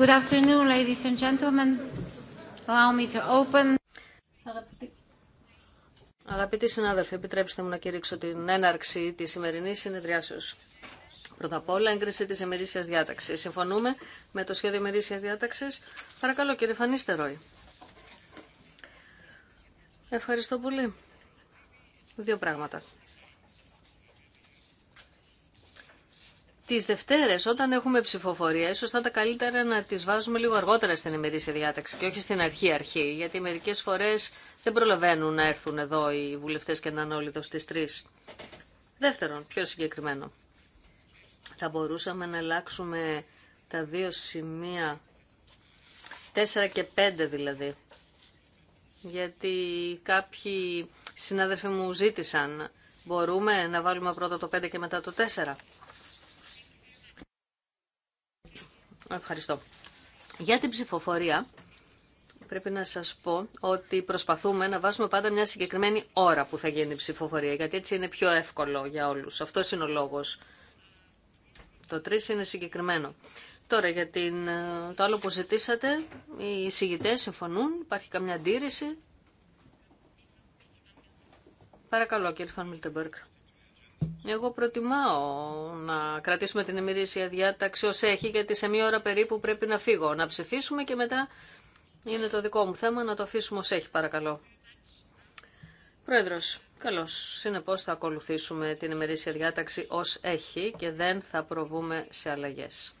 Good afternoon, ladies and gentlemen. Allow me to open. Αγαπητοί. συνάδελφοι, επιτρέψτε μου να κηρύξω την έναρξη της σημερινής συνεδριάσεως. Πρώτα απ' όλα, έγκριση της ημερήσια διάταξης. Συμφωνούμε με το σχέδιο ημερήσια διάταξης. Παρακαλώ, κύριε Φανίστερόη. Ευχαριστώ πολύ. Δύο πράγματα. Τι δευτέρε, όταν έχουμε ψηφοφορία, ίσω θα ήταν καλύτερα να τι βάζουμε λίγο αργότερα στην ημερήσια διάταξη και όχι στην αρχή-αρχή, γιατί μερικέ φορέ δεν προλαβαίνουν να έρθουν εδώ οι βουλευτέ και να είναι όλοι εδώ στι 3. Δεύτερον, πιο συγκεκριμένο, θα μπορούσαμε να αλλάξουμε τα δύο σημεία, 4 και 5 δηλαδή, γιατί κάποιοι συνάδελφοι μου ζήτησαν, μπορούμε να βάλουμε πρώτα το 5 και μετά το 4. Ευχαριστώ. Για την ψηφοφορία πρέπει να σας πω ότι προσπαθούμε να βάζουμε πάντα μια συγκεκριμένη ώρα που θα γίνει η ψηφοφορία, γιατί έτσι είναι πιο εύκολο για όλους. Αυτό είναι ο λόγος. Το 3 είναι συγκεκριμένο. Τώρα για την, ε, το άλλο που ζητήσατε, οι συγητές συμφωνούν, υπάρχει καμιά αντίρρηση. Παρακαλώ κύριε Φαν εγώ προτιμάω να κρατήσουμε την ημερήσια διάταξη ως έχει, γιατί σε μία ώρα περίπου πρέπει να φύγω, να ψηφίσουμε και μετά είναι το δικό μου θέμα να το αφήσουμε ως έχει, παρακαλώ. Πρόεδρος, καλώς. Συνεπώς θα ακολουθήσουμε την ημερήσια διάταξη ως έχει και δεν θα προβούμε σε αλλαγές.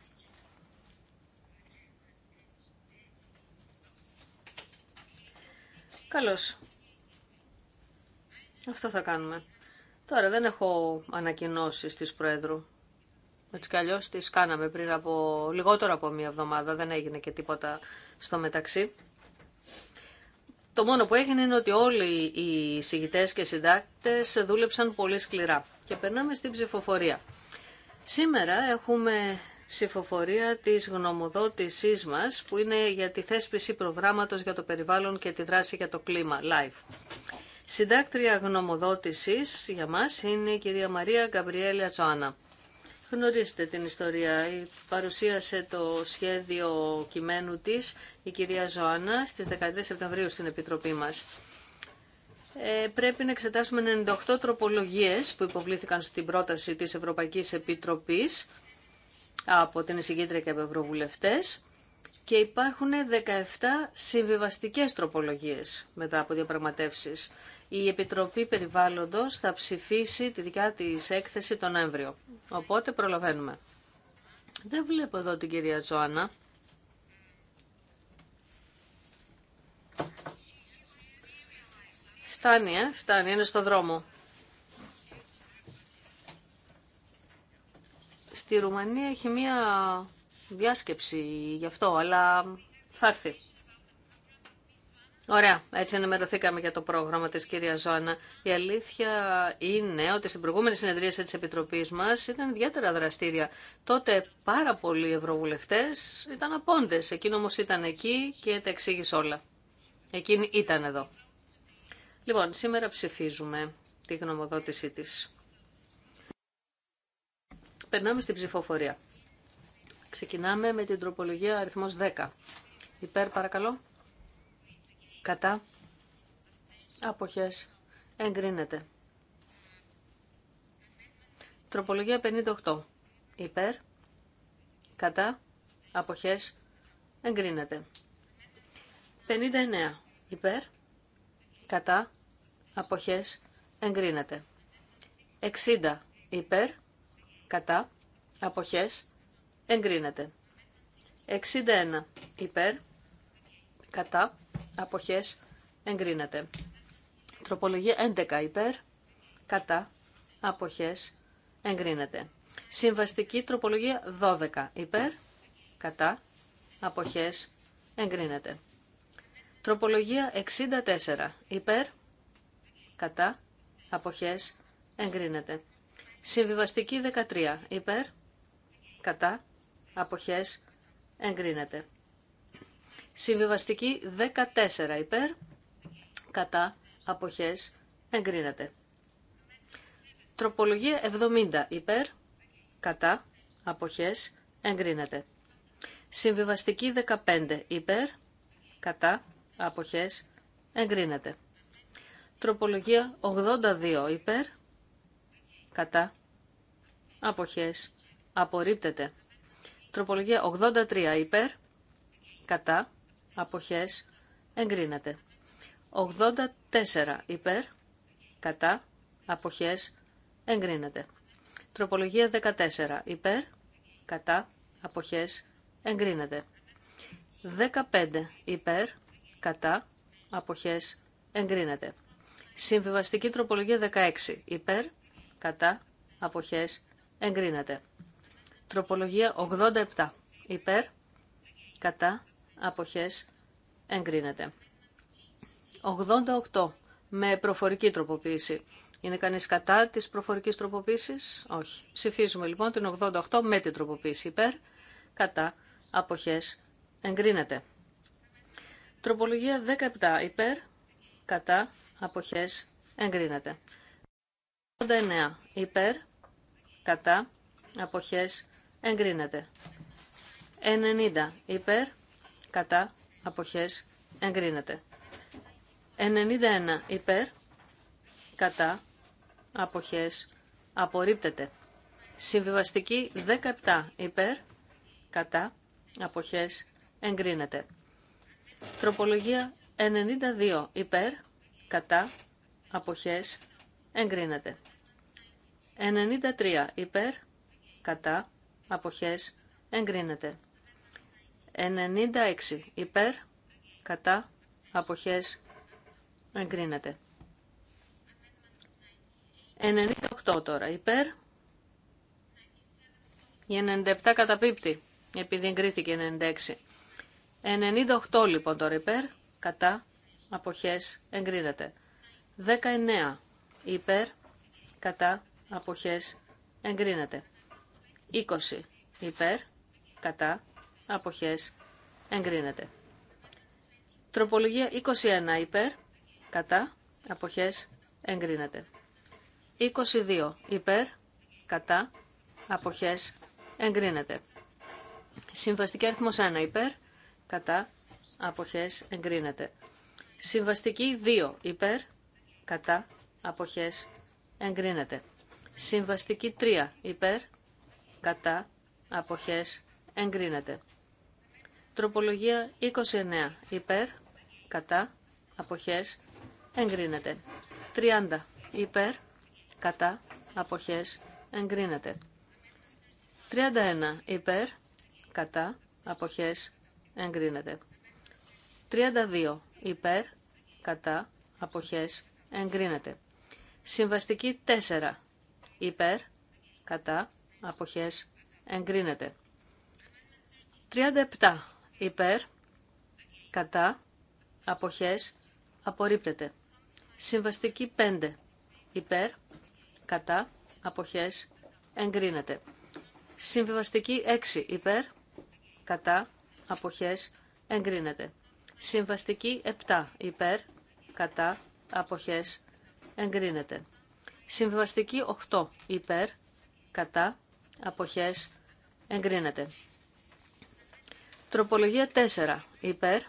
Καλώς. Αυτό θα κάνουμε. Τώρα δεν έχω ανακοινώσει τη Προέδρου. Έτσι κι αλλιώ τις κάναμε πριν από λιγότερο από μία εβδομάδα, δεν έγινε και τίποτα στο μεταξύ. Το μόνο που έγινε είναι ότι όλοι οι συγητέ και συντάκτες δούλεψαν πολύ σκληρά. Και περνάμε στην ψηφοφορία. Σήμερα έχουμε ψηφοφορία της γνωμοδότησής μας που είναι για τη θέσπιση προγράμματος για το περιβάλλον και τη δράση για το κλίμα live. Συντάκτρια γνωμοδότησης για μας είναι η κυρία Μαρία Γκαμπριέλια Τζοάνα. Γνωρίζετε την ιστορία. Παρουσίασε το σχέδιο κειμένου της η κυρία Ζωάνα στις 13 Σεπτεμβρίου στην Επιτροπή μας. Ε, πρέπει να εξετάσουμε 98 τροπολογίες που υποβλήθηκαν στην πρόταση της Ευρωπαϊκής Επιτροπής από την εισηγήτρια και από ευρωβουλευτές και υπάρχουν 17 συμβιβαστικές τροπολογίες μετά από διαπραγματεύσεις. Η Επιτροπή Περιβάλλοντος θα ψηφίσει τη δικιά της έκθεση τον Νοέμβριο. Οπότε προλαβαίνουμε. Δεν βλέπω εδώ την κυρία Τζοάνα. Φτάνει, ε, φτάνει, είναι στο δρόμο. Στη Ρουμανία έχει μία διάσκεψη γι' αυτό, αλλά θα έρθει. Ωραία, έτσι ενημερωθήκαμε για το πρόγραμμα της κυρία Ζώνα. Η αλήθεια είναι ότι στην προηγούμενη συνεδρία της Επιτροπής μας ήταν ιδιαίτερα δραστήρια. Τότε πάρα πολλοί ευρωβουλευτές ήταν απόντες. Εκείνο όμως ήταν εκεί και τα εξήγησε όλα. Εκείνη ήταν εδώ. Λοιπόν, σήμερα ψηφίζουμε τη γνωμοδότησή της. Περνάμε στην ψηφοφορία. Ξεκινάμε με την τροπολογία αριθμός 10. Υπέρ παρακαλώ. Κατά. Αποχές. Εγκρίνεται. Τροπολογία 58. Υπέρ. Κατά. Αποχές. Εγκρίνεται. 59. Υπέρ. Κατά. Αποχές. Εγκρίνεται. 60. Υπέρ. Κατά. Αποχές εγκρίνεται. 61 υπέρ, κατά, αποχές, εγκρίνεται. Τροπολογία 11 υπέρ, κατά, αποχές, εγκρίνεται. Συμβαστική τροπολογία 12 υπέρ, κατά, αποχές, εγκρίνεται. Τροπολογία 64 υπέρ, κατά, αποχές, εγκρίνεται. Συμβιβαστική 13 υπέρ, κατά, αποχές εγκρίνεται. Συμβιβαστική 14 υπέρ, κατά, αποχές εγκρίνεται. Τροπολογία 70 υπέρ, κατά, αποχές εγκρίνεται. Συμβιβαστική 15 υπέρ, κατά, αποχές εγκρίνεται. Τροπολογία 82 υπέρ, κατά, αποχές απορρίπτεται. Τροπολογία 83 υπέρ, κατά, αποχές, εγκρίνεται. 84 υπέρ, κατά, αποχές, εγκρίνεται. Τροπολογία 14 υπέρ, κατά, αποχές, εγκρίνεται. 15 υπέρ, κατά, αποχές, εγκρίνεται. Συμβιβαστική τροπολογία 16 υπέρ, κατά, αποχές, εγκρίνεται. Τροπολογία 87. Υπέρ, κατά, αποχές, εγκρίνεται. 88. Με προφορική τροποποίηση. Είναι κανείς κατά της προφορικής τροποποίησης? Όχι. Ψηφίζουμε λοιπόν την 88 με την τροποποίηση. Υπέρ, κατά, αποχές, εγκρίνεται. Τροπολογία 17. Υπέρ, κατά, αποχές, εγκρίνεται. 89. Υπέρ, κατά, αποχές, εγκρίνεται. 90 υπέρ, κατά, αποχές, εγκρίνεται. 91 υπέρ, κατά, αποχές, απορρίπτεται. Συμβιβαστική 17 υπέρ, κατά, αποχές, εγκρίνεται. Τροπολογία 92 υπέρ, κατά, αποχές, εγκρίνεται. 93 υπέρ, κατά, αποχές εγκρίνεται. 96 υπέρ, κατά, αποχές εγκρίνεται. 98 τώρα υπέρ, η 97 καταπίπτει, επειδή εγκρίθηκε 96. 98 λοιπόν τώρα υπέρ, κατά, αποχές εγκρίνεται. 19 υπέρ, κατά, αποχές εγκρίνεται. 20 υπέρ, κατά, αποχές, εγκρίνεται. Τροπολογία 21 υπέρ, κατά, αποχές, εγκρίνεται. 22 υπέρ, κατά, αποχές, εγκρίνεται. Συμβαστική αριθμός 1 υπέρ, κατά, αποχές, εγκρίνεται. Συμβαστική 2 υπέρ, κατά, αποχές, εγκρίνεται. Συμβαστική 3 υπέρ, κατά αποχές εγκρίνεται. Τροπολογία 29 υπέρ κατά αποχές εγκρίνεται. 30 υπέρ κατά αποχές εγκρίνεται. 31 υπέρ κατά αποχές εγκρίνεται. 32 υπέρ κατά αποχές εγκρίνεται. Συμβαστική 4 υπέρ κατά αποχές εγκρίνεται. 37 υπέρ, κατά, αποχές απορρίπτεται. Συμβαστική 5 υπέρ, κατά, αποχές εγκρίνεται. Συμβαστική 6 υπέρ, κατά, αποχές εγκρίνεται. Συμβαστική 7 υπέρ, κατά, αποχές εγκρίνεται. Συμβαστική 8 υπέρ, κατά, αποχές εγκρίνεται. Τροπολογία 4. Υπέρ,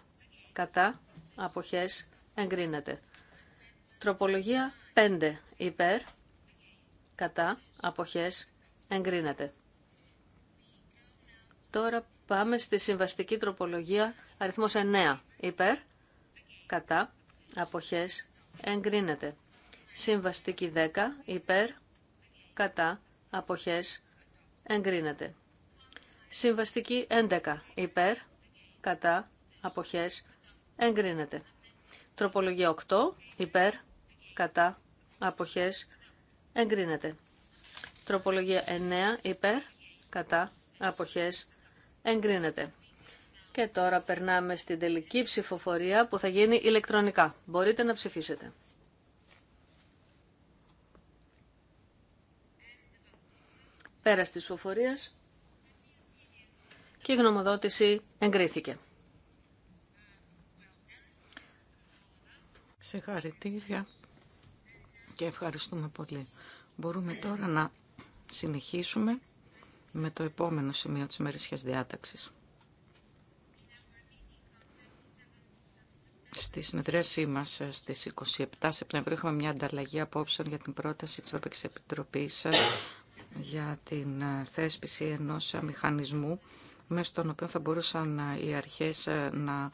κατά, αποχές εγκρίνεται. Τροπολογία 5. Υπέρ, κατά, αποχές εγκρίνεται. Τώρα πάμε στη συμβαστική τροπολογία αριθμός 9. Υπέρ, κατά, αποχές εγκρίνεται. Συμβαστική 10. Υπέρ, κατά, αποχές εγκρίνεται. Συμβαστική 11 υπέρ, κατά, αποχές, εγκρίνεται. Τροπολογία 8 υπέρ, κατά, αποχές, εγκρίνεται. Τροπολογία 9 υπέρ, κατά, αποχές, εγκρίνεται. Και τώρα περνάμε στην τελική ψηφοφορία που θα γίνει ηλεκτρονικά. Μπορείτε να ψηφίσετε. Πέρα τη ψηφοφορία. Και η γνωμοδότηση εγκρίθηκε. Σε χαρητήρια και ευχαριστούμε πολύ. Μπορούμε τώρα να συνεχίσουμε με το επόμενο σημείο της μερισιάς διάταξης. Στη συνεδρίασή μα στι 27 Σεπτεμβρίου είχαμε μια ανταλλαγή απόψεων για την πρόταση τη Ευρωπαϊκή Επιτροπή ε, για την ε, θέσπιση ενός ε, μηχανισμού μέσα στον οποίο θα μπορούσαν ε, οι αρχές να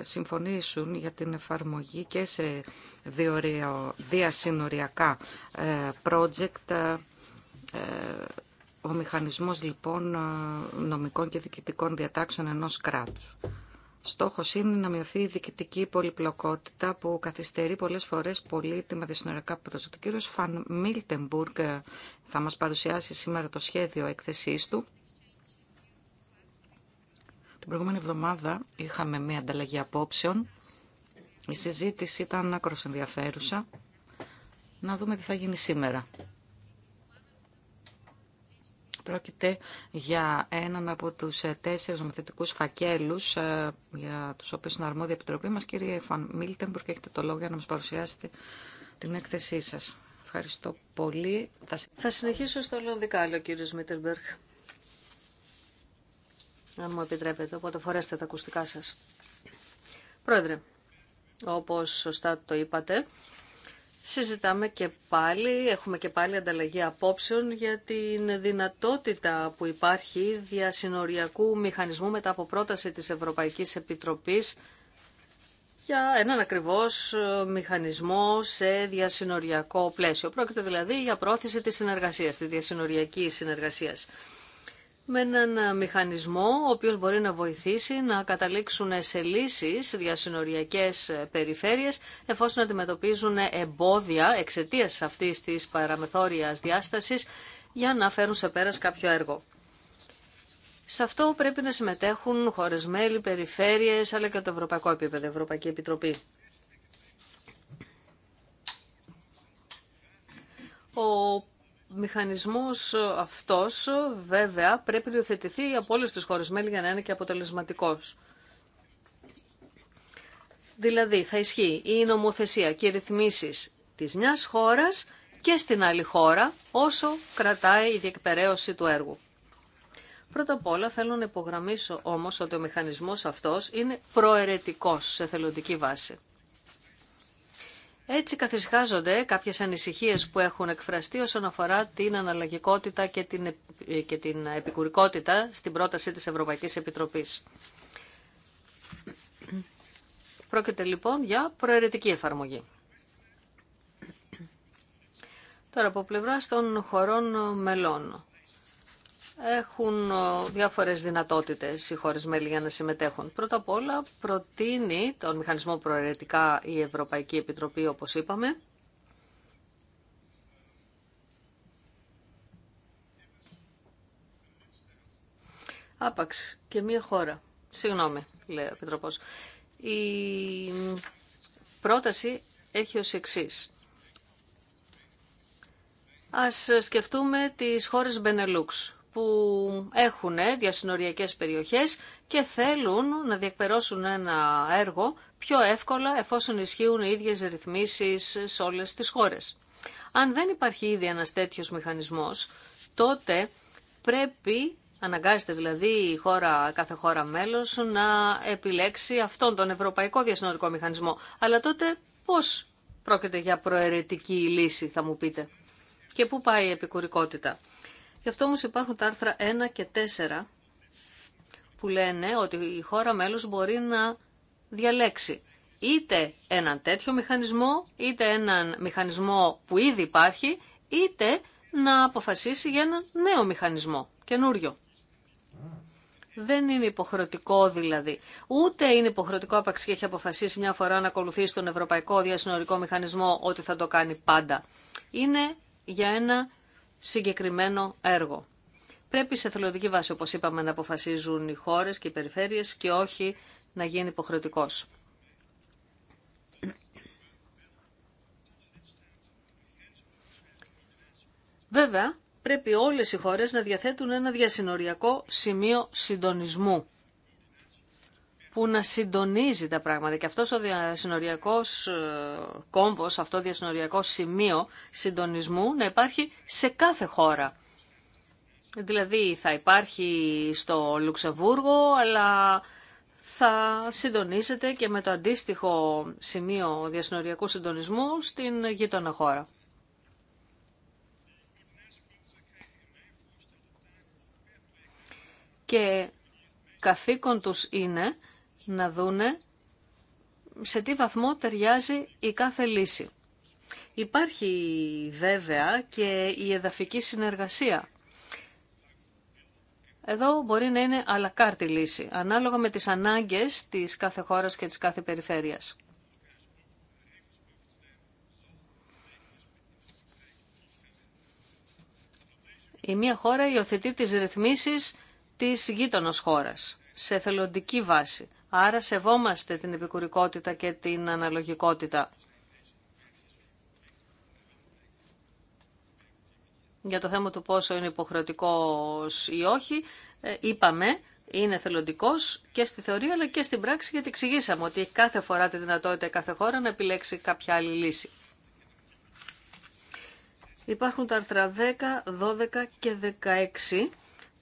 συμφωνήσουν για την εφαρμογή και σε διασυνοριακά project. Ο μηχανισμός λοιπόν νομικών και διοικητικών διατάξεων ενός κράτους. Στόχος είναι να μειωθεί η διοικητική πολυπλοκότητα που καθυστερεί πολλές φορές πολύτιμα δυσυνοριακά project. Ο κύριος Φαν Μίλτεμπουργκ θα μας παρουσιάσει σήμερα το σχέδιο έκθεσής του. Την προηγούμενη εβδομάδα είχαμε μία ανταλλαγή απόψεων. Η συζήτηση ήταν άκρος ενδιαφέρουσα. Να δούμε τι θα γίνει σήμερα. Πρόκειται για έναν από τους ε, τέσσερις νομοθετικούς φακέλους ε, για τους οποίους είναι αρμόδια επιτροπή μας. Κύριε Φαν Μίλτεμπουργκ, έχετε το λόγο για να μας παρουσιάσετε την έκθεσή σας. Ευχαριστώ πολύ. Θα συνεχίσω στο Λονδικά, λέει ο κύριος Μίτελμπεργκ. Αν μου επιτρέπετε, οπότε φορέστε τα ακουστικά σας. Πρόεδρε, όπως σωστά το είπατε, συζητάμε και πάλι, έχουμε και πάλι ανταλλαγή απόψεων για την δυνατότητα που υπάρχει διασυνοριακού μηχανισμού μετά από πρόταση της Ευρωπαϊκής Επιτροπής για έναν ακριβώς ε, μηχανισμό σε διασυνοριακό πλαίσιο. Πρόκειται δηλαδή για πρόθεση της συνεργασίας, της διασυνοριακής συνεργασίας με έναν μηχανισμό ο οποίος μπορεί να βοηθήσει να καταλήξουν σε λύσεις διασυνοριακές περιφέρειες εφόσον αντιμετωπίζουν εμπόδια εξαιτία αυτής της παραμεθόριας διάστασης για να φέρουν σε πέρας κάποιο έργο. Σε αυτό πρέπει να συμμετέχουν χώρες μέλη, περιφέρειες, αλλά και το ευρωπαϊκό επίπεδο, Ευρωπαϊκή Επιτροπή. Ο μηχανισμός αυτός βέβαια πρέπει να υιοθετηθεί από όλε τις χώρες μέλη για να είναι και αποτελεσματικός. Δηλαδή θα ισχύει η νομοθεσία και οι ρυθμίσεις της μιας χώρας και στην άλλη χώρα όσο κρατάει η διεκπαιρέωση του έργου. Πρώτα απ' όλα θέλω να υπογραμμίσω όμως ότι ο μηχανισμός αυτός είναι προαιρετικός σε θελοντική βάση. Έτσι καθισχάζονται κάποιες ανησυχίες που έχουν εκφραστεί όσον αφορά την αναλλαγικότητα και την, επικουρικότητα στην πρόταση της Ευρωπαϊκής Επιτροπής. Πρόκειται λοιπόν για προαιρετική εφαρμογή. Τώρα από πλευρά των χωρών μελών έχουν ε, διάφορες δυνατότητες οι χώρες μέλη για να συμμετέχουν. Πρώτα απ' όλα προτείνει τον μηχανισμό προαιρετικά η Ευρωπαϊκή Επιτροπή όπως είπαμε. Άπαξ και μία χώρα. Συγγνώμη, λέει ο Επιτροπός. Η πρόταση έχει ως εξής. Ας σκεφτούμε τις χώρες Μπενελούξ που έχουν διασυνοριακές περιοχές και θέλουν να διεκπερώσουν ένα έργο πιο εύκολα εφόσον ισχύουν οι ίδιες ρυθμίσεις σε όλες τις χώρες. Αν δεν υπάρχει ήδη ένας τέτοιος μηχανισμός, τότε πρέπει, αναγκάζεται δηλαδή η χώρα, κάθε χώρα μέλος, να επιλέξει αυτόν τον ευρωπαϊκό διασυνορικό μηχανισμό. Αλλά τότε πώς πρόκειται για προαιρετική λύση, θα μου πείτε. Και πού πάει η επικουρικότητα. Γι' αυτό όμως υπάρχουν τα άρθρα 1 και 4 που λένε ότι η χώρα μέλος μπορεί να διαλέξει είτε έναν τέτοιο μηχανισμό, είτε έναν μηχανισμό που ήδη υπάρχει, είτε να αποφασίσει για έναν νέο μηχανισμό, καινούριο. Δεν είναι υποχρεωτικό δηλαδή. Ούτε είναι υποχρεωτικό άπαξ και έχει αποφασίσει μια φορά να ακολουθήσει τον Ευρωπαϊκό Διασυνορικό Μηχανισμό ότι θα το κάνει πάντα. Είναι για ένα συγκεκριμένο έργο. Πρέπει σε θελοντική βάση, όπως είπαμε, να αποφασίζουν οι χώρες και οι περιφέρειες και όχι να γίνει υποχρεωτικός. Βέβαια, πρέπει όλες οι χώρες να διαθέτουν ένα διασυνοριακό σημείο συντονισμού που να συντονίζει τα πράγματα. Και αυτός ο διασυνοριακός ε, κόμβος, αυτό το διασυνοριακό σημείο συντονισμού να υπάρχει σε κάθε χώρα. Δηλαδή θα υπάρχει στο Λουξεμβούργο, αλλά θα συντονίζεται και με το αντίστοιχο σημείο διασυνοριακού συντονισμού στην γείτονα χώρα. Και καθήκον τους είναι να δούνε σε τι βαθμό ταιριάζει η κάθε λύση. Υπάρχει βέβαια και η εδαφική συνεργασία. Εδώ μπορεί να είναι αλακάρτη λύση, ανάλογα με τις ανάγκες της κάθε χώρας και της κάθε περιφέρειας. Η μία χώρα υιοθετεί τις ρυθμίσεις της γείτονος χώρας, σε θελοντική βάση. Άρα σεβόμαστε την επικουρικότητα και την αναλογικότητα. Για το θέμα του πόσο είναι υποχρεωτικός ή όχι, ε, είπαμε, είναι θελοντικός και στη θεωρία αλλά και στην πράξη γιατί εξηγήσαμε ότι έχει κάθε φορά τη δυνατότητα κάθε χώρα να επιλέξει κάποια άλλη λύση. Υπάρχουν τα άρθρα 10, 12 και 16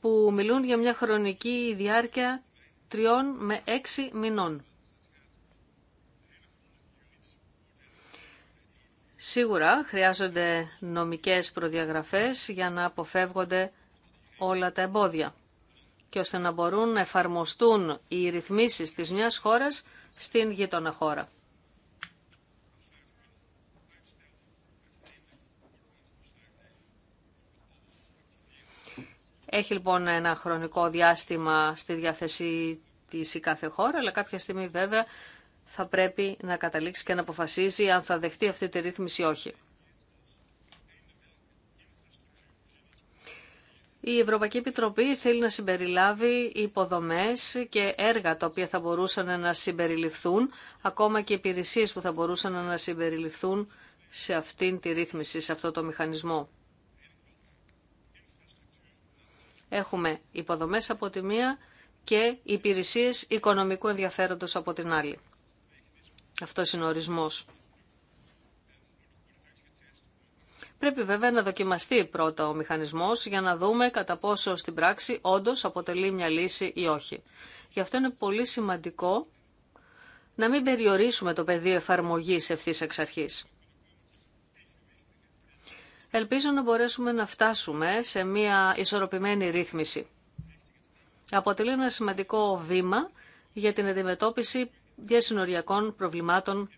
που μιλούν για μια χρονική διάρκεια τριών με έξι μηνών. Σίγουρα χρειάζονται νομικές προδιαγραφές για να αποφεύγονται όλα τα εμπόδια και ώστε να μπορούν να εφαρμοστούν οι ρυθμίσεις της μιας χώρας στην γείτονα χώρα. Έχει λοιπόν ένα χρονικό διάστημα στη διάθεσή της η κάθε χώρα, αλλά κάποια στιγμή βέβαια θα πρέπει να καταλήξει και να αποφασίζει αν θα δεχτεί αυτή τη ρύθμιση ή όχι. Η Ευρωπαϊκή Επιτροπή θέλει να συμπεριλάβει υποδομές και έργα τα οποία θα μπορούσαν να συμπεριληφθούν, ακόμα και υπηρεσίες που θα μπορούσαν να συμπεριληφθούν σε αυτήν τη ρύθμιση, σε αυτό το μηχανισμό. Έχουμε υποδομές από τη μία και υπηρεσίες οικονομικού ενδιαφέροντος από την άλλη. Αυτό είναι ο ορισμός. Πρέπει βέβαια να δοκιμαστεί πρώτα ο μηχανισμός για να δούμε κατά πόσο στην πράξη όντως αποτελεί μια λύση ή όχι. Γι' αυτό είναι πολύ σημαντικό να μην περιορίσουμε το πεδίο εφαρμογής ευθύς εξ αρχής. Ελπίζω να μπορέσουμε να φτάσουμε σε μια ισορροπημένη ρύθμιση. Αποτελεί ένα σημαντικό βήμα για την αντιμετώπιση διασυνοριακών προβλημάτων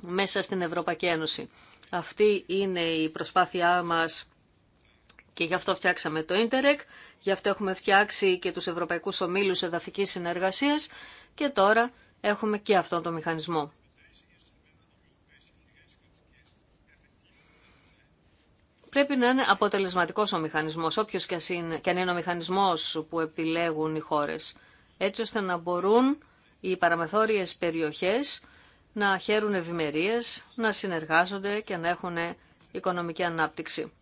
μέσα στην Ευρωπαϊκή Ένωση. Αυτή είναι η προσπάθειά μας και γι' αυτό φτιάξαμε το Ίντερεκ, γι' αυτό έχουμε φτιάξει και τους Ευρωπαϊκούς Ομίλους Εδαφικής Συνεργασίας και τώρα έχουμε και αυτόν τον μηχανισμό. Πρέπει να είναι αποτελεσματικό ο μηχανισμό. Όποιο και, αν είναι ο μηχανισμός που επιλέγουν οι χώρες, έτσι ώστε να μπορούν οι παραμεθόριες περιοχές να χαίρουν ευημερίε, να συνεργάζονται και να έχουν οικονομική ανάπτυξη.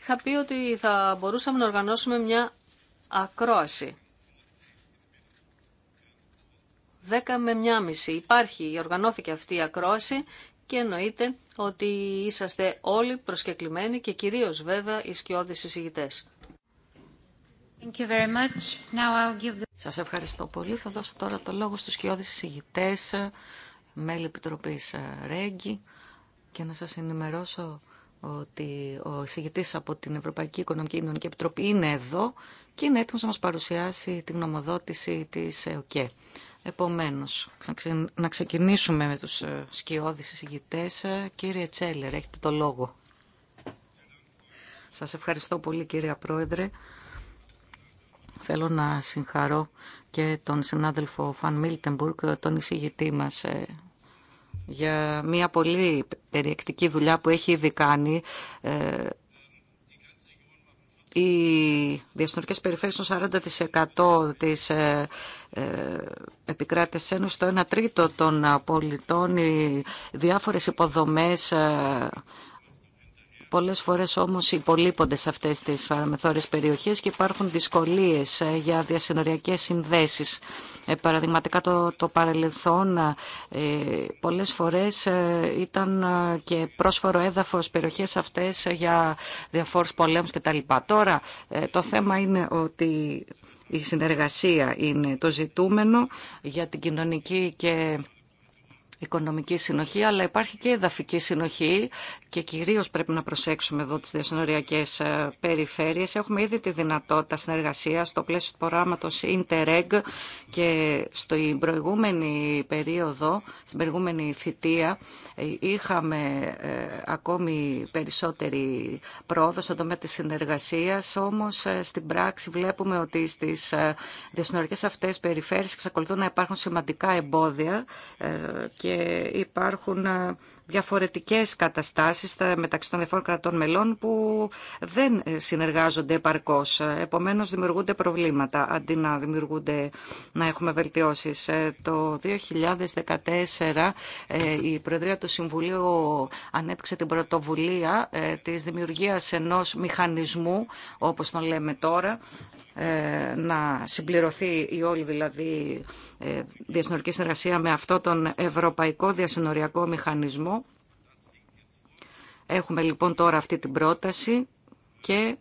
Είχα πει ότι θα μπορούσαμε να οργανώσουμε μια ακρόαση. 10 με 1,5. Υπάρχει, οργανώθηκε αυτή η ακρόαση και εννοείται ότι είσαστε όλοι προσκεκλημένοι και κυρίως βέβαια οι σκιώδεις εισηγητές. Thank Σας ευχαριστώ πολύ. Θα δώσω τώρα το λόγο στους σκιώδεις εισηγητές, μέλη Επιτροπής ε, Ρέγγι και να σας ενημερώσω ότι ο εισηγητής από την Ευρωπαϊκή Οικονομική Κοινωνική Επιτροπή είναι εδώ και είναι έτοιμος να μας παρουσιάσει την γνωμοδότηση της ΕΟΚΕ. Επομένως, να ξεκινήσουμε με τους ε, σκιώδεις εισηγητές. Ε, κύριε Τσέλερ, έχετε το λόγο. Σας ευχαριστώ πολύ κύριε Πρόεδρε. Θέλω να συγχαρώ και τον συνάδελφο Φαν Μίλτεμπουργκ, τον εισηγητή μας ε, για μια πολύ περιεκτική δουλειά που έχει ήδη κάνει οι διαστημικές περιφέρειε των 40% τη ε, ε, επικράτησης ένωσης, το 1 τρίτο των πολιτών, οι διάφορε υποδομέ. ε, Πολλές φορές όμως υπολείπονται σε αυτές τις παραμεθόρες περιοχές και υπάρχουν δυσκολίες ε, για διασυνοριακές συνδέσεις. Ε, παραδειγματικά το, το παρελθόν ε, πολλές φορές ήταν και πρόσφορο έδαφος περιοχές αυτές για διαφόρους πολέμους κτλ. Τώρα το θέμα είναι ότι η συνεργασία είναι το ζητούμενο για την κοινωνική και οικονομική συνοχή, αλλά υπάρχει και εδαφική συνοχή και κυρίως πρέπει να προσέξουμε εδώ τις διασυνοριακές ε, περιφέρειες. Έχουμε ήδη τη δυνατότητα συνεργασίας στο πλαίσιο του προγράμματος Interreg και στην προηγούμενη περίοδο, στην προηγούμενη θητεία, ε, είχαμε ε, ακόμη περισσότερη πρόοδο στον τομέα της συνεργασίας, όμως στην πράξη βλέπουμε ότι στις διασυνοριακές αυτές περιφέρειες εξακολουθούν να υπάρχουν σημαντικά εμπόδια και υπάρχουν διαφορετικές καταστάσεις μεταξύ των διαφόρων κρατών μελών που δεν συνεργάζονται επαρκώς. Επομένως δημιουργούνται προβλήματα αντί να δημιουργούνται να έχουμε βελτιώσεις. Ε, το 2014 ε, η Προεδρία του Συμβουλίου ανέπτυξε την πρωτοβουλία ε, της δημιουργίας ενός μηχανισμού όπως τον λέμε τώρα ε, να συμπληρωθεί η όλη δηλαδή ε, διασυνορική συνεργασία με αυτό τον Ευρωπαϊκό Διασυνοριακό Μηχανισμό. Έχουμε λοιπόν τώρα αυτή την πρόταση και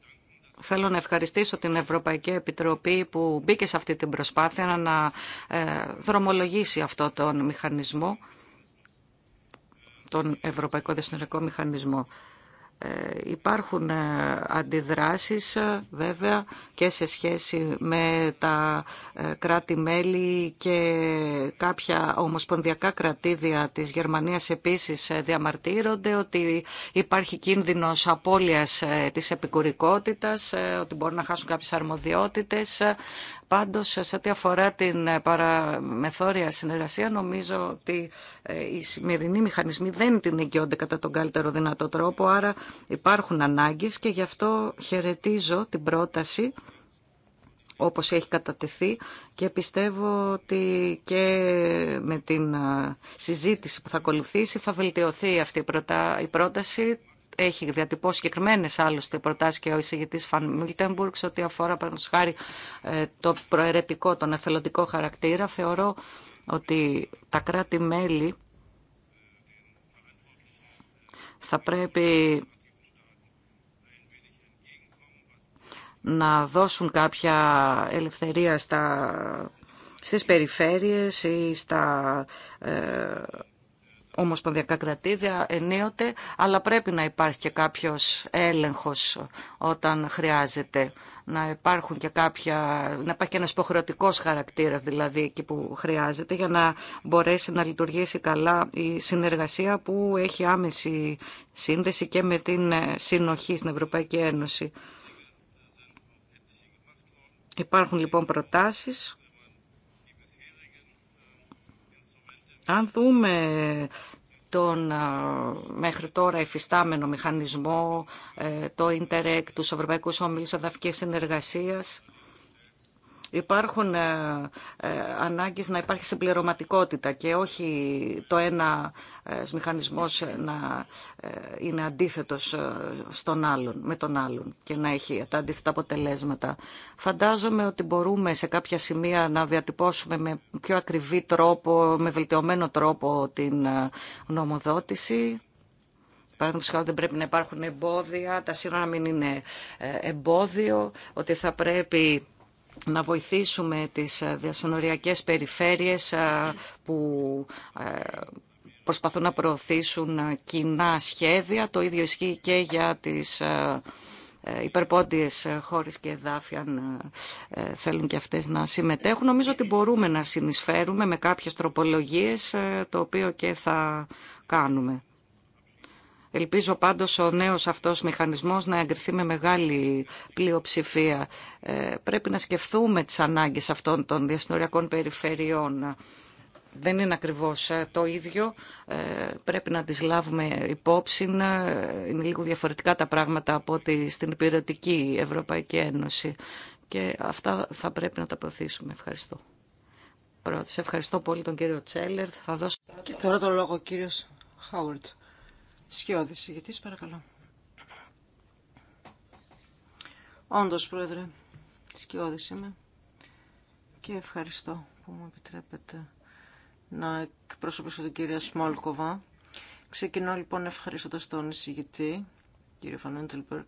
θέλω να ευχαριστήσω την Ευρωπαϊκή Επιτροπή που μπήκε σε αυτή την προσπάθεια να ε, δρομολογήσει αυτό τον μηχανισμό, τον Ευρωπαϊκό Διασυνοριακό Μηχανισμό. Ε, υπάρχουν ε, αντιδράσεις ε, βέβαια και σε σχέση με τα κράτη-μέλη και κάποια ομοσπονδιακά κρατήδια της Γερμανίας επίσης διαμαρτύρονται ότι υπάρχει κίνδυνος απώλειας της επικουρικότητας, ότι μπορούν να χάσουν κάποιες αρμοδιότητες. Πάντως, σε ό,τι αφορά την ε, παραμεθόρια συνεργασία, νομίζω ότι ε, οι σημερινοί μηχανισμοί δεν την εγγυώνται κατά τον καλύτερο δυνατό τρόπο, άρα υπάρχουν ανάγκες και γι' αυτό χαιρετίζω την πρόταση όπως έχει κατατεθεί και πιστεύω ότι και με την ε, συζήτηση που θα ακολουθήσει θα βελτιωθεί αυτή η πρόταση έχει διατυπώσει συγκεκριμένε άλλωστε προτάσει και ο εισηγητή Φαν Μίλτεμπουργκ σε ό,τι αφορά παραδείγματο χάρη ε, το προαιρετικό, τον εθελοντικό χαρακτήρα. Θεωρώ ότι τα κράτη-μέλη θα πρέπει να δώσουν κάποια ελευθερία στα στις περιφέρειες ή στα ε, ομοσπονδιακά κρατήδια ενίοτε, αλλά πρέπει να υπάρχει και κάποιος έλεγχος όταν χρειάζεται. Να, υπάρχουν και κάποια, να υπάρχει και ένας υποχρεωτικός χαρακτήρας δηλαδή εκεί που χρειάζεται για να μπορέσει να λειτουργήσει καλά η συνεργασία που έχει άμεση σύνδεση και με την ε, συνοχή στην Ευρωπαϊκή Ένωση. Υπάρχουν λοιπόν προτάσεις Αν δούμε τον μέχρι τώρα εφιστάμενο μηχανισμό, ε, το Ιντερεκ, τους Ευρωπαϊκούς Ομίλους Αδαφικής Συνεργασίας, υπάρχουν ε, ε, ανάγκες να υπάρχει συμπληρωματικότητα και όχι το ένα ε, μηχανισμός να είναι αντίθετος στον άλλον, με τον άλλον και να έχει τα αντίθετα αποτελέσματα. Φαντάζομαι ότι μπορούμε σε κάποια σημεία να διατυπώσουμε με πιο ακριβή τρόπο, με βελτιωμένο τρόπο την νομοδότηση. Παραδείγματο χάρη δεν πρέπει να υπάρχουν εμπόδια, τα σύνορα μην είναι εμπόδιο, ότι θα πρέπει να βοηθήσουμε τις ε, διασυνοριακές περιφέρειες ε, που ε, προσπαθούν να προωθήσουν κοινά σχέδια. Το ίδιο ισχύει και για τις υπερπόντιες χώρες και εδάφια, αν θέλουν και αυτές να συμμετέχουν. Νομίζω ότι μπορούμε να συνεισφέρουμε με κάποιες τροπολογίες το οποίο και θα κάνουμε. Ελπίζω πάντως ο νέος αυτός μηχανισμός να εγκριθεί με μεγάλη πλειοψηφία. Ε, πρέπει να σκεφτούμε τις ανάγκες αυτών των διασυνοριακών περιφερειών. Δεν είναι ακριβώς ε, το ίδιο. Ε, πρέπει να τις λάβουμε υπόψη. Ε, είναι λίγο διαφορετικά τα πράγματα από ότι στην υπηρετική Ευρωπαϊκή Ένωση. Και αυτά θα πρέπει να τα προωθήσουμε. Ευχαριστώ. Πρώτα, ευχαριστώ πολύ τον κύριο Τσέλερ. Θα δώσω... Και τώρα το λόγο κύριος Χάουρτ. Σκιώδης, ηγητής, παρακαλώ. Όντως, Πρόεδρε, σκιώδης είμαι και ευχαριστώ που μου επιτρέπετε να εκπροσωπήσω την κυρία Σμόλκοβα. Ξεκινώ λοιπόν ευχαριστώντας τον εισηγητή, κύριο Φανούντελμπεργκ,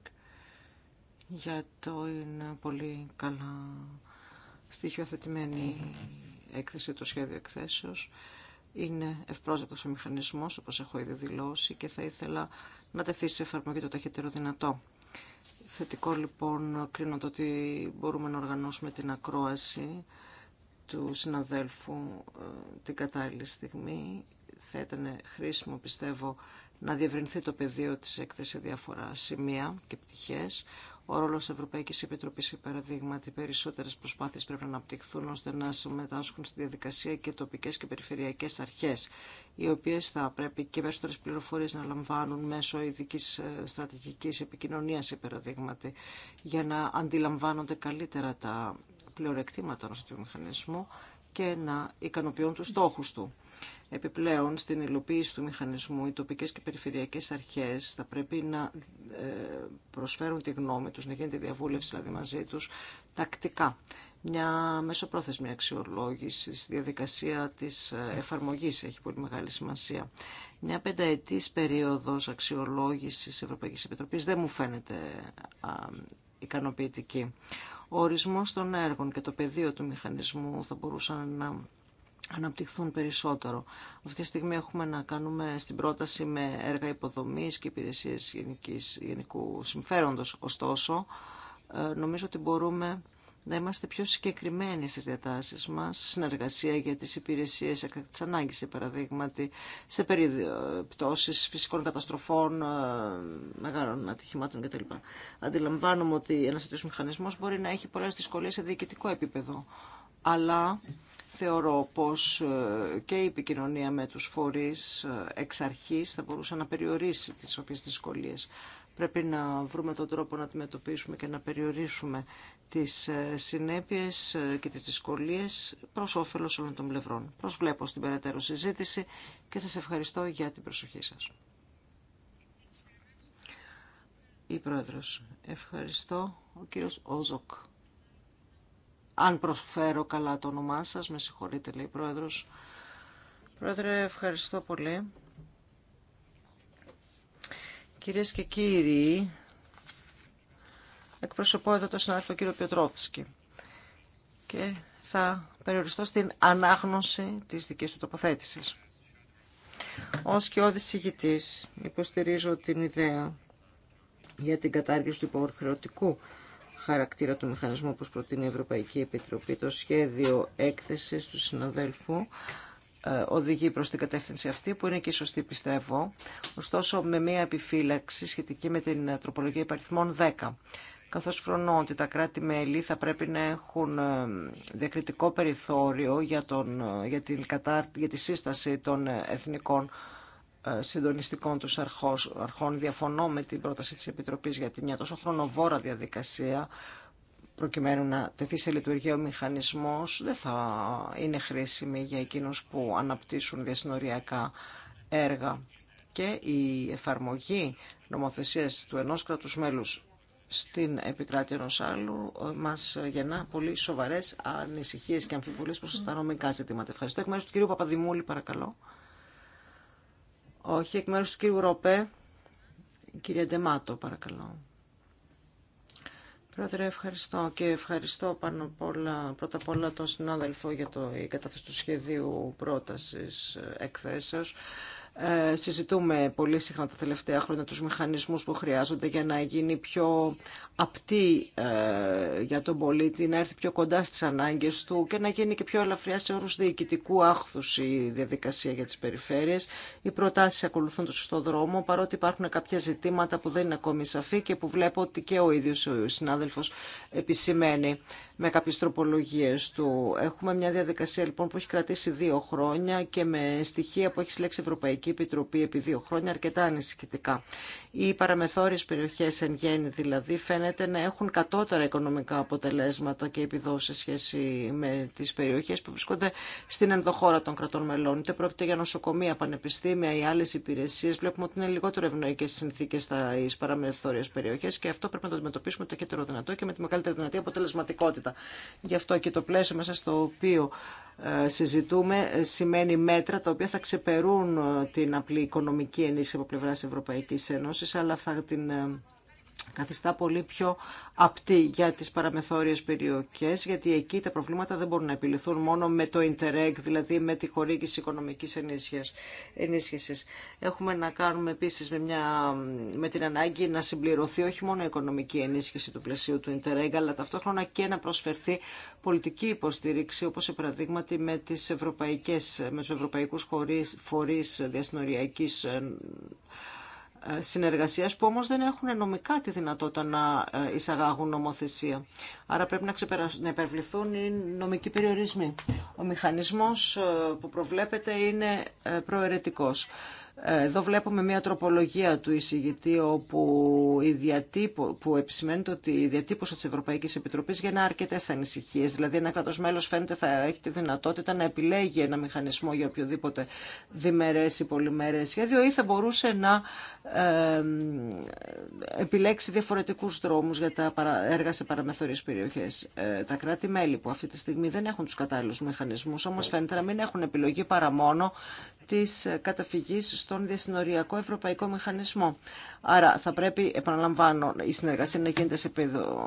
για το είναι πολύ καλά στοιχειοθετημένη έκθεση, το σχέδιο εκθέσεως είναι ευπρόσδεκτος ο μηχανισμό όπω έχω ήδη δηλώσει, και θα ήθελα να τεθεί σε εφαρμογή το ταχύτερο δυνατό. Θετικό λοιπόν κρίνω το ότι μπορούμε να οργανώσουμε την ακρόαση του συναδέλφου ε, την κατάλληλη στιγμή. Θα ήταν χρήσιμο πιστεύω να διευρυνθεί το πεδίο της έκθεσης σε διάφορα σημεία και πτυχές ο ρόλο Ευρωπαϊκή Επιτροπή, παραδείγματι, περισσότερε προσπάθειε πρέπει να αναπτυχθούν ώστε να συμμετάσχουν στη διαδικασία και τοπικέ και περιφερειακέ αρχέ, οι οποίε θα πρέπει και περισσότερε πληροφορίε να λαμβάνουν μέσω ειδική ε, στρατηγική επικοινωνία, παραδείγματι, για να αντιλαμβάνονται καλύτερα τα πλεονεκτήματα ενό τέτοιου μηχανισμού και να ικανοποιούν τους στόχους του. Επιπλέον, στην υλοποίηση του μηχανισμού, οι τοπικές και περιφερειακές αρχές θα πρέπει να ε, προσφέρουν τη γνώμη τους, να γίνεται διαβούλευση δηλαδή, μαζί τους, τακτικά. Μια μεσοπρόθεσμη αξιολόγηση στη διαδικασία της ε, εφαρμογής έχει πολύ μεγάλη σημασία. Μια πενταετής περίοδος αξιολόγησης Ευρωπαϊκής Επιτροπής δεν μου φαίνεται ικανοποιητική. Ο ορισμός των έργων και το πεδίο του μηχανισμού θα μπορούσαν να αναπτυχθούν περισσότερο. Αυτή τη στιγμή έχουμε να κάνουμε στην πρόταση με έργα υποδομής και υπηρεσίες γενικής, γενικού συμφέροντος. Ωστόσο, ε, νομίζω ότι μπορούμε να είμαστε πιο συγκεκριμένοι στις διατάσεις μας, συνεργασία για τις υπηρεσίες τη ανάγκη, σε παραδείγματι, σε περιπτώσεις φυσικών καταστροφών, ε, μεγάλων ατυχημάτων κτλ. Αντιλαμβάνομαι ότι ένας τέτοιος μηχανισμός μπορεί να έχει πολλές δυσκολίες σε διοικητικό επίπεδο, αλλά θεωρώ πως ε, και η επικοινωνία με τους φορείς ε, εξ αρχής θα μπορούσε να περιορίσει τις οποίες δυσκολίες. Πρέπει να βρούμε τον τρόπο να αντιμετωπίσουμε και να περιορίσουμε τις ε, συνέπειες ε, και τις δυσκολίες προς όφελος όλων των πλευρών. Προσβλέπω στην περαιτέρω συζήτηση και σας ευχαριστώ για την προσοχή σας. Η Πρόεδρος. Ευχαριστώ. Ο κύριος Όζοκ. Αν προσφέρω καλά το όνομά σας, με συγχωρείτε λέει η Πρόεδρος. Πρόεδρε, ευχαριστώ πολύ. Κυρίες και κύριοι, εκπροσωπώ εδώ τον συνάδελφο κύριο Πιοτρόφσκι και θα περιοριστώ στην ανάγνωση της δικής του τοποθέτησης. Ως και ηγητής υποστηρίζω την ιδέα για την κατάργηση του υποχρεωτικού χαρακτήρα του μηχανισμού όπως προτείνει η Ευρωπαϊκή Επιτροπή το σχέδιο έκθεσης του συναδέλφου ε, οδηγεί προς την κατεύθυνση αυτή που είναι και σωστή πιστεύω, ωστόσο με μία επιφύλαξη σχετική με την ε, τροπολογία υπαριθμών 10 καθώς φρονώ ότι τα κράτη-μέλη θα πρέπει να έχουν ε, διακριτικό περιθώριο για, τον, για, την κατάρ, για τη σύσταση των εθνικών συντονιστικών τους αρχών. Διαφωνώ με την πρόταση της Επιτροπής για μια τόσο χρονοβόρα διαδικασία προκειμένου να τεθεί σε λειτουργία ο μηχανισμός δεν θα είναι χρήσιμη για εκείνους που αναπτύσσουν διασυνοριακά έργα και η εφαρμογή νομοθεσίας του ενός κράτους μέλους στην επικράτεια ενός άλλου ε, μας γεννά πολύ σοβαρές ανησυχίες και αμφιβολίες προς τα νομικά ζητήματα. Ευχαριστώ. Εκ μέρους του κυρίου Παπαδημούλη παρακαλώ. Όχι, εκ μέρους του κ. Ροπέ. Κύριε Ντεμάτο παρακαλώ. Πρόεδρε, ευχαριστώ και ευχαριστώ πάνω απ πρώτα απ' όλα τον συνάδελφο για το, η του σχεδίου πρότασης ε, εκθέσεως. Ε, συζητούμε πολύ συχνά τα τελευταία χρόνια τους μηχανισμούς που χρειάζονται για να γίνει πιο απτή ε, για τον πολίτη, να έρθει πιο κοντά στις ανάγκες του και να γίνει και πιο ελαφριά σε όρους διοικητικού άχθους η διαδικασία για τις περιφέρειες. Οι προτάσεις ακολουθούν το σωστό δρόμο, παρότι υπάρχουν κάποια ζητήματα που δεν είναι ακόμη σαφή και που βλέπω ότι και ο ίδιος ο συνάδελφος επισημαίνει με κάποιες τροπολογίες του. Έχουμε μια διαδικασία λοιπόν που έχει κρατήσει δύο χρόνια και με στοιχεία που έχει συλλέξει η Ευρωπαϊκή Επιτροπή επί δύο χρόνια αρκετά ανησυχητικά. Οι παραμεθόριες περιοχές εν γέννη δηλαδή φαίνεται να έχουν κατώτερα οικονομικά αποτελέσματα και επιδόσεις σε σχέση με τις περιοχές που βρίσκονται στην ενδοχώρα των κρατών μελών. Είτε πρόκειται για νοσοκομεία, πανεπιστήμια ή άλλες υπηρεσίες. Βλέπουμε ότι είναι λιγότερο ευνοϊκές συνθήκες στα παραμεθόριες περιοχές και αυτό πρέπει να το αντιμετωπίσουμε το κέντρο δυνατό και με τη μεγαλύτερη δυνατή αποτελεσματικότητα. Γι' αυτό και το πλαίσιο μέσα στο οποίο συζητούμε σημαίνει μέτρα τα οποία θα ξεπερούν την απλή οικονομική ενίσχυση από πλευράς Ευρωπαϊκή Ένωση, αλλά θα την ε, καθιστά πολύ πιο απτή για τις παραμεθόριες περιοχές, γιατί εκεί τα προβλήματα δεν μπορούν να επιληθούν μόνο με το Interreg, δηλαδή με τη χορήγηση οικονομικής ενίσχυσης. Έχουμε να κάνουμε επίσης με, μια, με την ανάγκη να συμπληρωθεί όχι μόνο η οικονομική ενίσχυση του πλαισίου του Interreg, αλλά ταυτόχρονα και να προσφερθεί πολιτική υποστήριξη, όπως σε παραδείγματι με, τις ευρωπαϊκές, με τους ευρωπαϊκούς φορείς διασυνοριακής ε, που όμως δεν έχουν νομικά τη δυνατότητα να ε, εισαγάγουν νομοθεσία. Άρα πρέπει να, ξεπερα... να υπερβληθούν οι νομικοί περιορισμοί. Ο μηχανισμός ε, που προβλέπεται είναι ε, προαιρετικό. Ε, εδώ βλέπουμε μια τροπολογία του εισηγητή όπου η διατύπω, που επισημαίνεται ότι η διατύπωση της Ευρωπαϊκής Επιτροπής γεννά αρκετές ανησυχίες. Δηλαδή ένα κράτος μέλος φαίνεται θα έχει τη δυνατότητα να επιλέγει ένα μηχανισμό για οποιοδήποτε διμερές ή πολυμερές σχέδιο ή θα μπορούσε να ε, επιλέξει διαφορετικούς δρόμους για τα έργα σε παραμεθορίες περιοχές. Ε, τα κράτη-μέλη που αυτή τη στιγμή δεν έχουν τους κατάλληλους μηχανισμούς όμως φαίνεται να μην έχουν επιλογή παρά μόνο της καταφυγής στον διασυνοριακό ευρωπαϊκό μηχανισμό. Άρα θα πρέπει, επαναλαμβάνω, η συνεργασία να γίνεται σε,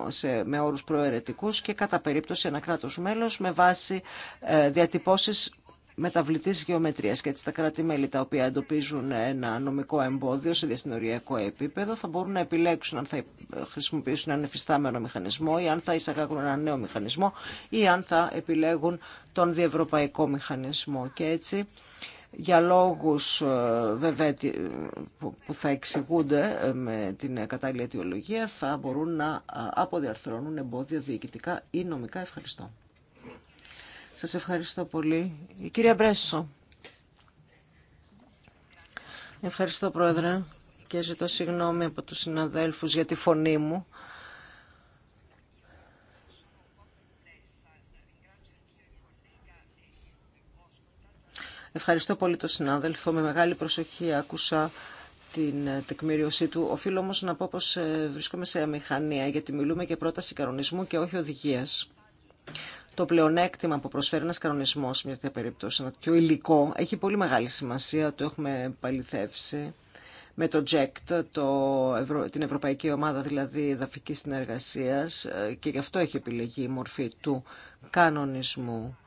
σε, με όρους προαιρετικούς και κατά περίπτωση ένα κράτος μέλος με βάση ε, διατυπώσεις μεταβλητή γεωμετρία και έτσι τα κράτη-μέλη τα οποία εντοπίζουν ένα νομικό εμπόδιο σε διασυνοριακό επίπεδο θα μπορούν να επιλέξουν αν θα χρησιμοποιήσουν έναν εφιστάμενο μηχανισμό ή αν θα εισαγάγουν έναν νέο μηχανισμό ή αν θα επιλέγουν τον διευρωπαϊκό μηχανισμό. Και έτσι για λόγους ε, βέβαια που θα εξηγούνται ε, με την κατάλληλη αιτιολογία θα μπορούν να ε, αποδιαρθρώνουν εμπόδια διοικητικά ή νομικά. Ευχαριστώ. Σας ευχαριστώ πολύ. Η κυρία Μπρέσσο. Ευχαριστώ Πρόεδρε και ζητώ συγγνώμη από τους συναδέλφους για τη φωνή μου. Ευχαριστώ πολύ τον συνάδελφο. Με μεγάλη προσοχή άκουσα την ε, τεκμήριωσή του. Οφείλω όμω να πω πω ε, βρίσκομαι σε αμηχανία, γιατί μιλούμε για πρόταση κανονισμού και όχι οδηγία. Το πλεονέκτημα που προσφέρει ένα κανονισμό σε μια τέτοια περίπτωση, ένα τέτοιο υλικό, έχει πολύ μεγάλη σημασία. Το έχουμε παληθεύσει με το JECT, το, την Ευρωπαϊκή Ομάδα δηλαδή Δαφικής Συνεργασίας ε, και γι' αυτό έχει επιλεγεί η μορφή του κανονισμού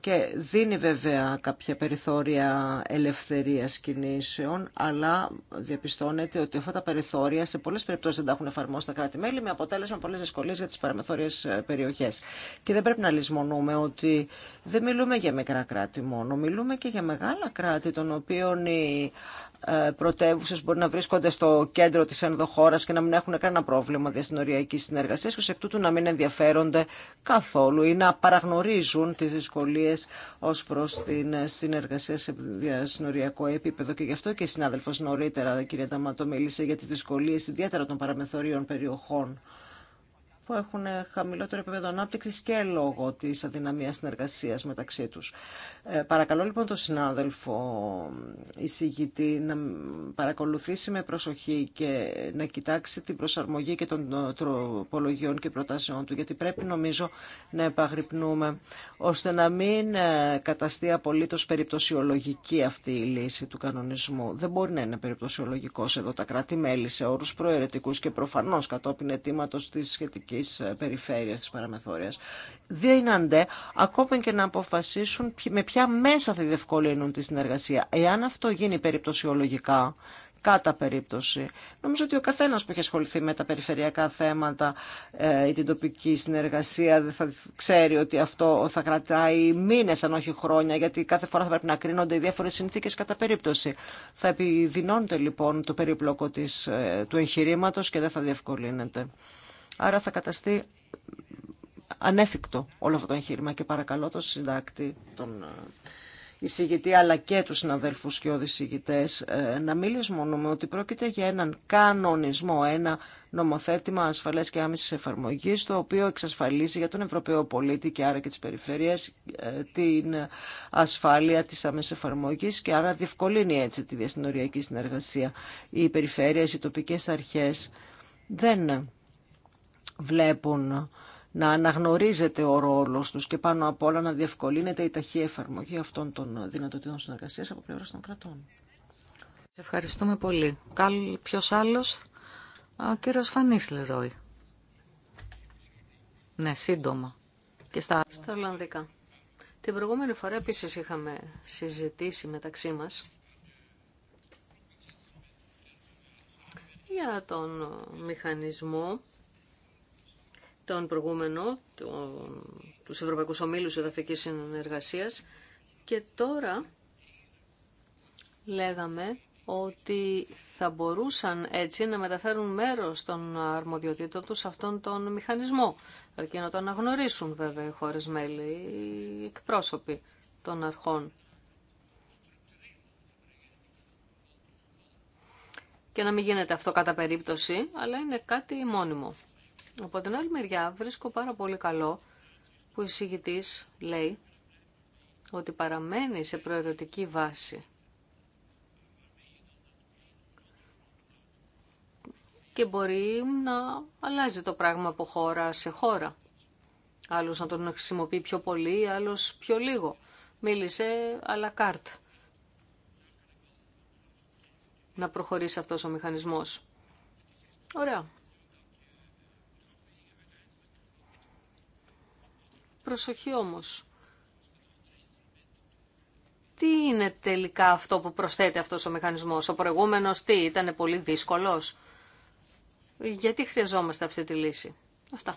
και δίνει βέβαια κάποια περιθώρια ελευθερίας κινήσεων, αλλά διαπιστώνεται ότι αυτά τα περιθώρια σε πολλές περιπτώσεις δεν τα έχουν εφαρμόσει τα κράτη-μέλη, με αποτέλεσμα πολλές δυσκολίες για τις παραμεθόριες ε, περιοχές. Και δεν πρέπει να λησμονούμε ότι δεν μιλούμε για μικρά κράτη μόνο, μιλούμε και για μεγάλα κράτη, των οποίων οι... Ε, πρωτεύουσε μπορεί να βρίσκονται στο κέντρο τη ενδοχώρα και να μην έχουν κανένα πρόβλημα διασυνοριακή συνεργασία και εκ τούτου να μην ενδιαφέρονται καθόλου ή να παραγνωρίζουν τι δυσκολίε ω προ την συνεργασία σε διασυνοριακό επίπεδο. Και γι' αυτό και η συνάδελφο νωρίτερα, κυρία Νταμάτο, μίλησε για τι δυσκολίε ιδιαίτερα των παραμεθωρίων περιοχών που έχουν χαμηλότερο επίπεδο ανάπτυξη και λόγω τη αδυναμία συνεργασία μεταξύ του. Ε, παρακαλώ λοιπόν τον συνάδελφο εισηγητή να παρακολουθήσει με προσοχή και να κοιτάξει την προσαρμογή και των τροπολογιών και προτάσεών του, γιατί πρέπει νομίζω να επαγρυπνούμε ώστε να μην ε, καταστεί απολύτω περιπτωσιολογική αυτή η λύση του κανονισμού. Δεν μπορεί να είναι περιπτωσιολογικό εδώ τα κράτη-μέλη σε όρου προαιρετικού και προφανώ κατόπιν αιτήματο τη σχετική της ε, περιφέρειας της παραμεθόριας δίνανται ακόμα και να αποφασίσουν με ποια μέσα θα διευκολύνουν τη συνεργασία. Εάν αυτό γίνει περιπτωσιολογικά, κατά περίπτωση. Νομίζω ότι ο καθένας που έχει ασχοληθεί με τα περιφερειακά θέματα ε, ή την τοπική συνεργασία δεν θα ξέρει ότι αυτό θα κρατάει μήνες αν όχι χρόνια γιατί κάθε φορά θα πρέπει να κρίνονται οι διάφορες συνθήκες κατά περίπτωση. Θα επιδεινώνεται λοιπόν το περίπλοκο της, ε, του εγχειρήματο και δεν θα διευκολύνεται. Άρα θα καταστεί ανέφικτο όλο αυτό το εγχείρημα και παρακαλώ τον συντάκτη, τον ε, εισηγητή αλλά και τους συναδέλφους και οδησηγητές ε, να μην λησμονούμε ότι πρόκειται για έναν κανονισμό, ένα νομοθέτημα ασφαλές και άμεσης εφαρμογής το οποίο εξασφαλίζει για τον Ευρωπαίο πολίτη και άρα και τις περιφέρειες ε, την ασφάλεια της άμεσης εφαρμογής και άρα διευκολύνει έτσι τη διασυνοριακή συνεργασία. Οι περιφέρειες, οι τοπικές αρχές δεν βλέπουν να αναγνωρίζεται ο ρόλος τους και πάνω απ' όλα να διευκολύνεται η ταχεία εφαρμογή αυτών των δυνατοτήτων συνεργασίας από πλευρά των κρατών. Σε ευχαριστούμε πολύ. Ποιος άλλος? Ο κύριος Φανής Λερόι. Ναι, σύντομα. Και στα... στα Ολλανδικά. Την προηγούμενη φορά επίσης είχαμε συζητήσει μεταξύ μας για τον μηχανισμό τον προηγούμενο, του ευρωπαϊκού Ομίλους Εδαφικής Συνεργασίας και τώρα λέγαμε ότι θα μπορούσαν έτσι να μεταφέρουν μέρος των αρμοδιοτήτων του σε αυτόν τον μηχανισμό. Αρκεί να το αναγνωρίσουν βέβαια οι χώρες μέλη, οι εκπρόσωποι των αρχών. Και να μην γίνεται αυτό κατά περίπτωση, αλλά είναι κάτι μόνιμο. Από την άλλη μεριά βρίσκω πάρα πολύ καλό που η εισηγητής λέει ότι παραμένει σε προαιρετική βάση. Και μπορεί να αλλάζει το πράγμα από χώρα σε χώρα. Άλλος να τον χρησιμοποιεί πιο πολύ, άλλος πιο λίγο. Μίλησε à la Να προχωρήσει αυτός ο μηχανισμός. Ωραία. Προσοχή όμως. Τι είναι τελικά αυτό που προσθέτει αυτός ο μηχανισμός. Ο προηγούμενος τι ήταν πολύ δύσκολος. Γιατί χρειαζόμαστε αυτή τη λύση. Αυτά.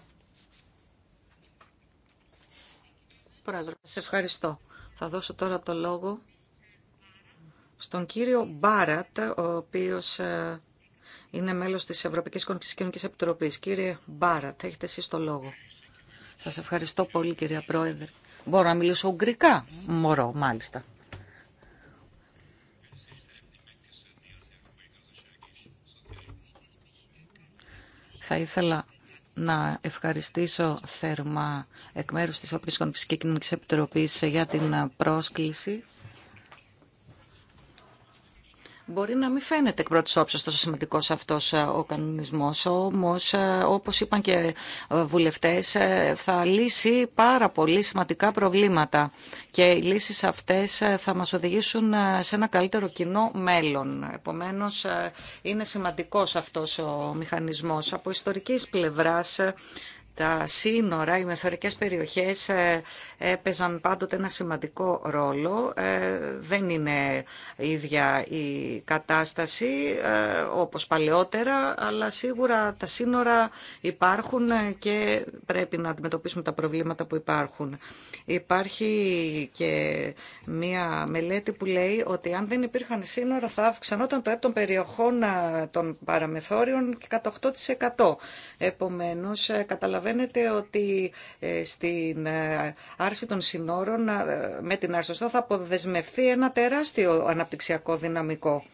Πρόεδρο. Σε ευχαριστώ. Θα δώσω τώρα το λόγο στον κύριο Μπάρατ, ο οποίος ε, είναι μέλος της Ευρωπαϊκής Κοινωνικής Επιτροπής. Κύριε Μπάρατ, έχετε εσείς το λόγο. Σας ευχαριστώ πολύ κυρία Πρόεδρε. Μπορώ να μιλήσω ουγγρικά. Μπορώ μάλιστα. Θα ήθελα να ευχαριστήσω θερμά εκ μέρους της Οπλής Κοινωνικής Επιτροπής για την πρόσκληση Μπορεί να μην φαίνεται εκ πρώτη όψεω τόσο σημαντικό αυτό ε, ο κανονισμό, όμω ε, όπω είπαν και ε, βουλευτέ, θα λύσει πάρα πολύ σημαντικά προβλήματα. Και οι λύσει αυτέ θα μα οδηγήσουν σε ένα καλύτερο κοινό μέλλον. Επομένω, είναι σημαντικό αυτό ο μηχανισμό. Από ιστορική πλευρά, τα σύνορα, οι μεθορικές περιοχές ε, έπαιζαν πάντοτε ένα σημαντικό ρόλο. Ε, δεν είναι ίδια η κατάσταση ε, όπως παλαιότερα, αλλά σίγουρα τα σύνορα υπάρχουν και πρέπει να αντιμετωπίσουμε τα προβλήματα που υπάρχουν. Υπάρχει και μία μελέτη που λέει ότι αν δεν υπήρχαν σύνορα θα αυξανόταν το έπτον των περιοχών των παραμεθόριων και κατά 8%. Επομένως, καταλαβαίνετε ότι ε, στην ε, άρση των συνόρων, ε, με την αρσοστό θα αποδεσμευθεί ένα τεράστιο αναπτυξιακό δυναμικό.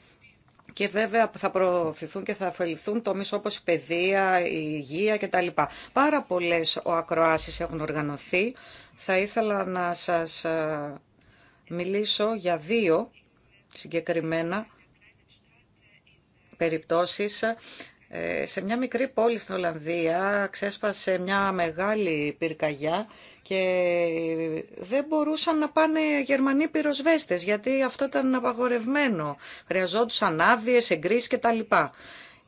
Και βέβαια θα προωθηθούν και θα ωφεληθούν τομεί όπω η παιδεία, η υγεία κτλ. Πάρα πολλέ ακροάσει έχουν οργανωθεί. Θα ήθελα να σας μιλήσω για δύο συγκεκριμένα περιπτώσεις ε, σε μια μικρή πόλη στην Ολλανδία ξέσπασε μια μεγάλη πυρκαγιά και δεν μπορούσαν να πάνε Γερμανοί πυροσβέστες γιατί αυτό ήταν απαγορευμένο. Χρειαζόντουσαν άδειε, εγκρίσει κτλ.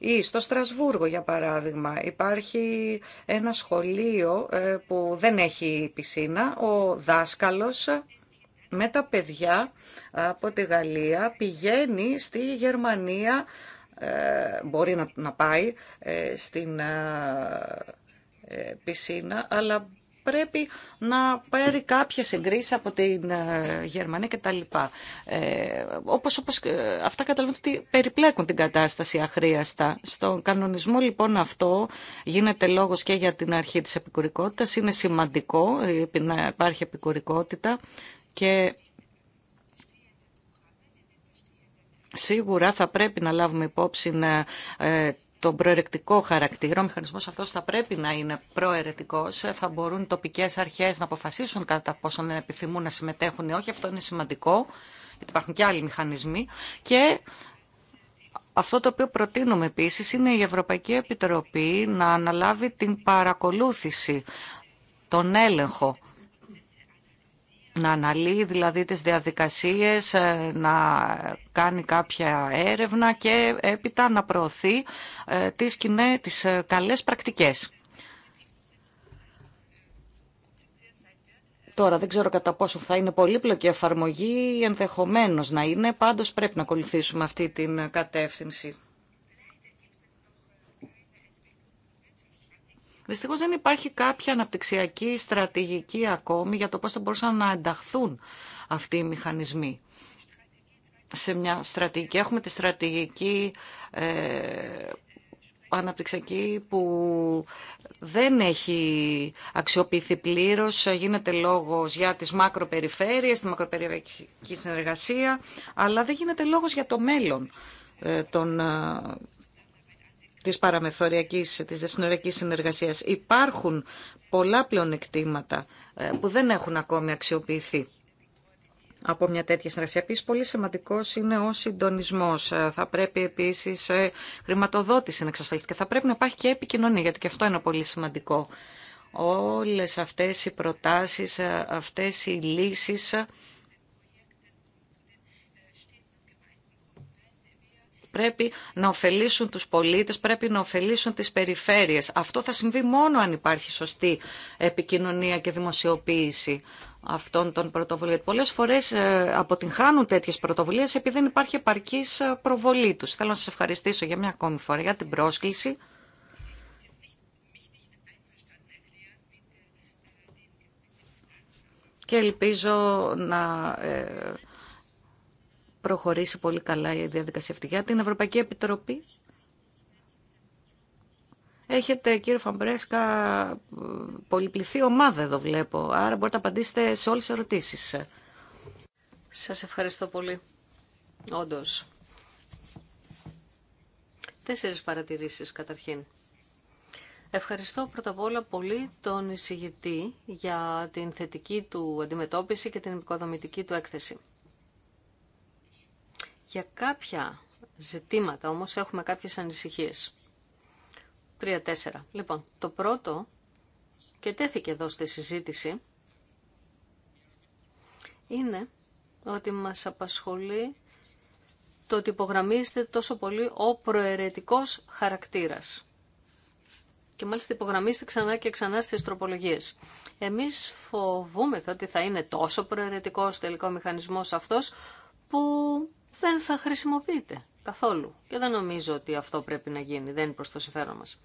Ή στο Στρασβούργο, για παράδειγμα, υπάρχει ένα σχολείο ε, που δεν έχει πισίνα. Ο δάσκαλος με τα παιδιά από τη Γαλλία πηγαίνει στη Γερμανία ε, μπορεί να, να πάει ε, στην ε, πισίνα, αλλά πρέπει να πάρει κάποια συγκρίση από την Γερμανία κτλ. Ε, όπως, όπως αυτά καταλαβαίνετε ότι περιπλέκουν την κατάσταση αχρίαστα. Στον κανονισμό λοιπόν αυτό γίνεται λόγος και για την αρχή της επικουρικότητας. Είναι σημαντικό να υπάρχει επικουρικότητα και Σίγουρα θα πρέπει να λάβουμε υπόψη ε, ε, τον προαιρετικό χαρακτήρα. Ο μηχανισμός αυτός θα πρέπει να είναι προαιρετικός. Θα μπορούν οι τοπικές αρχές να αποφασίσουν κατά πόσο να επιθυμούν να συμμετέχουν ή όχι. Αυτό είναι σημαντικό, γιατί υπάρχουν και άλλοι μηχανισμοί. Και αυτό το οποίο προτείνουμε επίσης είναι η Ευρωπαϊκή Επιτροπή να αναλάβει την παρακολούθηση, τον έλεγχο να αναλύει δηλαδή τις διαδικασίες, ε, να κάνει κάποια έρευνα και έπειτα να προωθεί ε, τις, κοινέ, τις ε, καλές πρακτικές. Τώρα δεν ξέρω κατά πόσο θα είναι πολύπλοκη εφαρμογή, ενδεχομένως να είναι, πάντως πρέπει να ακολουθήσουμε αυτή την κατεύθυνση. Δυστυχώ δεν υπάρχει κάποια αναπτυξιακή στρατηγική ακόμη για το πώ θα μπορούσαν να ενταχθούν αυτοί οι μηχανισμοί σε μια στρατηγική. Έχουμε τη στρατηγική ε, αναπτυξιακή που δεν έχει αξιοποιηθεί πλήρως. Γίνεται λόγος για τις μακροπεριφέρειες, τη μακροπεριφερειακή συνεργασία, αλλά δεν γίνεται λόγος για το μέλλον ε, των ε, της παραμεθοριακής, της δεσυνοριακής συνεργασίας. Υπάρχουν πολλά πλεονεκτήματα ε, που δεν έχουν ακόμη αξιοποιηθεί από μια τέτοια συνεργασία. Επίση, πολύ σημαντικό είναι ο συντονισμό. Ε, θα πρέπει επίση ε, χρηματοδότηση να εξασφαλίσει και θα πρέπει να υπάρχει και επικοινωνία, γιατί και αυτό είναι πολύ σημαντικό. Όλε αυτέ οι προτάσει, αυτέ οι λύσει. πρέπει να ωφελήσουν τους πολίτες, πρέπει να ωφελήσουν τις περιφέρειες. Αυτό θα συμβεί μόνο αν υπάρχει σωστή επικοινωνία και δημοσιοποίηση αυτών των πρωτοβουλίων. Πολλέ φορέ ε, αποτυγχάνουν τέτοιες πρωτοβουλίες επειδή δεν υπάρχει επαρκή ε, προβολή τους. Θέλω να σας ευχαριστήσω για μια ακόμη φορά για την πρόσκληση. Και ελπίζω να ε, προχωρήσει πολύ καλά η διαδικασία αυτή. Για την Ευρωπαϊκή Επιτροπή έχετε κύριε Φαμπρέσκα πολυπληθή ομάδα εδώ βλέπω, άρα μπορείτε να απαντήσετε σε όλες τις ερωτήσεις. Σας ευχαριστώ πολύ. Όντως. Τέσσερις παρατηρήσεις καταρχήν. Ευχαριστώ πρώτα απ' όλα πολύ τον εισηγητή για την θετική του αντιμετώπιση και την οικοδομητική του έκθεση. Για κάποια ζητήματα όμως έχουμε κάποιες ανησυχίες. Τρία-τέσσερα. Λοιπόν, το πρώτο και τέθηκε εδώ στη συζήτηση είναι ότι μας απασχολεί το ότι υπογραμμίζεται τόσο πολύ ο προαιρετικός χαρακτήρας. Και μάλιστα υπογραμμίζεται ξανά και ξανά στις τροπολογίες. Εμείς φοβούμεθα ότι θα είναι τόσο προαιρετικός τελικό μηχανισμός αυτός που δεν θα χρησιμοποιείται καθόλου. Και δεν νομίζω ότι αυτό πρέπει να γίνει, δεν είναι προς το συμφέρον μας.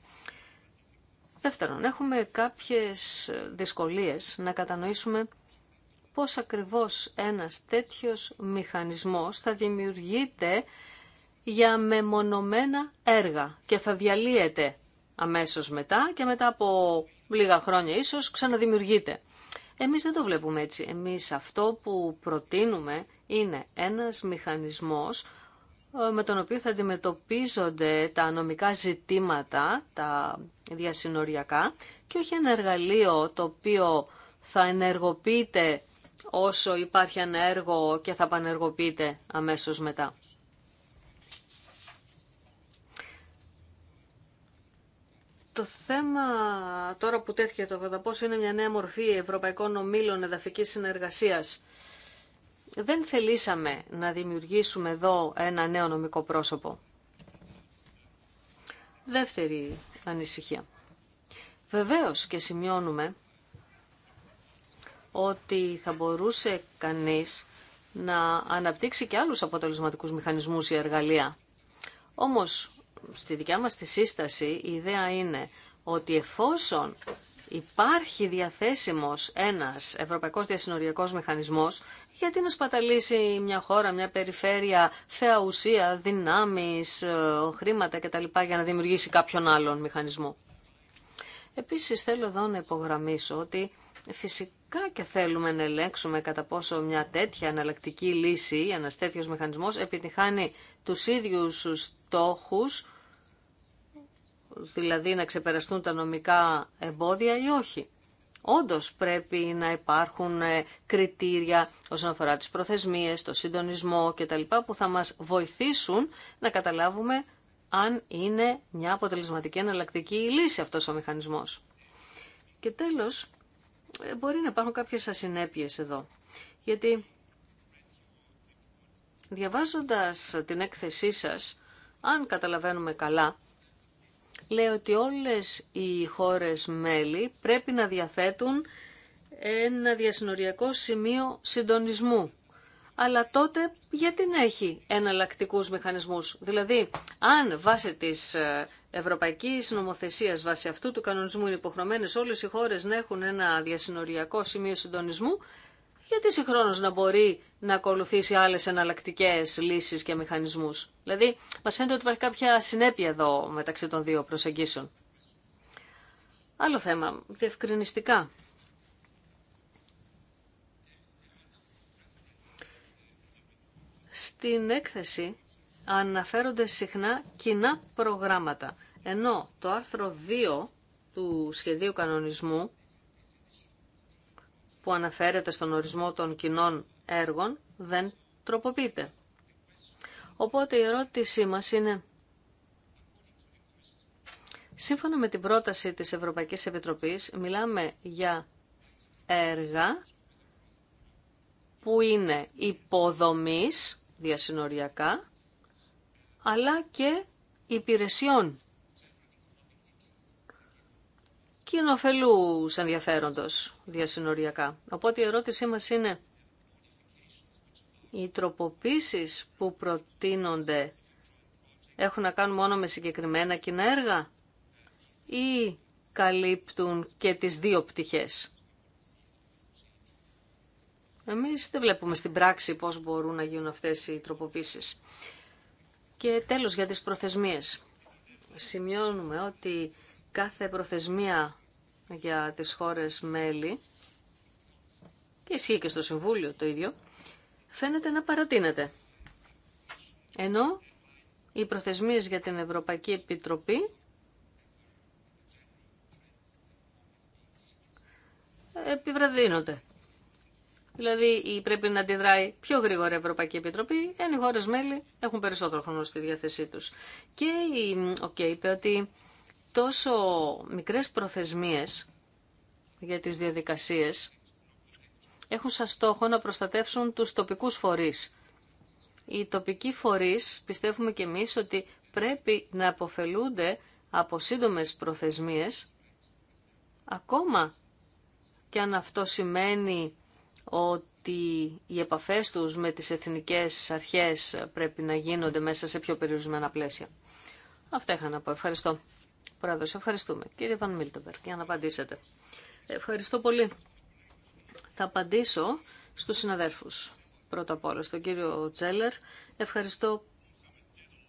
Δεύτερον, έχουμε κάποιες δυσκολίες να κατανοήσουμε πώς ακριβώς ένας τέτοιος μηχανισμός θα δημιουργείται για μεμονωμένα έργα και θα διαλύεται αμέσως μετά και μετά από λίγα χρόνια ίσως ξαναδημιουργείται. Εμείς δεν το βλέπουμε έτσι. Εμείς αυτό που προτείνουμε είναι ένας μηχανισμός ε, με τον οποίο θα αντιμετωπίζονται τα νομικά ζητήματα, τα διασυνοριακά, και όχι ένα εργαλείο το οποίο θα ενεργοποιείται όσο υπάρχει ένα έργο και θα πανεργοποιείται αμέσως μετά. Το θέμα τώρα που τέθηκε το κατά πόσο είναι μια νέα μορφή ευρωπαϊκών ομίλων εδαφικής συνεργασίας δεν θελήσαμε να δημιουργήσουμε εδώ ένα νέο νομικό πρόσωπο. Δεύτερη ανησυχία. Βεβαίως και σημειώνουμε ότι θα μπορούσε κανείς να αναπτύξει και άλλους αποτελεσματικούς μηχανισμούς ή εργαλεία. Όμως, στη δικιά μας τη σύσταση, η ιδέα είναι ότι εφόσον υπάρχει διαθέσιμος ένας ευρωπαϊκός διασυνοριακός μηχανισμός, γιατί να σπαταλήσει μια χώρα, μια περιφέρεια, θέα ουσία, δυνάμεις, ε, χρήματα κτλ. για να δημιουργήσει κάποιον άλλον μηχανισμό. Επίσης θέλω εδώ να υπογραμμίσω ότι φυσικά και θέλουμε να ελέγξουμε κατά πόσο μια τέτοια αναλλακτική λύση, ένα τέτοιο μηχανισμός επιτυχάνει τους ίδιους στόχου, δηλαδή να ξεπεραστούν τα νομικά εμπόδια ή όχι όντως πρέπει να υπάρχουν ε, κριτήρια όσον αφορά τις προθεσμίες, το συντονισμό κτλ. που θα μας βοηθήσουν να καταλάβουμε αν είναι μια αποτελεσματική εναλλακτική λύση αυτός ο μηχανισμός. Και τέλος, ε, μπορεί να υπάρχουν κάποιες ασυνέπειες εδώ. Γιατί διαβάζοντας την έκθεσή σας, αν καταλαβαίνουμε καλά, λέει ότι όλες οι χώρες μέλη πρέπει να διαθέτουν ένα διασυνοριακό σημείο συντονισμού. Αλλά τότε γιατί να έχει εναλλακτικού μηχανισμούς. Δηλαδή, αν βάσει της ε, ευρωπαϊκής νομοθεσίας, βάσει αυτού του κανονισμού είναι υποχρεωμένες όλες οι χώρες να έχουν ένα διασυνοριακό σημείο συντονισμού, γιατί συγχρόνω να μπορεί να ακολουθήσει άλλε εναλλακτικέ λύσεις και μηχανισμούς. Δηλαδή, μα φαίνεται ότι υπάρχει κάποια συνέπεια εδώ μεταξύ των δύο προσεγγίσεων. Άλλο θέμα, διευκρινιστικά. Στην έκθεση αναφέρονται συχνά κοινά προγράμματα, ενώ το άρθρο 2 του σχεδίου κανονισμού που αναφέρεται στον ορισμό των κοινών έργων δεν τροποποιείται. Οπότε η ερώτησή μας είναι, σύμφωνα με την πρόταση της Ευρωπαϊκής Επιτροπής, μιλάμε για έργα που είναι υποδομής διασυνοριακά, αλλά και υπηρεσιών κοινοφελού ενδιαφέροντο διασυνοριακά. Οπότε η ερώτησή μας είναι οι τροποποίησεις που προτείνονται έχουν να κάνουν μόνο με συγκεκριμένα κοινά έργα ή καλύπτουν και τις δύο πτυχές. Εμείς δεν βλέπουμε στην πράξη πώς μπορούν να γίνουν αυτές οι τροποποίησεις. Και τέλος για τις προθεσμίες. Σημειώνουμε ότι κάθε προθεσμία για τις χώρες μέλη και ισχύει και στο Συμβούλιο το ίδιο, φαίνεται να παρατείνεται. Ενώ οι προθεσμίες για την Ευρωπαϊκή Επιτροπή ε, επιβραδύνονται. Δηλαδή πρέπει να αντιδράει πιο γρήγορα η Ευρωπαϊκή Επιτροπή, ενώ οι χώρες μέλη έχουν περισσότερο χρόνο στη διάθεσή τους. Και η είπε ότι τόσο μικρές προθεσμίες για τις διαδικασίες έχουν σαν στόχο να προστατεύσουν τους τοπικούς φορείς. Οι τοπικοί φορείς πιστεύουμε και εμείς ότι πρέπει να αποφελούνται από σύντομες προθεσμίες ακόμα και αν αυτό σημαίνει ότι οι επαφές τους με τις εθνικές αρχές πρέπει να γίνονται μέσα σε πιο περιορισμένα πλαίσια. Αυτά είχα να πω. Ευχαριστώ ευχαριστούμε. Κύριε Βαν Μίλτεμπερ, για να απαντήσετε. Ευχαριστώ πολύ. Θα απαντήσω στους συναδέρφους. Πρώτα απ' όλα, στον κύριο Τσέλερ, ευχαριστώ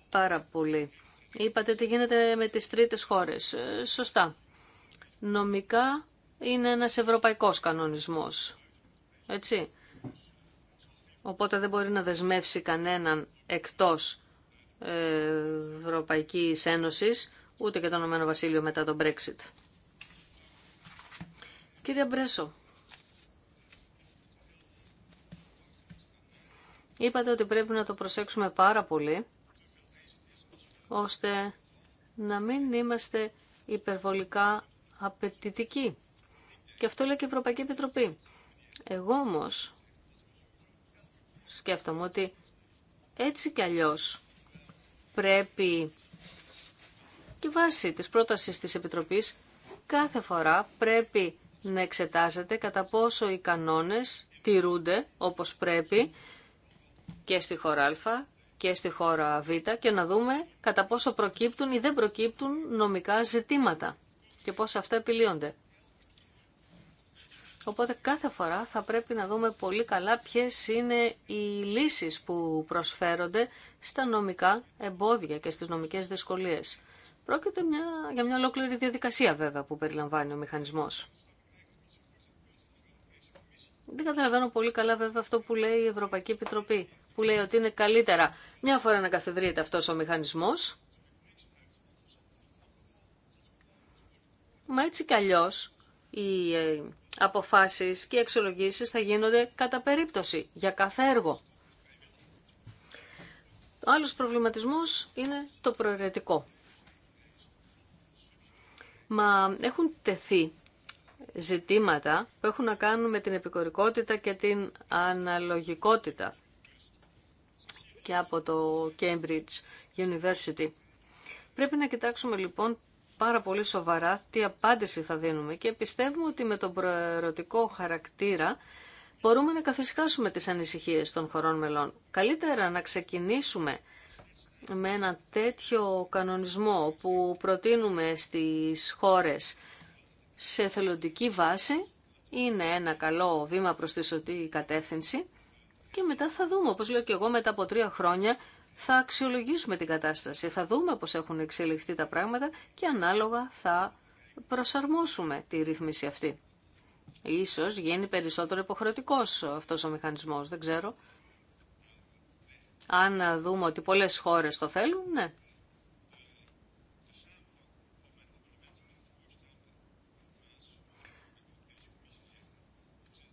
πάρα πολύ. Είπατε τι γίνεται με τις τρίτες χώρες. Ε, σωστά. Νομικά είναι ένας ευρωπαϊκός κανονισμός. Έτσι. Οπότε δεν μπορεί να δεσμεύσει κανέναν εκτός ε, Ευρωπαϊκής Ένωσης ούτε και το Ηνωμένο Βασίλειο μετά τον Brexit. Κύριε Μπρέσο, είπατε ότι πρέπει να το προσέξουμε πάρα πολύ, ώστε να μην είμαστε υπερβολικά απαιτητικοί. Και αυτό λέει και η Ευρωπαϊκή Επιτροπή. Εγώ όμως σκέφτομαι ότι έτσι κι αλλιώς πρέπει και βάσει της πρότασης της Επιτροπής κάθε φορά πρέπει να εξετάζεται κατά πόσο οι κανόνες τηρούνται όπως πρέπει και στη χώρα Α και στη χώρα Β και να δούμε κατά πόσο προκύπτουν ή δεν προκύπτουν νομικά ζητήματα και πώς αυτά επιλύονται. Οπότε κάθε φορά θα πρέπει να δούμε πολύ καλά ποιες είναι οι λύσεις που προσφέρονται στα νομικά εμπόδια και στις νομικές δυσκολίες. Πρόκειται μια, για μια ολόκληρη διαδικασία βέβαια που περιλαμβάνει ο μηχανισμός. Δεν καταλαβαίνω πολύ καλά βέβαια αυτό που λέει η Ευρωπαϊκή Επιτροπή, που λέει ότι είναι καλύτερα μια φορά να καθεδρύεται αυτός ο μηχανισμός, μα έτσι κι αλλιώς οι ε, αποφάσεις και οι αξιολογήσεις θα γίνονται κατά περίπτωση, για κάθε έργο. Ο άλλος προβληματισμός είναι το προαιρετικό. Μα έχουν τεθεί ζητήματα που έχουν να κάνουν με την επικορικότητα και την αναλογικότητα και από το Cambridge University. Πρέπει να κοιτάξουμε λοιπόν πάρα πολύ σοβαρά τι απάντηση θα δίνουμε και πιστεύουμε ότι με τον προερωτικό χαρακτήρα μπορούμε να καθισκάσουμε τις ανησυχίες των χωρών μελών. Καλύτερα να ξεκινήσουμε με ένα τέτοιο κανονισμό που προτείνουμε στις χώρες σε θελοντική βάση είναι ένα καλό βήμα προς τη σωτή κατεύθυνση και μετά θα δούμε, όπως λέω και εγώ μετά από τρία χρόνια θα αξιολογήσουμε την κατάσταση, θα δούμε πώς έχουν εξελιχθεί τα πράγματα και ανάλογα θα προσαρμόσουμε τη ρύθμιση αυτή. Ίσως γίνει περισσότερο υποχρεωτικός αυτός ο μηχανισμός, δεν ξέρω. Αν δούμε ότι πολλές χώρες το θέλουν, ναι.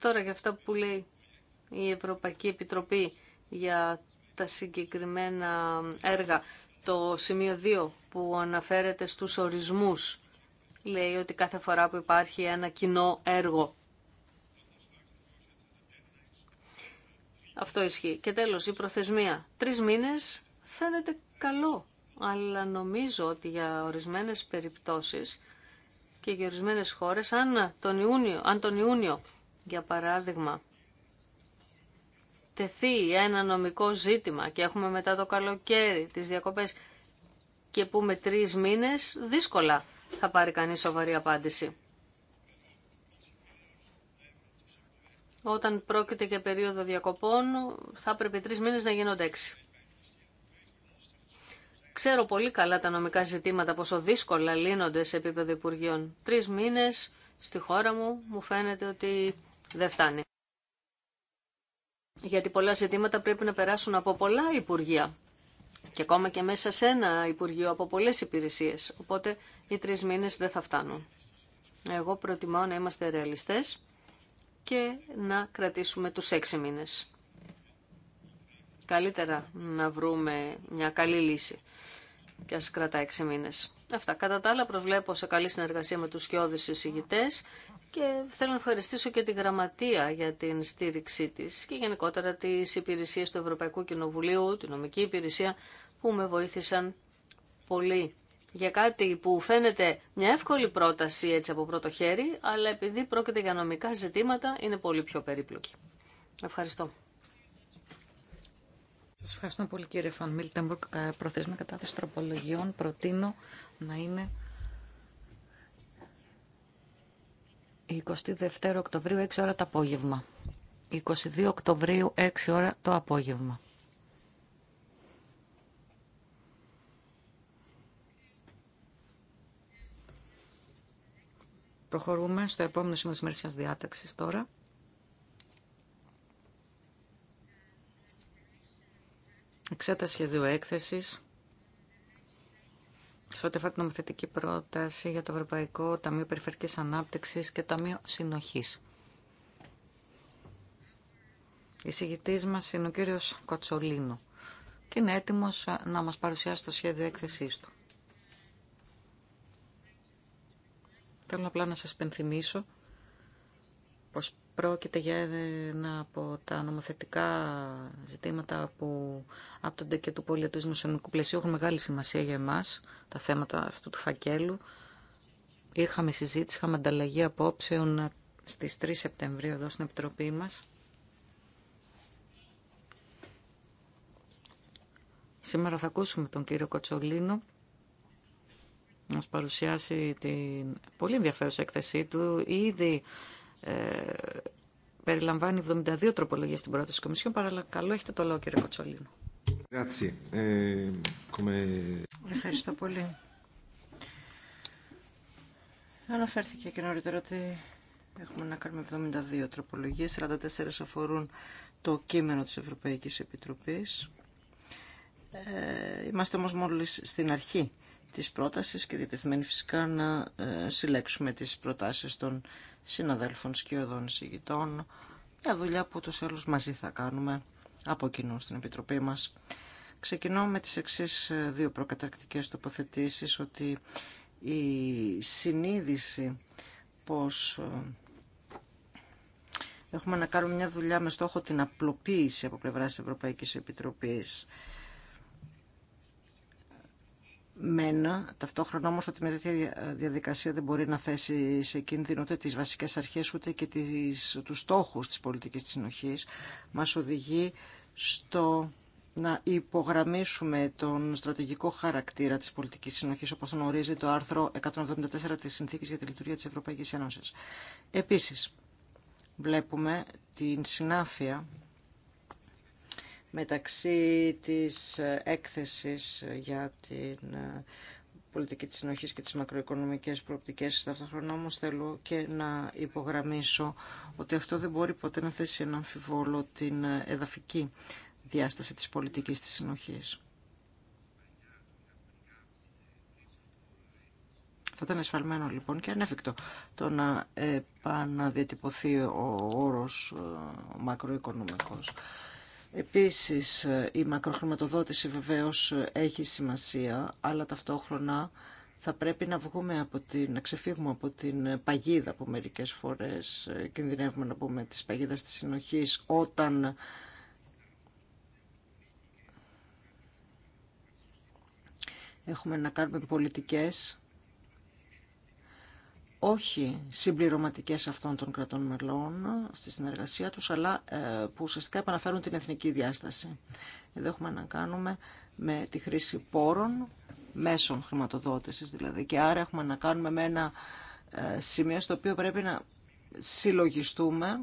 Τώρα για αυτά που λέει η Ευρωπαϊκή Επιτροπή για τα συγκεκριμένα έργα, το σημείο 2 που αναφέρεται στους ορισμούς, λέει ότι κάθε φορά που υπάρχει ένα κοινό έργο Αυτό ισχύει. Και τέλος, η προθεσμία. Τρεις μήνες φαίνεται καλό, αλλά νομίζω ότι για ορισμένες περιπτώσεις και για ορισμένες χώρες, αν τον Ιούνιο, αν τον Ιούνιο για παράδειγμα, τεθεί ένα νομικό ζήτημα και έχουμε μετά το καλοκαίρι τις διακοπές και πούμε τρεις μήνες, δύσκολα θα πάρει κανείς σοβαρή απάντηση. όταν πρόκειται για περίοδο διακοπών, θα έπρεπε τρει μήνε να γίνονται έξι. Ξέρω πολύ καλά τα νομικά ζητήματα, πόσο δύσκολα λύνονται σε επίπεδο Υπουργείων. Τρει μήνε στη χώρα μου μου φαίνεται ότι δεν φτάνει. Γιατί πολλά ζητήματα πρέπει να περάσουν από πολλά Υπουργεία και ακόμα και μέσα σε ένα Υπουργείο από πολλές υπηρεσίες. Οπότε οι τρεις μήνες δεν θα φτάνουν. Εγώ προτιμάω να είμαστε ρεαλιστές και να κρατήσουμε τους έξι μήνες. Καλύτερα να βρούμε μια καλή λύση και ας κρατά έξι μήνες. Αυτά. Κατά τα άλλα προσβλέπω σε καλή συνεργασία με τους σκιώδεις συζητητές και θέλω να ευχαριστήσω και τη Γραμματεία για την στήριξή της και γενικότερα τις υπηρεσίες του Ευρωπαϊκού Κοινοβουλίου, τη νομική υπηρεσία που με βοήθησαν πολύ για κάτι που φαίνεται μια εύκολη πρόταση έτσι από πρώτο χέρι, αλλά επειδή πρόκειται για νομικά ζητήματα είναι πολύ πιο περίπλοκη. Ευχαριστώ. Σας ευχαριστώ πολύ κύριε Φαν Μίλτεμπουργκ. Προθέσουμε κατάθεση τροπολογιών. Προτείνω να είναι 22 Οκτωβρίου 6 ώρα το απόγευμα. 22 Οκτωβρίου 6 ώρα το απόγευμα. Προχωρούμε στο επόμενο σημείο της μερσιάς διάταξης τώρα. Εξέταση σχεδίου έκθεσης σε ό,τι αφορά την νομοθετική πρόταση για το Ευρωπαϊκό Ταμείο Περιφερειακής Ανάπτυξης και Ταμείο Συνοχής. Η συγητής μας είναι ο κύριος Κοτσολίνο και είναι έτοιμος να μας παρουσιάσει το σχέδιο έκθεσής του. Θέλω απλά να σας πενθυμίσω πως πρόκειται για ένα από τα νομοθετικά ζητήματα που άπτονται και του σε σε πλαισίου έχουν μεγάλη σημασία για εμάς, τα θέματα αυτού του φακέλου. Είχαμε συζήτηση, είχαμε ανταλλαγή απόψεων στις 3 Σεπτεμβρίου εδώ στην Επιτροπή μας. Σήμερα θα ακούσουμε τον κύριο Κοτσολίνο να μας παρουσιάσει την πολύ ενδιαφέρουσα έκθεσή του. Ήδη ε, περιλαμβάνει 72 τροπολογίες στην πρόταση της Κομισιόν. Παρακαλώ, έχετε το λόγο κύριε Κοτσολίνο. Ε, Ευχαριστώ πολύ. Αναφέρθηκε και νωρίτερα ότι έχουμε να κάνουμε 72 τροπολογίες, 44 αφορούν το κείμενο της Ευρωπαϊκής Επιτροπής. Ε, είμαστε όμως μόλις στην αρχή της πρότασης και διατεθειμένοι φυσικά να ε, συλλέξουμε τις προτάσεις των συναδέλφων σκιωδών συγητών. Μια δουλειά που τους άλλους μαζί θα κάνουμε από κοινού στην Επιτροπή μας. Ξεκινώ με τις εξής ε, δύο προκαταρκτικές τοποθετήσεις ότι η συνείδηση πως ε, έχουμε να κάνουμε μια δουλειά με στόχο την απλοποίηση από πλευρά της Ευρωπαϊκής Επιτροπής μένα, ταυτόχρονα όμως ότι με τέτοια διαδικασία δεν μπορεί να θέσει σε κίνδυνο ούτε τις βασικές αρχές ούτε και τις, τους στόχους της πολιτικής της συνοχής, μας οδηγεί στο να υπογραμμίσουμε τον στρατηγικό χαρακτήρα της πολιτικής συνοχής όπως ορίζει το άρθρο 174 της Συνθήκης για τη Λειτουργία της Ευρωπαϊκής Ένωσης. Επίσης, βλέπουμε την συνάφεια μεταξύ της έκθεσης για την ε, πολιτική της συνοχής και τις μακροοικονομικές προοπτικές. Ταυτόχρονα όμω θέλω και να υπογραμμίσω ότι αυτό δεν μπορεί ποτέ να θέσει ένα αμφιβόλο την ε, εδαφική διάσταση της πολιτικής της συνοχής. Θα ήταν εσφαλμένο λοιπόν και ανέφικτο το να επαναδιατυπωθεί ο όρος ε, μακροοικονομικός. Επίσης η μακροχρηματοδότηση βεβαίως έχει σημασία, αλλά ταυτόχρονα θα πρέπει να, βγούμε από την, να ξεφύγουμε από την παγίδα που μερικές φορές κινδυνεύουμε να πούμε της παγίδας της συνοχής όταν έχουμε να κάνουμε πολιτικές όχι συμπληρωματικές αυτών των κρατών μελών στη συνεργασία τους, αλλά ε, που ουσιαστικά επαναφέρουν την εθνική διάσταση. Εδώ έχουμε να κάνουμε με τη χρήση πόρων, μέσων χρηματοδότησης δηλαδή, και άρα έχουμε να κάνουμε με ένα ε, σημείο στο οποίο πρέπει να συλλογιστούμε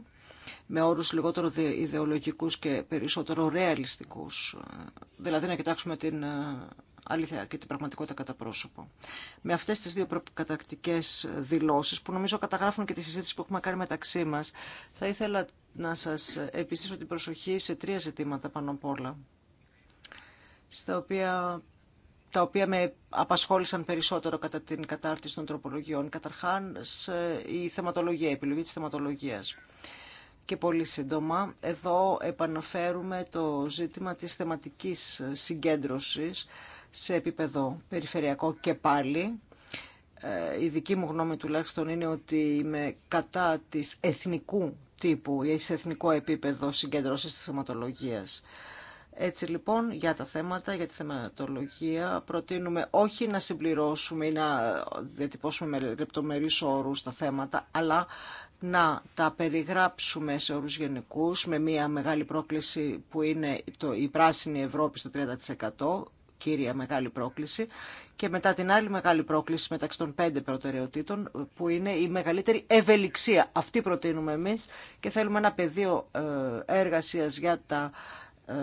με όρους λιγότερο ιδεολογικούς και περισσότερο ρεαλιστικούς. Ε, δηλαδή να κοιτάξουμε την αλήθεια και την πραγματικότητα κατά πρόσωπο. Με αυτέ τι δύο προκαταρκτικέ δηλώσει, που νομίζω καταγράφουν και τη συζήτηση που έχουμε κάνει μεταξύ μα, θα ήθελα να σα επιστήσω την προσοχή σε τρία ζητήματα πάνω απ' όλα, στα οποία, τα οποία με απασχόλησαν περισσότερο κατά την κατάρτιση των τροπολογιών. καταρχά η θεματολογία, η επιλογή της θεματολογίας. Και πολύ σύντομα, εδώ επαναφέρουμε το ζήτημα της θεματικής συγκέντρωσης, σε επίπεδο περιφερειακό και πάλι. Ε, η δική μου γνώμη τουλάχιστον είναι ότι είμαι κατά της εθνικού τύπου ή σε εθνικό επίπεδο συγκέντρωσης της θεματολογίας. Έτσι λοιπόν για τα θέματα, για τη θεματολογία προτείνουμε όχι να συμπληρώσουμε ή να διατυπώσουμε με λεπτομερείς όρους τα θέματα, αλλά να τα περιγράψουμε σε όρους γενικούς με μια μεγάλη πρόκληση που είναι το, η πράσινη Ευρώπη στο 30%, κύρια μεγάλη πρόκληση και μετά την άλλη μεγάλη πρόκληση μεταξύ των πέντε προτεραιοτήτων που είναι η μεγαλύτερη ευελιξία. Αυτή προτείνουμε εμείς και θέλουμε ένα πεδίο εργασίας για τα ε,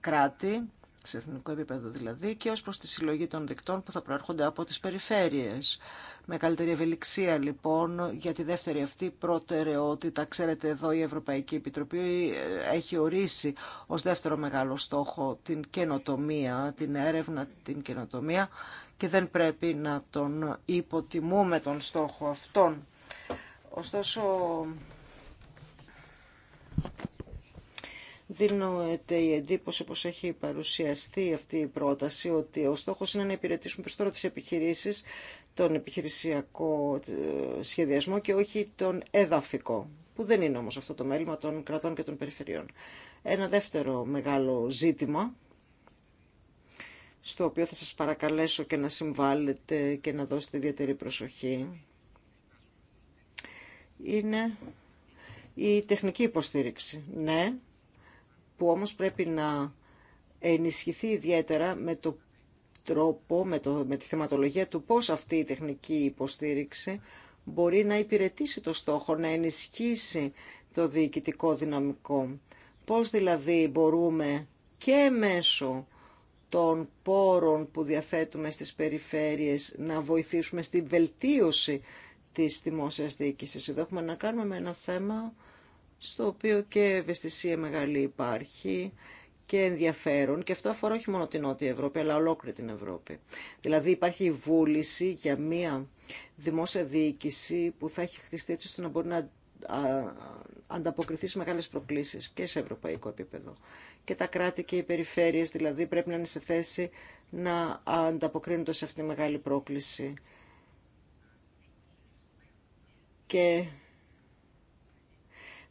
κράτη σε εθνικό επίπεδο δηλαδή, και ως προς τη συλλογή των δικτών που θα προέρχονται από τις περιφέρειες. Με καλύτερη ευελιξία λοιπόν για τη δεύτερη αυτή προτεραιότητα. Ξέρετε εδώ η Ευρωπαϊκή Επιτροπή ε, έχει ορίσει ως δεύτερο μεγάλο στόχο την καινοτομία, την έρευνα, την καινοτομία και δεν πρέπει να τον υποτιμούμε τον στόχο αυτόν. Ωστόσο, δίνεται η εντύπωση πως έχει παρουσιαστεί αυτή η πρόταση ότι ο στόχος είναι να υπηρετήσουν περισσότερο τις επιχειρήσεις τον επιχειρησιακό ε, σχεδιασμό και όχι τον εδαφικό, που δεν είναι όμως αυτό το μέλημα των κρατών και των περιφερειών. Ένα δεύτερο μεγάλο ζήτημα, στο οποίο θα σας παρακαλέσω και να συμβάλλετε και να δώσετε ιδιαίτερη προσοχή, είναι η τεχνική υποστήριξη. Ναι, που όμως πρέπει να ενισχυθεί ιδιαίτερα με το τρόπο, με, τη θεματολογία του πώς αυτή η τεχνική υποστήριξη μπορεί να υπηρετήσει το στόχο, να ενισχύσει το διοικητικό δυναμικό. Πώς δηλαδή μπορούμε και μέσω των πόρων που διαθέτουμε στις περιφέρειες να βοηθήσουμε στη βελτίωση της δημόσιας διοίκησης. Εδώ έχουμε να κάνουμε με ένα θέμα στο οποίο και ευαισθησία μεγάλη υπάρχει και ενδιαφέρον και αυτό αφορά όχι μόνο την Νότια Ευρώπη αλλά ολόκληρη την Ευρώπη. Δηλαδή υπάρχει η βούληση για μια δημόσια διοίκηση που θα έχει χτιστεί έτσι ώστε να μπορεί να ανταποκριθεί σε μεγάλες προκλήσεις και σε ευρωπαϊκό επίπεδο. Και τα κράτη και οι περιφέρειες δηλαδή πρέπει να είναι σε θέση να ανταποκρίνονται σε αυτή τη μεγάλη πρόκληση. Και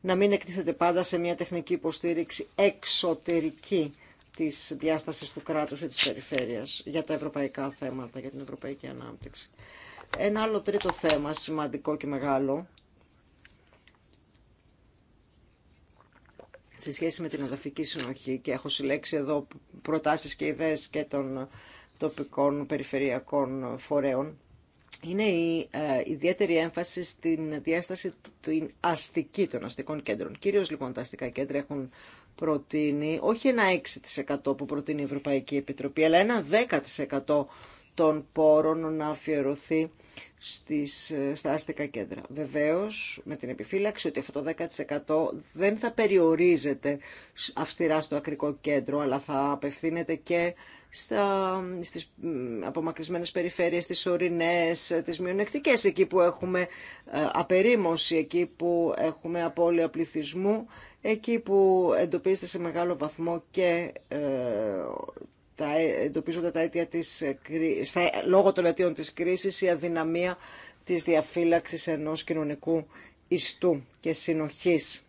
να μην εκτίθεται πάντα σε μια τεχνική υποστήριξη εξωτερική της διάστασης του κράτους ή της περιφέρειας για τα ευρωπαϊκά θέματα, για την ευρωπαϊκή ανάπτυξη. Ένα άλλο τρίτο θέμα, σημαντικό και μεγάλο, σε σχέση με την εδαφική συνοχή και έχω συλλέξει εδώ προτάσεις και ιδέες και των τοπικών περιφερειακών φορέων, είναι η ε, ιδιαίτερη έμφαση στην διάσταση την αστική των αστικών κέντρων. Κυρίως λοιπόν τα αστικά κέντρα έχουν προτείνει όχι ένα 6% που προτείνει η Ευρωπαϊκή Επιτροπή, αλλά ένα 10% των πόρων να αφιερωθεί στις, ε, στα αστικά κέντρα. Βεβαίως, με την επιφύλαξη ότι αυτό το 10% δεν θα περιορίζεται αυστηρά στο ακρικό κέντρο, αλλά θα απευθύνεται και στα, στις απομακρυσμένες περιφέρειες, τις ορεινές, τις μειονεκτικές, εκεί που έχουμε ε, απερίμωση, εκεί που έχουμε απώλεια πληθυσμού, εκεί που εντοπίζεται σε μεγάλο βαθμό και ε, τα, εντοπίζονται τα αίτια της, ε, στα, λόγω των αιτίων της κρίσης η αδυναμία της διαφύλαξης ενός κοινωνικού ιστού και συνοχής.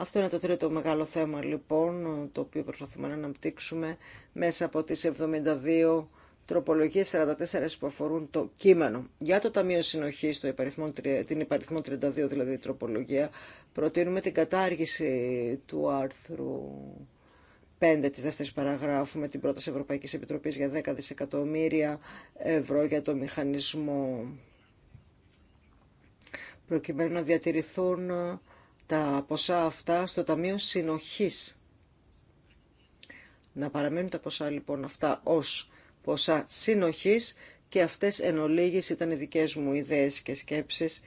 Αυτό είναι το τρίτο μεγάλο θέμα λοιπόν, το οποίο προσπαθούμε να αναπτύξουμε μέσα από τις 72 τροπολογίες 44 που αφορούν το κείμενο. Για το Ταμείο Συνοχής, το την υπαριθμό 32 δηλαδή η τροπολογία, προτείνουμε την κατάργηση του άρθρου 5 της δεύτερης παραγράφου με την πρόταση Ευρωπαϊκής Επιτροπής για 10 δισεκατομμύρια ευρώ για το μηχανισμό προκειμένου να διατηρηθούν τα ποσά αυτά στο Ταμείο Συνοχής. Να παραμένουν τα ποσά λοιπόν αυτά ως ποσά συνοχής και αυτές εν ολίγης ήταν οι δικές μου ιδέες και σκέψεις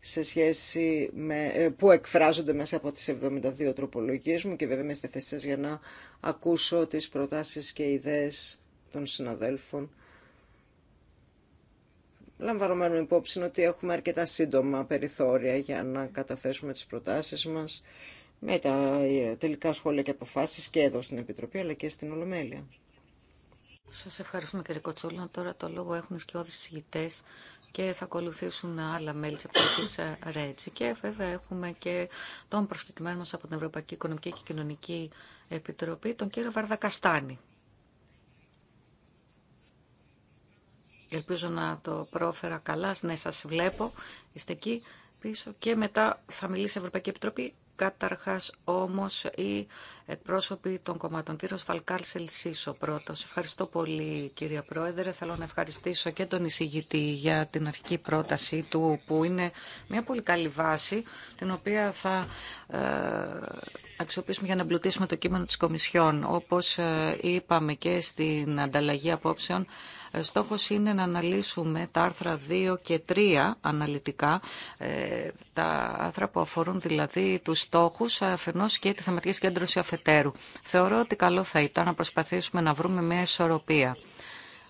σε σχέση με, ε, που εκφράζονται μέσα από τις 72 τροπολογίες μου και βέβαια είμαι στη θέση για να ακούσω τις προτάσεις και ιδέες των συναδέλφων λαμβανομένου υπόψη ότι έχουμε αρκετά σύντομα περιθώρια για να καταθέσουμε τις προτάσεις μας με τα ε, τελικά σχόλια και αποφάσεις και εδώ στην Επιτροπή αλλά και στην Ολομέλεια. Σας ευχαριστούμε κύριε Κοτσούλα. Τώρα το λόγο έχουν σκιώδεις συγητές και θα ακολουθήσουν άλλα μέλη της Επιτροπής ε, Ρέτζη. Και βέβαια έχουμε και τον προσκεκλημένο μας από την Ευρωπαϊκή Οικονομική και Κοινωνική Επιτροπή, τον κύριο Βαρδακαστάνη. Ελπίζω να το πρόφερα καλά. Ναι, σας βλέπω. Είστε εκεί πίσω. Και μετά θα μιλήσει η Ευρωπαϊκή Επιτροπή. Καταρχάς όμως η εκπρόσωποι των κομμάτων. Κύριο Φαλκάλ Σελσίσο πρώτο. Ευχαριστώ πολύ κύριε Πρόεδρε. Θέλω να ευχαριστήσω και τον εισηγητή για την αρχική πρότασή του που είναι μια πολύ καλή βάση την οποία θα ε, αξιοποιήσουμε για να εμπλουτίσουμε το κείμενο της Κομισιόν. Όπως ε, είπαμε και στην ανταλλαγή απόψεων ε, Στόχος είναι να αναλύσουμε τα άρθρα 2 και 3 αναλυτικά, τα άρθρα που αφορούν δηλαδή τους στόχους αφενός και τη θεματική κέντρωση Θεωρώ ότι καλό θα ήταν να προσπαθήσουμε να βρούμε μια ισορροπία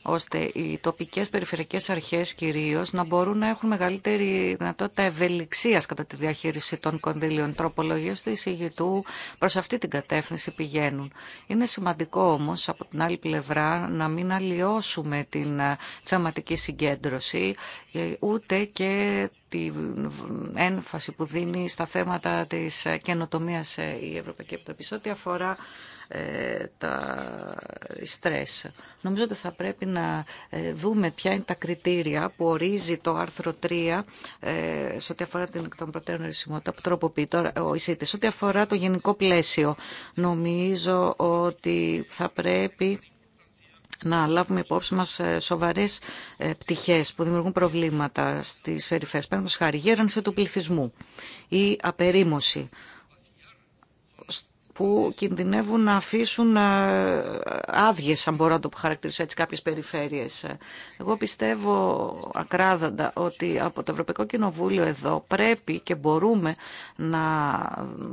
ώστε οι τοπικές περιφερειακές αρχές κυρίως να μπορούν να έχουν μεγαλύτερη δυνατότητα ευελιξίας κατά τη διαχείριση των κονδυλίων. Τροπολογίες του εισηγητού προς αυτή την κατεύθυνση πηγαίνουν. Είναι σημαντικό όμως από την άλλη πλευρά να μην αλλοιώσουμε την ε, θεματική συγκέντρωση ε, ούτε και την έμφαση που δίνει στα θέματα της ε, καινοτομίας η Ευρωπαϊκή Επιτροπή. Ό,τι αφορά ε, τα στρες. Νομίζω ότι θα πρέπει να ε, δούμε ποια είναι τα κριτήρια που ορίζει το άρθρο 3 ε, σε ό,τι αφορά την εκ των προτέρων ρησιμότητα που τροποποιεί τώρα ο Σε ό,τι αφορά το γενικό πλαίσιο, νομίζω ότι θα πρέπει να λάβουμε υπόψη μα σοβαρέ πτυχέ που δημιουργούν προβλήματα στι περιφέρειε. Παίρνουμε χάρη γέρανση του πληθυσμού ή απερίμωση που κινδυνεύουν να αφήσουν ε, άδειε, αν μπορώ να το χαρακτηρίσω έτσι, κάποιες περιφέρειες. Εγώ πιστεύω ακράδαντα ότι από το Ευρωπαϊκό Κοινοβούλιο εδώ πρέπει και μπορούμε να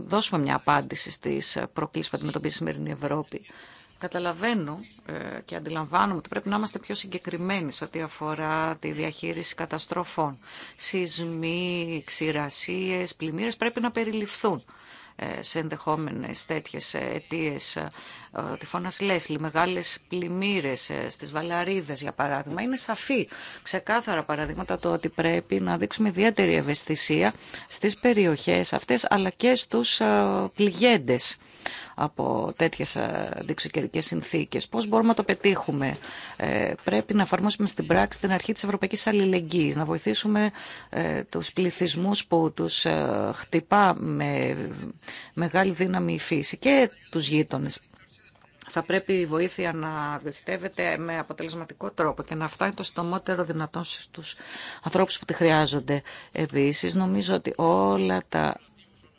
δώσουμε μια απάντηση στις προκλήσεις που αντιμετωπίζει η σημερινή Ευρώπη. Καταλαβαίνω ε, και αντιλαμβάνομαι ότι πρέπει να είμαστε πιο συγκεκριμένοι σε ό,τι αφορά τη διαχείριση καταστροφών. Σεισμοί, ξηρασίες, πλημμύρες πρέπει να περιληφθούν ε, σε ενδεχόμενες τέτοιες ε, αιτίε ο ε, τυφώνας Λέσλι, μεγάλες πλημμύρες στις Βαλαρίδες για παράδειγμα. Είναι σαφή, ξεκάθαρα παραδείγματα το ότι πρέπει να δείξουμε ιδιαίτερη ευαισθησία στις περιοχές αυτές αλλά και στους πληγέντες από τέτοιες ε, διεξοκαιρικέ συνθήκες. Πώς μπορούμε να το πετύχουμε. Ε, πρέπει να εφαρμόσουμε στην πράξη την αρχή της ευρωπαϊκής αλληλεγγύης, να βοηθήσουμε ε, τους πληθυσμούς που τους ε, χτυπά με μεγάλη δύναμη η φύση και τους γείτονε. θα πρέπει η βοήθεια να διοχετεύεται με αποτελεσματικό τρόπο και να φτάνει το στομότερο δυνατόν στους ανθρώπους που τη χρειάζονται. Επίσης, νομίζω ότι όλα τα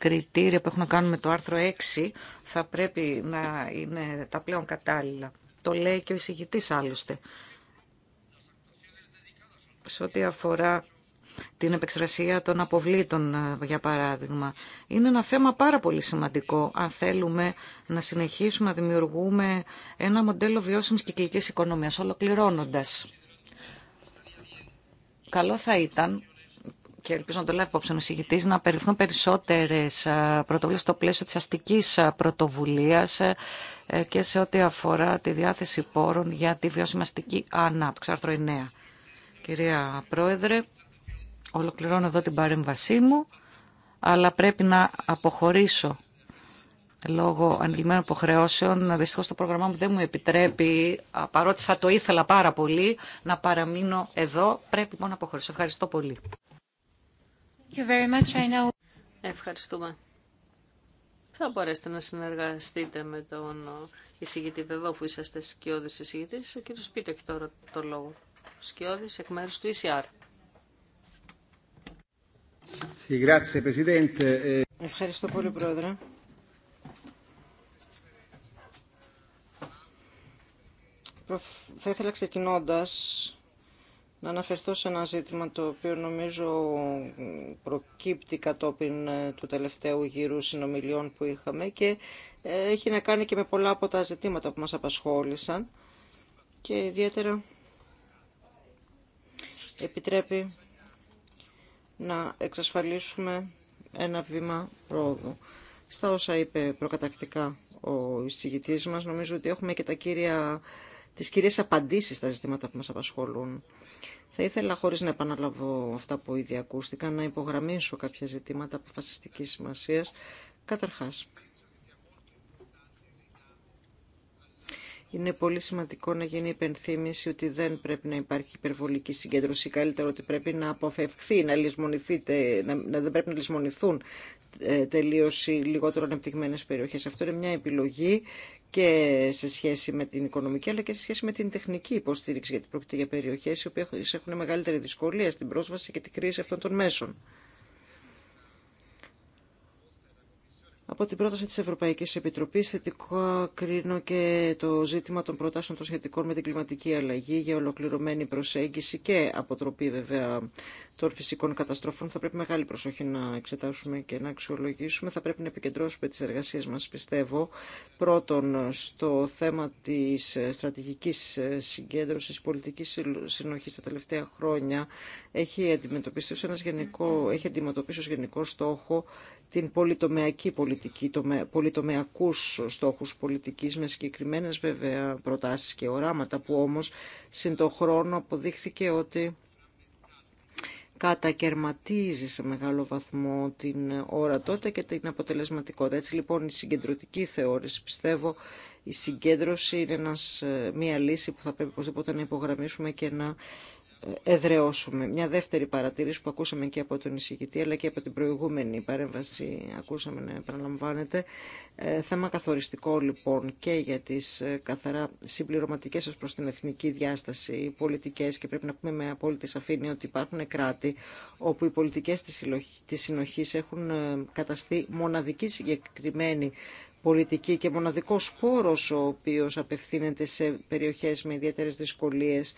κριτήρια που έχουν να κάνουν με το άρθρο 6 θα πρέπει να είναι τα πλέον κατάλληλα. Το λέει και ο εισηγητής άλλωστε. Σε ό,τι αφορά την επεξεργασία των αποβλήτων, για παράδειγμα. Είναι ένα θέμα πάρα πολύ σημαντικό, αν θέλουμε να συνεχίσουμε να δημιουργούμε ένα μοντέλο βιώσιμης κυκλικής οικονομίας, ολοκληρώνοντας. Καλό θα ήταν και ελπίζω να το λάβει υπόψη ο εισηγητή, να περιφθούν περισσότερε πρωτοβουλίε στο πλαίσιο τη αστική πρωτοβουλία ε, ε, και σε ό,τι αφορά τη διάθεση πόρων για τη βιώσιμη ανάπτυξη. Άρθρο 9. Κυρία Πρόεδρε, ολοκληρώνω εδώ την παρέμβασή μου, αλλά πρέπει να αποχωρήσω λόγω ανηλυμένων υποχρεώσεων. Δυστυχώ το πρόγραμμά μου δεν μου επιτρέπει, παρότι θα το ήθελα πάρα πολύ, να παραμείνω εδώ. Πρέπει μόνο να αποχωρήσω. Ευχαριστώ πολύ. Ευχαριστούμε. Θα μπορέσετε να συνεργαστείτε με τον εισηγητή βέβαια, αφού είσαστε σκιώδης εισηγητής. Ο κύριος Πίτο έχει τώρα το λόγο. Σκιώδης εκ μέρους του ECR. Ε, Ευχαριστώ πολύ, Πρόεδρε. Θα ήθελα ξεκινώντας να αναφερθώ σε ένα ζήτημα το οποίο νομίζω προκύπτει κατόπιν ε, του τελευταίου γύρου συνομιλιών που είχαμε και ε, έχει να κάνει και με πολλά από τα ζητήματα που μας απασχόλησαν και ιδιαίτερα επιτρέπει να εξασφαλίσουμε ένα βήμα πρόοδου. Στα όσα είπε προκατακτικά ο εισηγητής μας, νομίζω ότι έχουμε και τα κύρια τις κυρίες απαντήσεις στα ζητήματα που μας απασχολούν. Θα ήθελα, χωρίς να επαναλαβώ αυτά που ήδη ακούστηκαν, να υπογραμμίσω κάποια ζητήματα αποφασιστικής σημασίας. Καταρχάς, Είναι πολύ σημαντικό να γίνει υπενθύμηση ότι δεν πρέπει να υπάρχει υπερβολική συγκέντρωση. Καλύτερα ότι πρέπει να αποφευχθεί, να, να, να δεν πρέπει να λησμονηθούν ε, τελείωση λιγότερο ανεπτυγμένες περιοχές. Αυτό είναι μια επιλογή και σε σχέση με την οικονομική αλλά και σε σχέση με την τεχνική υποστήριξη γιατί πρόκειται για περιοχές οι οποίες έχουν μεγαλύτερη δυσκολία στην πρόσβαση και την κρίση αυτών των μέσων. Από την πρόταση της Ευρωπαϊκής Επιτροπής θετικό κρίνω και το ζήτημα των προτάσεων των σχετικών με την κλιματική αλλαγή για ολοκληρωμένη προσέγγιση και αποτροπή βέβαια των φυσικών καταστροφών θα πρέπει μεγάλη προσοχή να εξετάσουμε και να αξιολογήσουμε. Θα πρέπει να επικεντρώσουμε τις εργασίες μας, πιστεύω, πρώτον στο θέμα της στρατηγικής συγκέντρωσης πολιτικής συνοχής τα τελευταία χρόνια. Έχει αντιμετωπίσει ως ένας γενικό, έχει αντιμετωπίσει ως γενικό στόχο την πολυτομεακή πολιτική, τομε, πολυτομεακούς στόχους πολιτικής με συγκεκριμένες βέβαια προτάσεις και οράματα που όμως συν το χρόνο αποδείχθηκε ότι κατακαιρματίζει σε μεγάλο βαθμό την ορατότητα και την αποτελεσματικότητα. Έτσι λοιπόν η συγκεντρωτική θεώρηση πιστεύω η συγκέντρωση είναι ένας, ε, μια λύση που θα πρέπει οπωσδήποτε να υπογραμμίσουμε και να εδραιώσουμε. Μια δεύτερη παρατήρηση που ακούσαμε και από τον εισηγητή αλλά και από την προηγούμενη παρέμβαση ακούσαμε να επαναλαμβάνεται. Ε, θέμα καθοριστικό λοιπόν και για τις ε, καθαρά συμπληρωματικές ως προς την εθνική διάσταση οι πολιτικές και πρέπει να πούμε με απόλυτη σαφήνεια ότι υπάρχουν κράτη όπου οι πολιτικές της συνοχής έχουν ε, καταστεί μοναδική συγκεκριμένη πολιτική και μοναδικός πόρος ο οποίος απευθύνεται σε περιοχές με ιδιαίτερε δυσκολίες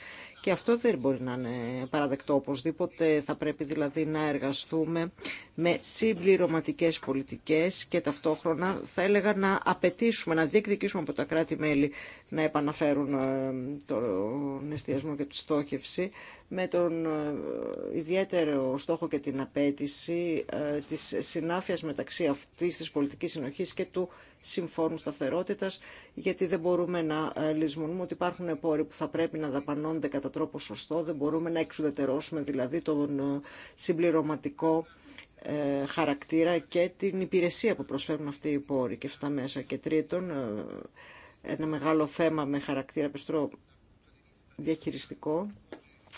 και αυτό δεν μπορεί να είναι παραδεκτό οπωσδήποτε. Θα πρέπει δηλαδή να εργαστούμε με συμπληρωματικέ πολιτικές και ταυτόχρονα θα έλεγα να απαιτήσουμε, να διεκδικήσουμε από τα κράτη-μέλη να επαναφέρουν ε, τον εστιασμό και τη στόχευση με τον ε, ιδιαίτερο στόχο και την απέτηση ε, της συνάφειας μεταξύ αυτής της πολιτικής συνοχής και του συμφώνου σταθερότητα, γιατί δεν μπορούμε να ε, λησμονούμε ότι υπάρχουν πόροι που θα πρέπει να δαπανώνται κατά τρόπο σωστό, δεν μπορούμε να εξουδετερώσουμε δηλαδή τον ε, συμπληρωματικό ε, χαρακτήρα και την υπηρεσία που προσφέρουν αυτοί οι πόροι και αυτά μέσα. Και τρίτον, ένα μεγάλο θέμα με χαρακτήρα πεστρό διαχειριστικό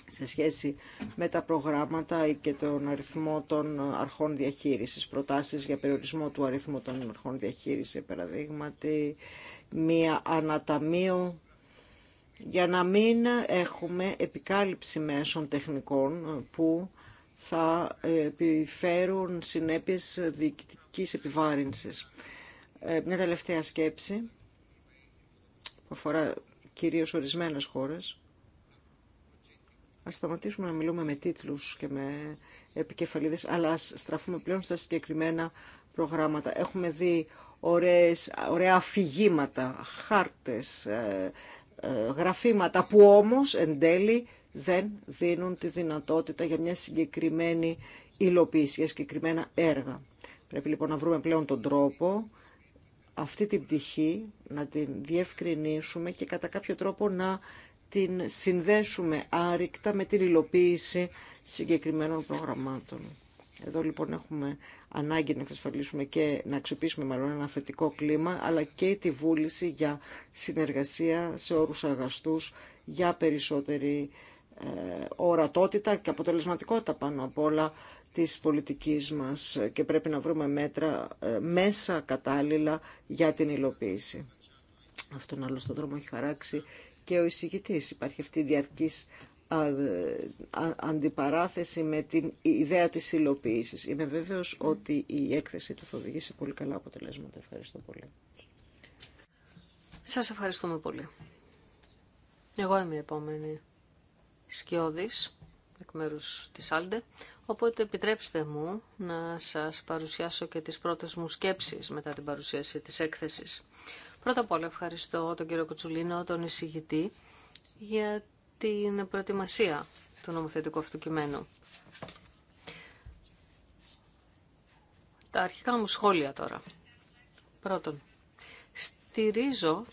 σε σχέση με τα προγράμματα και τον αριθμό των αρχών διαχείρισης. Προτάσεις για περιορισμό του αριθμού των αρχών διαχείρισης, παραδείγματι, μία αναταμείο για να μην έχουμε επικάλυψη μέσων τεχνικών που θα επιφέρουν συνέπειες διοικητικής επιβάρυνσης. Ε, μια τελευταία σκέψη που αφορά κυρίως ορισμένες χώρες Ας σταματήσουμε να μιλούμε με τίτλους και με επικεφαλίδες, αλλά ας στραφούμε πλέον στα συγκεκριμένα προγράμματα. Έχουμε δει ωραίες, ωραία αφηγήματα, χάρτες, ε, ε, γραφήματα που όμως εν τέλει δεν δίνουν τη δυνατότητα για μια συγκεκριμένη υλοποίηση, για συγκεκριμένα έργα. Πρέπει λοιπόν να βρούμε πλέον τον τρόπο αυτή την πτυχή να την διευκρινίσουμε και κατά κάποιο τρόπο να την συνδέσουμε άρρηκτα με την υλοποίηση συγκεκριμένων προγραμμάτων. Εδώ λοιπόν έχουμε ανάγκη να εξασφαλίσουμε και να αξιοποιήσουμε μάλλον ένα θετικό κλίμα, αλλά και τη βούληση για συνεργασία σε όρους αγαστούς, για περισσότερη ε, ορατότητα και αποτελεσματικότητα πάνω απ' όλα της πολιτικής μας και πρέπει να βρούμε μέτρα ε, μέσα κατάλληλα για την υλοποίηση. Αυτόν άλλο στον δρόμο έχει χαράξει και ο εισηγητής. Υπάρχει αυτή η διαρκής αντιπαράθεση με την ιδέα της υλοποίησης. Είμαι βέβαιος ότι η έκθεση του θα οδηγήσει πολύ καλά αποτελέσματα. Ευχαριστώ πολύ. Σας ευχαριστούμε πολύ. Εγώ είμαι η επόμενη σκιώδης εκ μέρους της Άλντε, οπότε επιτρέψτε μου να σας παρουσιάσω και τις πρώτες μου σκέψεις μετά την παρουσίαση της έκθεσης. Πρώτα απ' όλα ευχαριστώ τον κύριο Κουτσουλίνο, τον εισηγητή, για την προετοιμασία του νομοθετικού αυτού κειμένου. Τα αρχικά μου σχόλια τώρα. Πρώτον, στηρίζω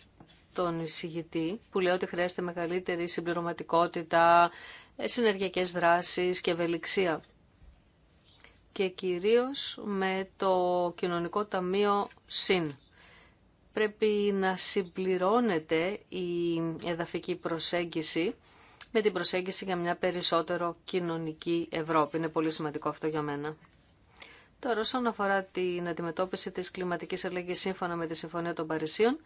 τον εισηγητή που λέει ότι χρειάζεται μεγαλύτερη συμπληρωματικότητα, συνεργειακές δράσεις και ευελιξία. Και κυρίως με το Κοινωνικό Ταμείο ΣΥΝ πρέπει να συμπληρώνεται η εδαφική προσέγγιση με την προσέγγιση για μια περισσότερο κοινωνική Ευρώπη. Είναι πολύ σημαντικό αυτό για μένα. Τώρα, όσον αφορά την αντιμετώπιση της κλιματικής αλλαγής σύμφωνα με τη Συμφωνία των Παρισίων,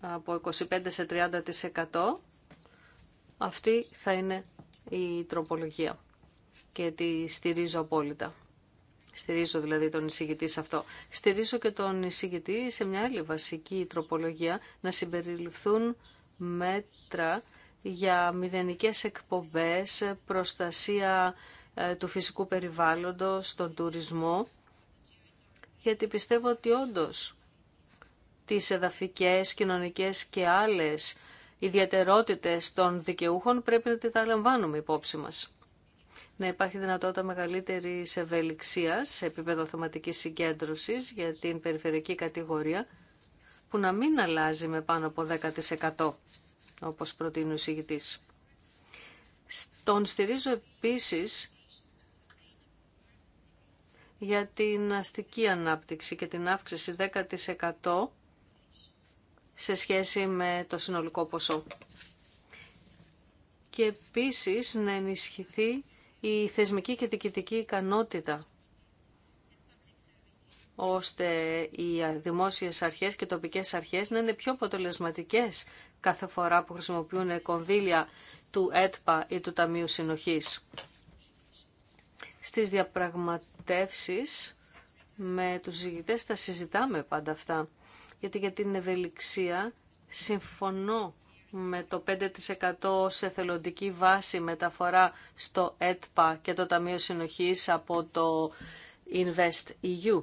από 25% σε 30% αυτή θα είναι η τροπολογία και τη στηρίζω απόλυτα. Στηρίζω δηλαδή τον εισηγητή σε αυτό. Στηρίζω και τον εισηγητή σε μια άλλη βασική τροπολογία να συμπεριληφθούν μέτρα για μηδενικές εκπομπές, προστασία ε, του φυσικού περιβάλλοντος, τον τουρισμό, γιατί πιστεύω ότι όντως τις εδαφικές, κοινωνικές και άλλες ιδιαιτερότητες των δικαιούχων πρέπει να τα λαμβάνουμε υπόψη μας να υπάρχει δυνατότητα μεγαλύτερη ευελιξία σε επίπεδο θεματική συγκέντρωση για την περιφερειακή κατηγορία, που να μην αλλάζει με πάνω από 10% όπως προτείνει ο εισηγητής. Τον στηρίζω επίσης για την αστική ανάπτυξη και την αύξηση 10% σε σχέση με το συνολικό ποσό. Και επίσης να ενισχυθεί η θεσμική και διοικητική ικανότητα ώστε οι δημόσιες αρχές και τοπικές αρχές να είναι πιο αποτελεσματικές κάθε φορά που χρησιμοποιούν κονδύλια του ΕΤΠΑ ή του Ταμείου Συνοχής. Στις διαπραγματεύσεις με τους συζητητές τα συζητάμε πάντα αυτά, γιατί για την ευελιξία συμφωνώ με το 5% σε θελοντική βάση μεταφορά στο ΕΤΠΑ και το Ταμείο Συνοχής από το Invest EU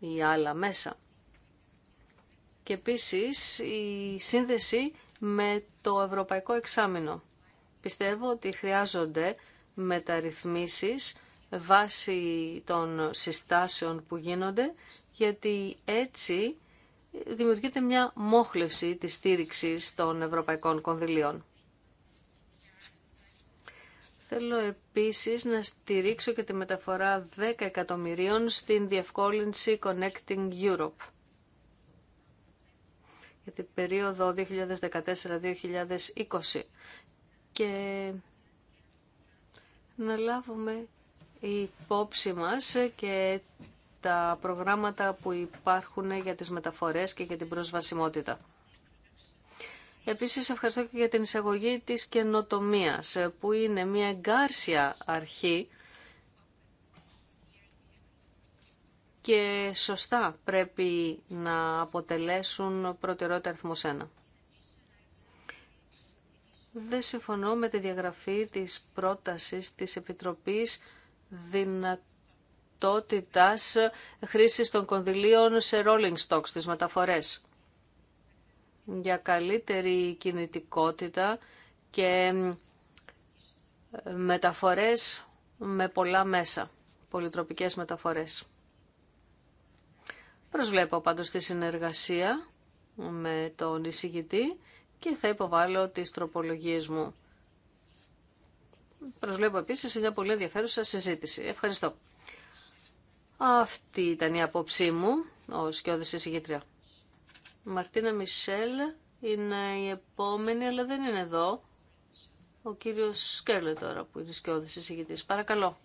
ή άλλα μέσα. Και επίσης η σύνδεση με το Ευρωπαϊκό Εξάμεινο. Πιστεύω ότι χρειάζονται μεταρρυθμίσεις βάσει των συστάσεων που γίνονται, γιατί έτσι δημιουργείται μια μόχλευση της στήριξης των ευρωπαϊκών κονδυλίων. Θέλω επίσης να στηρίξω και τη μεταφορά 10 εκατομμυρίων στην διευκόλυνση Connecting Europe για την περίοδο 2014-2020 και να λάβουμε υπόψη μας και τα προγράμματα που υπάρχουν για τις μεταφορές και για την προσβασιμότητα. Επίσης ευχαριστώ και για την εισαγωγή της καινοτομίας, που είναι μια εγκάρσια αρχή και σωστά πρέπει να αποτελέσουν προτεραιότητα αριθμό 1. Δεν συμφωνώ με τη διαγραφή της πρότασης της Επιτροπής δυνατότητας δυνατότητας χρήσης των κονδυλίων σε rolling stocks, στις μεταφορές. Για καλύτερη κινητικότητα και μεταφορές με πολλά μέσα, πολυτροπικές μεταφορές. Προσβλέπω πάντως τη συνεργασία με τον εισηγητή και θα υποβάλω τις τροπολογίες μου. Προσβλέπω επίσης μια πολύ ενδιαφέρουσα συζήτηση. Ευχαριστώ. Αυτή ήταν η απόψή μου ω και εισηγήτρια. Μαρτίνα Μισελ είναι η επόμενη, αλλά δεν είναι εδώ. Ο κύριος Σκέρλε τώρα που είναι σκιώδης εισηγητής. Παρακαλώ.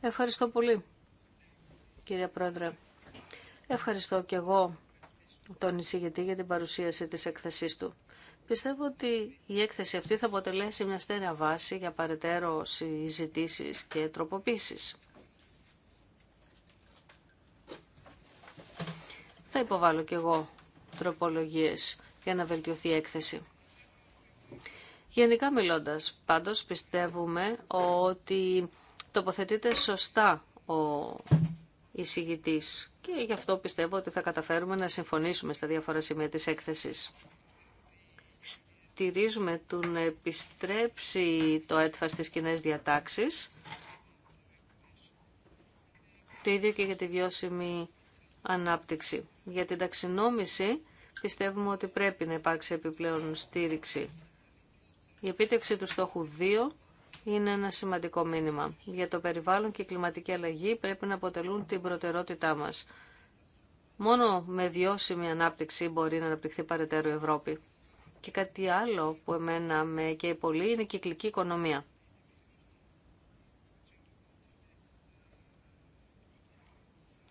Ευχαριστώ πολύ, κυρία Πρόεδρε. Ευχαριστώ και εγώ τον εισηγητή για την παρουσίαση της έκθεσής του. Πιστεύω ότι η έκθεση αυτή θα αποτελέσει μια στέρεα βάση για παρετέρω συζητήσει και τροποποίησεις. Θα υποβάλω και εγώ τροπολογίες για να βελτιωθεί η έκθεση. Γενικά μιλώντας, πάντως πιστεύουμε ότι τοποθετείται σωστά ο εισηγητής και γι' αυτό πιστεύω ότι θα καταφέρουμε να συμφωνήσουμε στα διάφορα σημεία της έκθεσης στηρίζουμε του να επιστρέψει το έτφα στις κοινέ διατάξεις. Το ίδιο και για τη βιώσιμη ανάπτυξη. Για την ταξινόμηση πιστεύουμε ότι πρέπει να υπάρξει επιπλέον στήριξη. Η επίτευξη του στόχου 2 είναι ένα σημαντικό μήνυμα. Για το περιβάλλον και η κλιματική αλλαγή πρέπει να αποτελούν την προτερότητά μας. Μόνο με βιώσιμη ανάπτυξη μπορεί να αναπτυχθεί παρετέρω η Ευρώπη. Και κάτι άλλο που εμένα με καίει πολύ είναι η κυκλική οικονομία.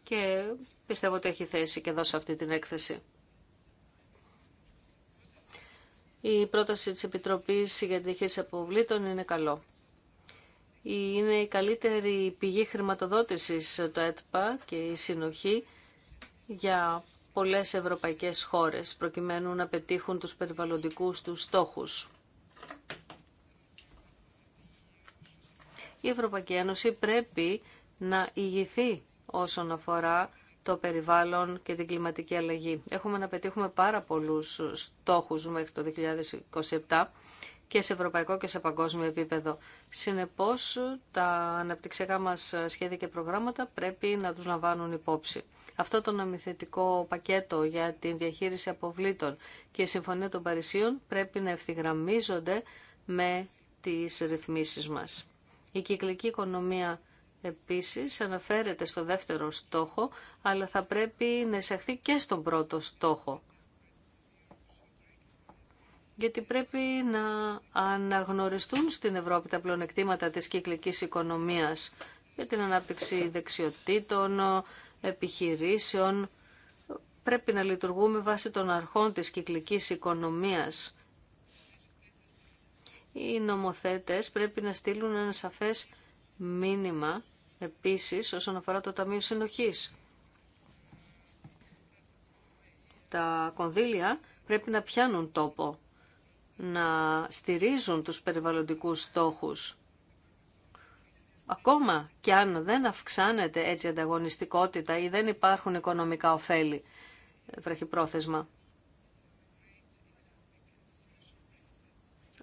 Και πιστεύω ότι έχει θέση και εδώ σε αυτή την έκθεση. Η πρόταση της Επιτροπής για την διαχείριση αποβλήτων είναι καλό. Είναι η καλύτερη πηγή χρηματοδότησης το ΕΤΠΑ και η συνοχή για πολλές ευρωπαϊκές χώρες προκειμένου να πετύχουν τους περιβαλλοντικούς τους στόχους. Η Ευρωπαϊκή Ένωση πρέπει να ηγηθεί όσον αφορά το περιβάλλον και την κλιματική αλλαγή. Έχουμε να πετύχουμε πάρα πολλούς στόχους μέχρι το 2027 και σε ευρωπαϊκό και σε παγκόσμιο επίπεδο. Συνεπώς, τα αναπτυξιακά μας σχέδια και προγράμματα πρέπει να τους λαμβάνουν υπόψη. Αυτό το νομιθετικό πακέτο για την διαχείριση αποβλήτων και η Συμφωνία των Παρισίων πρέπει να ευθυγραμμίζονται με τις ρυθμίσεις μας. Η κυκλική οικονομία επίσης αναφέρεται στο δεύτερο στόχο, αλλά θα πρέπει να εισαχθεί και στον πρώτο στόχο. Γιατί πρέπει να αναγνωριστούν στην Ευρώπη τα πλονεκτήματα της κυκλικής οικονομίας για την ανάπτυξη δεξιοτήτων, επιχειρήσεων πρέπει να λειτουργούμε βάσει των αρχών της κυκλικής οικονομίας. Οι νομοθέτες πρέπει να στείλουν ένα σαφές μήνυμα επίσης όσον αφορά το Ταμείο Συνοχής. Τα κονδύλια πρέπει να πιάνουν τόπο, να στηρίζουν τους περιβαλλοντικούς στόχους ακόμα και αν δεν αυξάνεται έτσι η ανταγωνιστικότητα ή δεν υπάρχουν οικονομικά ωφέλη ε, βραχυπρόθεσμα.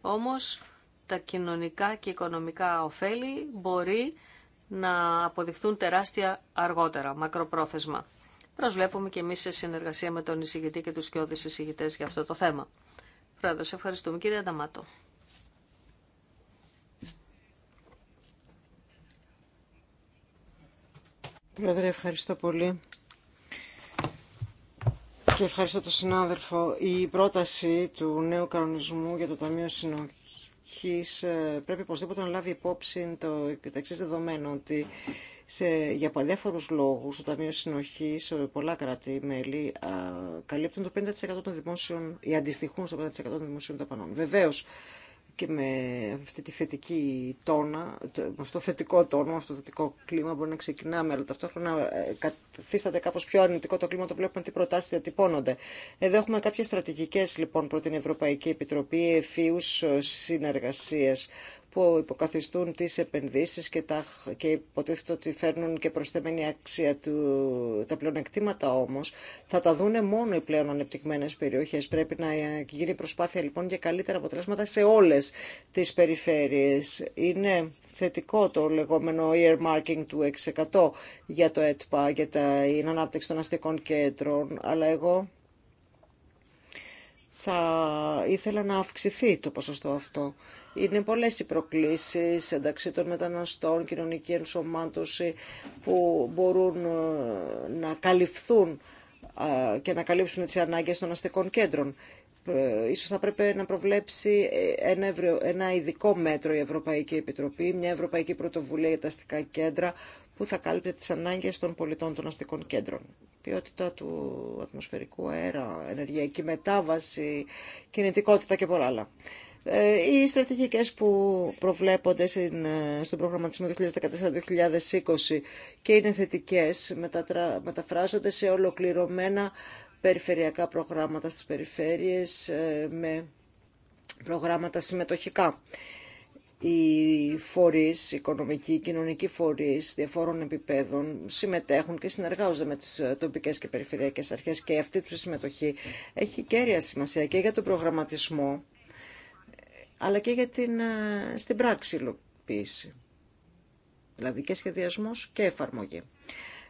Όμως τα κοινωνικά και οικονομικά ωφέλη μπορεί να αποδειχθούν τεράστια αργότερα, μακροπρόθεσμα. Προσβλέπουμε και εμείς σε συνεργασία με τον εισηγητή και τους κοιόδης εισηγητές για αυτό το θέμα. Πρόεδρος, ευχαριστούμε. Κύριε Ανταμάτο. Πρόεδρε, ευχαριστώ πολύ. Και ευχαριστώ τον συνάδελφο. Η πρόταση του νέου κανονισμού για το Ταμείο Συνοχής ε, πρέπει οπωσδήποτε να λάβει υπόψη το, το εξή δεδομένο ότι σε, για διάφορου λόγου το Ταμείο Συνοχή, ε, πολλά κράτη-μέλη ε, καλύπτουν το 50% των δημόσιων ή αντιστοιχούν στο 50% των δημοσίων ταπανών. Βεβαίω, και με αυτή τη θετική τόνα, με αυτό το θετικό τόνο, με αυτό το θετικό κλίμα μπορεί να ξεκινάμε, αλλά ταυτόχρονα ε, καθίσταται κάπως πιο αρνητικό το κλίμα, το βλέπουμε τι προτάσεις διατυπώνονται. Εδώ έχουμε κάποιες στρατηγικές λοιπόν προ την Ευρωπαϊκή Επιτροπή Εφίους ε, Συνεργασίες που υποκαθιστούν τις επενδύσεις και, τα, και υποτίθεται ότι φέρνουν και προσθεμένη αξία του, τα πλεονεκτήματα όμως θα τα δούνε μόνο οι πλέον ανεπτυγμένες περιοχές. Πρέπει να γίνει προσπάθεια λοιπόν για καλύτερα αποτελέσματα σε όλες τις περιφέρειες. Είναι θετικό το λεγόμενο earmarking του 6% για το ΕΤΠΑ, για την ανάπτυξη των αστικών κέντρων, αλλά εγώ θα ήθελα να αυξηθεί το ποσοστό αυτό. Είναι πολλές οι προκλήσεις ενταξύ των μεταναστών, κοινωνική ενσωμάτωση που μπορούν ε, να καλυφθούν ε, και να καλύψουν τις ανάγκες των αστικών κέντρων. Ε, ίσως θα πρέπει να προβλέψει ένα ειδικό μέτρο η Ευρωπαϊκή Επιτροπή, μια Ευρωπαϊκή Πρωτοβουλία για τα αστικά κέντρα που θα κάλυπτε τις ανάγκες των πολιτών των αστικών κέντρων ποιότητα του ατμοσφαιρικού αέρα, ενεργειακή μετάβαση, κινητικότητα και πολλά άλλα. Ε, οι στρατηγικές που προβλέπονται ε, στον προγραμματισμό 2014-2020 και είναι θετικές μεταφράζονται σε ολοκληρωμένα περιφερειακά προγράμματα στις περιφέρειες ε, με προγράμματα συμμετοχικά οι φορείς, οικονομικοί, κοινωνικοί φορείς διαφόρων επιπέδων συμμετέχουν και συνεργάζονται με τις ε, τοπικές και περιφερειακές αρχές και αυτή τους συμμετοχή έχει κέρια σημασία και για τον προγραμματισμό αλλά και για την, ε, στην πράξη υλοποίηση. Δηλαδή και σχεδιασμός και εφαρμογή.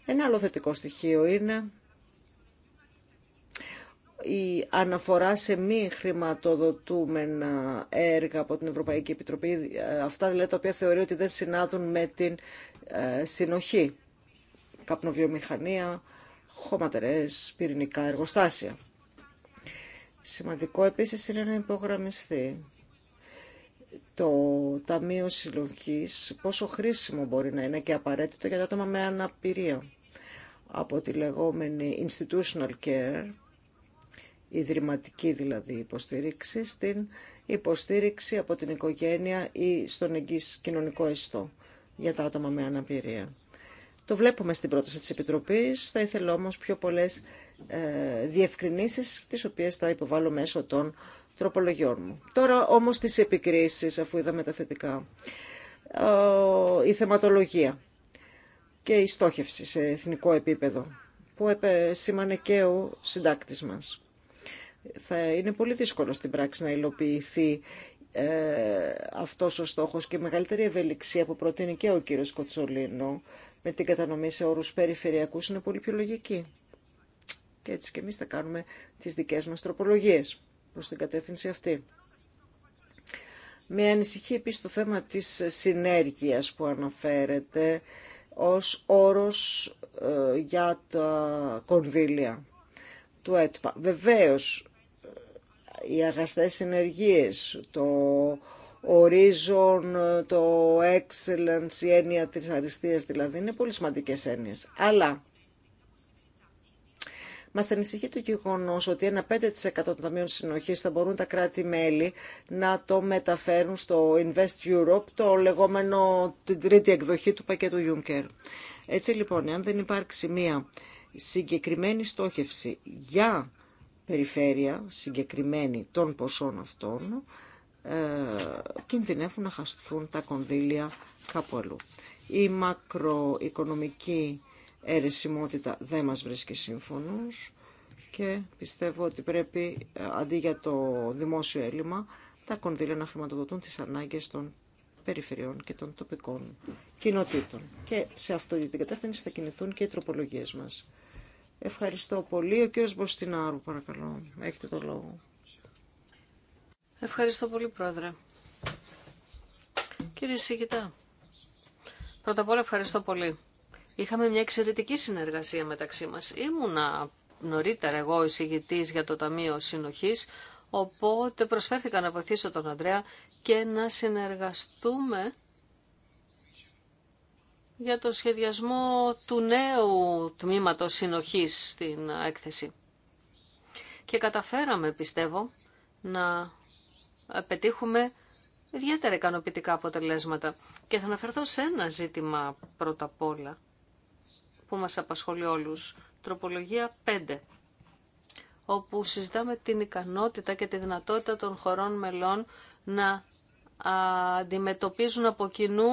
Ένα άλλο θετικό στοιχείο είναι η αναφορά σε μη χρηματοδοτούμενα έργα από την Ευρωπαϊκή Επιτροπή, ε, αυτά δηλαδή τα οποία θεωρεί ότι δεν συνάδουν με την ε, συνοχή. Καπνοβιομηχανία, χωματερές, πυρηνικά εργοστάσια. Σημαντικό επίσης είναι να υπογραμμιστεί το Ταμείο Συλλογής πόσο χρήσιμο μπορεί να είναι και απαραίτητο για τα άτομα με αναπηρία από τη λεγόμενη institutional care ιδρυματική δηλαδή υποστήριξη, στην υποστήριξη από την οικογένεια ή στον εγγύς κοινωνικό ιστό για τα άτομα με αναπηρία. Το βλέπουμε στην πρόταση της Επιτροπής, θα ήθελα όμως πιο πολλές ε, διευκρινήσεις, τις οποίες θα υποβάλω μέσω των τροπολογιών μου. Τώρα όμως τις επικρίσεις, αφού είδαμε τα θετικά. η θεματολογία και η στόχευση σε εθνικό επίπεδο, που επεσήμανε και ο συντάκτης μας θα είναι πολύ δύσκολο στην πράξη να υλοποιηθεί ε, αυτός ο στόχος και η μεγαλύτερη ευελιξία που προτείνει και ο κύριος Κοτσολίνο με την κατανομή σε όρους περιφερειακούς είναι πολύ πιο λογική. Και έτσι και εμείς θα κάνουμε τις δικές μας τροπολογίες προς την κατεύθυνση αυτή. Με ανησυχεί επίσης το θέμα της συνέργειας που αναφέρεται ως όρος ε, για τα κονδύλια του ΕΤΠΑ. Βεβαίως οι αγαστές συνεργίες, το ορίζον, το excellence, η έννοια της αριστείας δηλαδή, είναι πολύ σημαντικές έννοιες. Αλλά Μα ανησυχεί το γεγονό ότι ένα 5% των ταμείων συνοχή θα μπορούν τα κράτη-μέλη να το μεταφέρουν στο Invest Europe, το λεγόμενο την τρίτη εκδοχή του πακέτου Juncker. Έτσι λοιπόν, αν δεν υπάρξει μία συγκεκριμένη στόχευση για περιφέρεια συγκεκριμένη των ποσών αυτών ε, κινδυνεύουν να χαστούν τα κονδύλια κάπου αλλού. Η μακροοικονομική αιρεσιμότητα δεν μας βρίσκει σύμφωνος και πιστεύω ότι πρέπει ε, αντί για το δημόσιο έλλειμμα τα κονδύλια να χρηματοδοτούν τις ανάγκες των περιφερειών και των τοπικών κοινοτήτων. Και σε αυτή την κατεύθυνση θα κινηθούν και οι τροπολογίες μας. Ευχαριστώ πολύ. Ο κύριος Μποστινάρου, παρακαλώ. Έχετε το λόγο. Ευχαριστώ πολύ, Πρόεδρε. Κύριε Σιγητά, πρώτα απ' όλα ευχαριστώ πολύ. Είχαμε μια εξαιρετική συνεργασία μεταξύ μας. Ήμουνα νωρίτερα εγώ εισηγητής για το Ταμείο Συνοχής, οπότε προσφέρθηκα να βοηθήσω τον Ανδρέα και να συνεργαστούμε για το σχεδιασμό του νέου τμήματος συνοχής στην έκθεση. Και καταφέραμε, πιστεύω, να πετύχουμε ιδιαίτερα ικανοποιητικά αποτελέσματα. Και θα αναφερθώ σε ένα ζήτημα πρώτα απ' όλα που μας απασχολεί όλους. Τροπολογία 5 όπου συζητάμε την ικανότητα και τη δυνατότητα των χωρών μελών να αντιμετωπίζουν από κοινού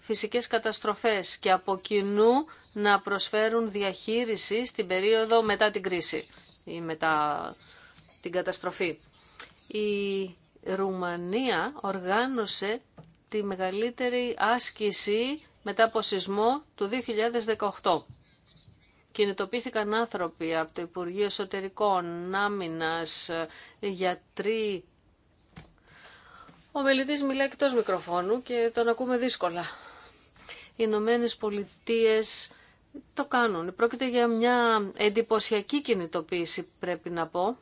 φυσικές καταστροφές και από κοινού να προσφέρουν διαχείριση στην περίοδο μετά την κρίση ή μετά την καταστροφή. Η Ρουμανία οργάνωσε τη μεγαλύτερη άσκηση μετά από σεισμό του 2018. Κινητοποιήθηκαν άνθρωποι από το Υπουργείο Εσωτερικών, Άμυνας, γιατροί. Ο μελητής μιλάει εκτός μικροφώνου και τον ακούμε δύσκολα οι Ηνωμένε Πολιτείε το κάνουν. Πρόκειται για μια εντυπωσιακή κινητοποίηση, πρέπει να πω.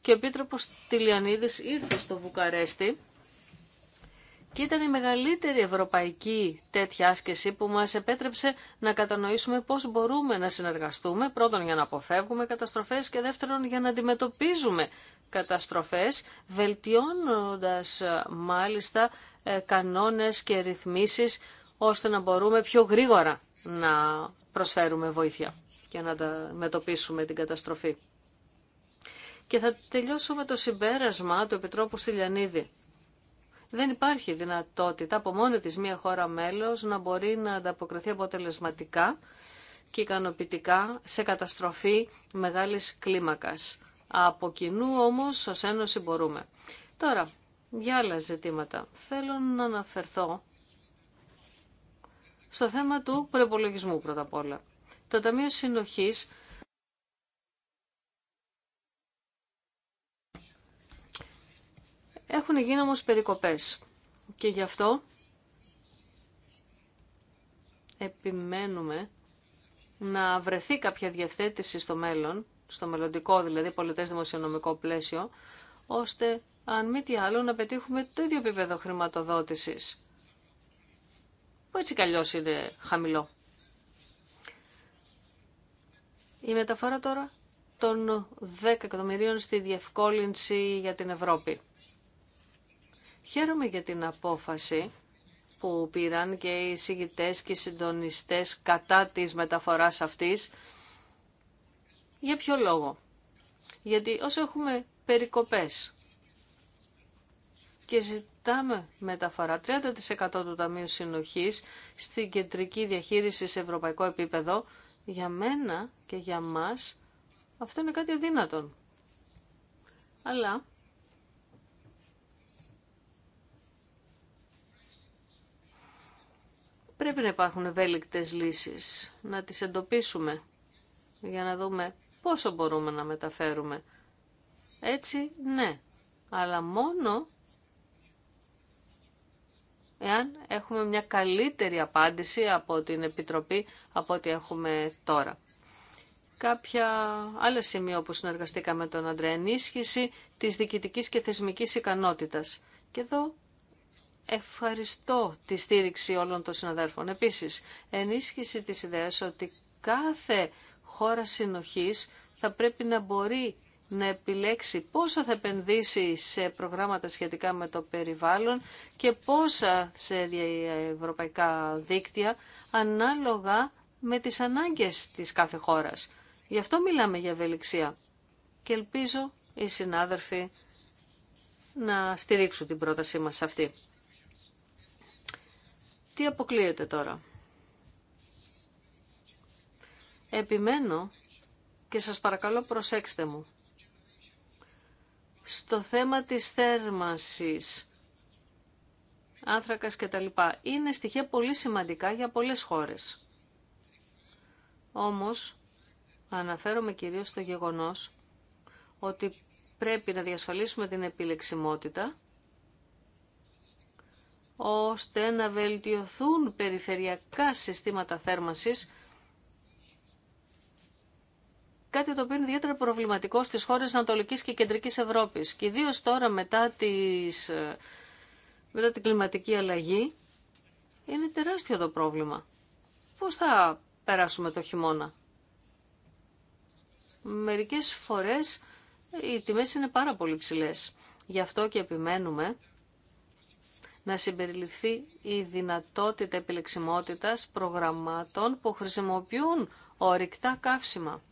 Και ο Επίτροπος Τηλιανίδης ήρθε στο Βουκαρέστι και ήταν η μεγαλύτερη ευρωπαϊκή τέτοια άσκηση που μας επέτρεψε να κατανοήσουμε πώς μπορούμε να συνεργαστούμε, πρώτον για να αποφεύγουμε καταστροφές και δεύτερον για να αντιμετωπίζουμε καταστροφές, βελτιώνοντας μάλιστα ε, κανόνες και ρυθμίσεις ώστε να μπορούμε πιο γρήγορα να προσφέρουμε βοήθεια και να μετοπίσουμε την καταστροφή. Και θα τελειώσω με το συμπέρασμα του Επιτρόπου Στυλιανίδη. Δεν υπάρχει δυνατότητα από μόνη της μία χώρα μέλος να μπορεί να ανταποκριθεί αποτελεσματικά και ικανοποιητικά σε καταστροφή μεγάλης κλίμακας. Από κοινού όμως ως Ένωση μπορούμε. Τώρα, για άλλα ζητήματα. Θέλω να αναφερθώ στο θέμα του προπολογισμού πρώτα απ' όλα. Το Ταμείο Συνοχής έχουν γίνει όμως περικοπές και γι' αυτό επιμένουμε να βρεθεί κάποια διευθέτηση στο μέλλον, στο μελλοντικό δηλαδή πολιτές δημοσιονομικό πλαίσιο, ώστε αν μη τι άλλο να πετύχουμε το ίδιο επίπεδο χρηματοδότησης που έτσι κι είναι χαμηλό. Η μεταφορά τώρα των 10 εκατομμυρίων στη διευκόλυνση για την Ευρώπη. Χαίρομαι για την απόφαση που πήραν και οι συγητές και οι συντονιστές κατά της μεταφοράς αυτής. Για ποιο λόγο. Γιατί όσο έχουμε περικοπές και ζητάμε μεταφορά 30% του Ταμείου Συνοχής στην κεντρική διαχείριση σε ευρωπαϊκό επίπεδο, για μένα και για μας αυτό είναι κάτι αδύνατον. Αλλά πρέπει να υπάρχουν ευέλικτες λύσεις, να τις εντοπίσουμε για να δούμε πόσο μπορούμε να μεταφέρουμε έτσι, ναι. Αλλά μόνο εάν έχουμε μια καλύτερη απάντηση από την Επιτροπή από ό,τι έχουμε τώρα. Κάποια άλλα σημεία όπου συνεργαστήκαμε με τον Αντρέα, ενίσχυση της διοικητικής και θεσμικής ικανότητας. Και εδώ ευχαριστώ τη στήριξη όλων των συναδέρφων. Επίσης, ενίσχυση της ιδέας ότι κάθε χώρα συνοχής θα πρέπει να μπορεί να επιλέξει πόσο θα επενδύσει σε προγράμματα σχετικά με το περιβάλλον και πόσα σε ευρωπαϊκά δίκτυα ανάλογα με τις ανάγκες της κάθε χώρας. Γι' αυτό μιλάμε για ευελιξία και ελπίζω οι συνάδελφοι να στηρίξουν την πρότασή μας αυτή. Τι αποκλείεται τώρα. Επιμένω και σας παρακαλώ προσέξτε μου στο θέμα της θέρμανσης, άνθρακας λοιπά Είναι στοιχεία πολύ σημαντικά για πολλές χώρες. Όμως, αναφέρομαι κυρίως στο γεγονός ότι πρέπει να διασφαλίσουμε την επιλεξιμότητα ώστε να βελτιωθούν περιφερειακά συστήματα θέρμανσης κάτι το οποίο είναι ιδιαίτερα προβληματικό στις χώρες Ανατολικής και Κεντρικής Ευρώπης. Και ιδίω τώρα μετά, τις, ε, μετά την κλιματική αλλαγή είναι τεράστιο το πρόβλημα. Πώς θα περάσουμε το χειμώνα. Μερικές φορές οι τιμές είναι πάρα πολύ ψηλές. Γι' αυτό και επιμένουμε να συμπεριληφθεί η δυνατότητα επιλεξιμότητας προγραμμάτων που χρησιμοποιούν ορυκτά καύσιμα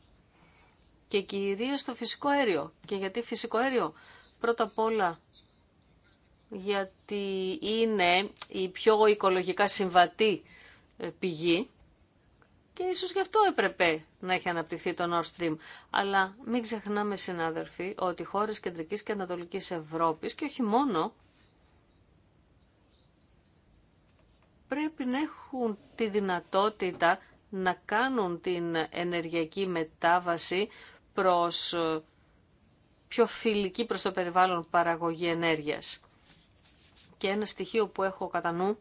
και κυρίως στο φυσικό αέριο. Και γιατί φυσικό αέριο. Πρώτα απ' όλα γιατί είναι η πιο οικολογικά συμβατή ε, πηγή και ίσως γι' αυτό έπρεπε να έχει αναπτυχθεί το Nord Stream. Αλλά μην ξεχνάμε συνάδελφοι ότι χώρες κεντρικής και ανατολικής Ευρώπης και όχι μόνο πρέπει να έχουν τη δυνατότητα να κάνουν την ενεργειακή μετάβαση προς ε, πιο φιλική προς το περιβάλλον παραγωγή ενέργειας. Και ένα στοιχείο που έχω κατά νου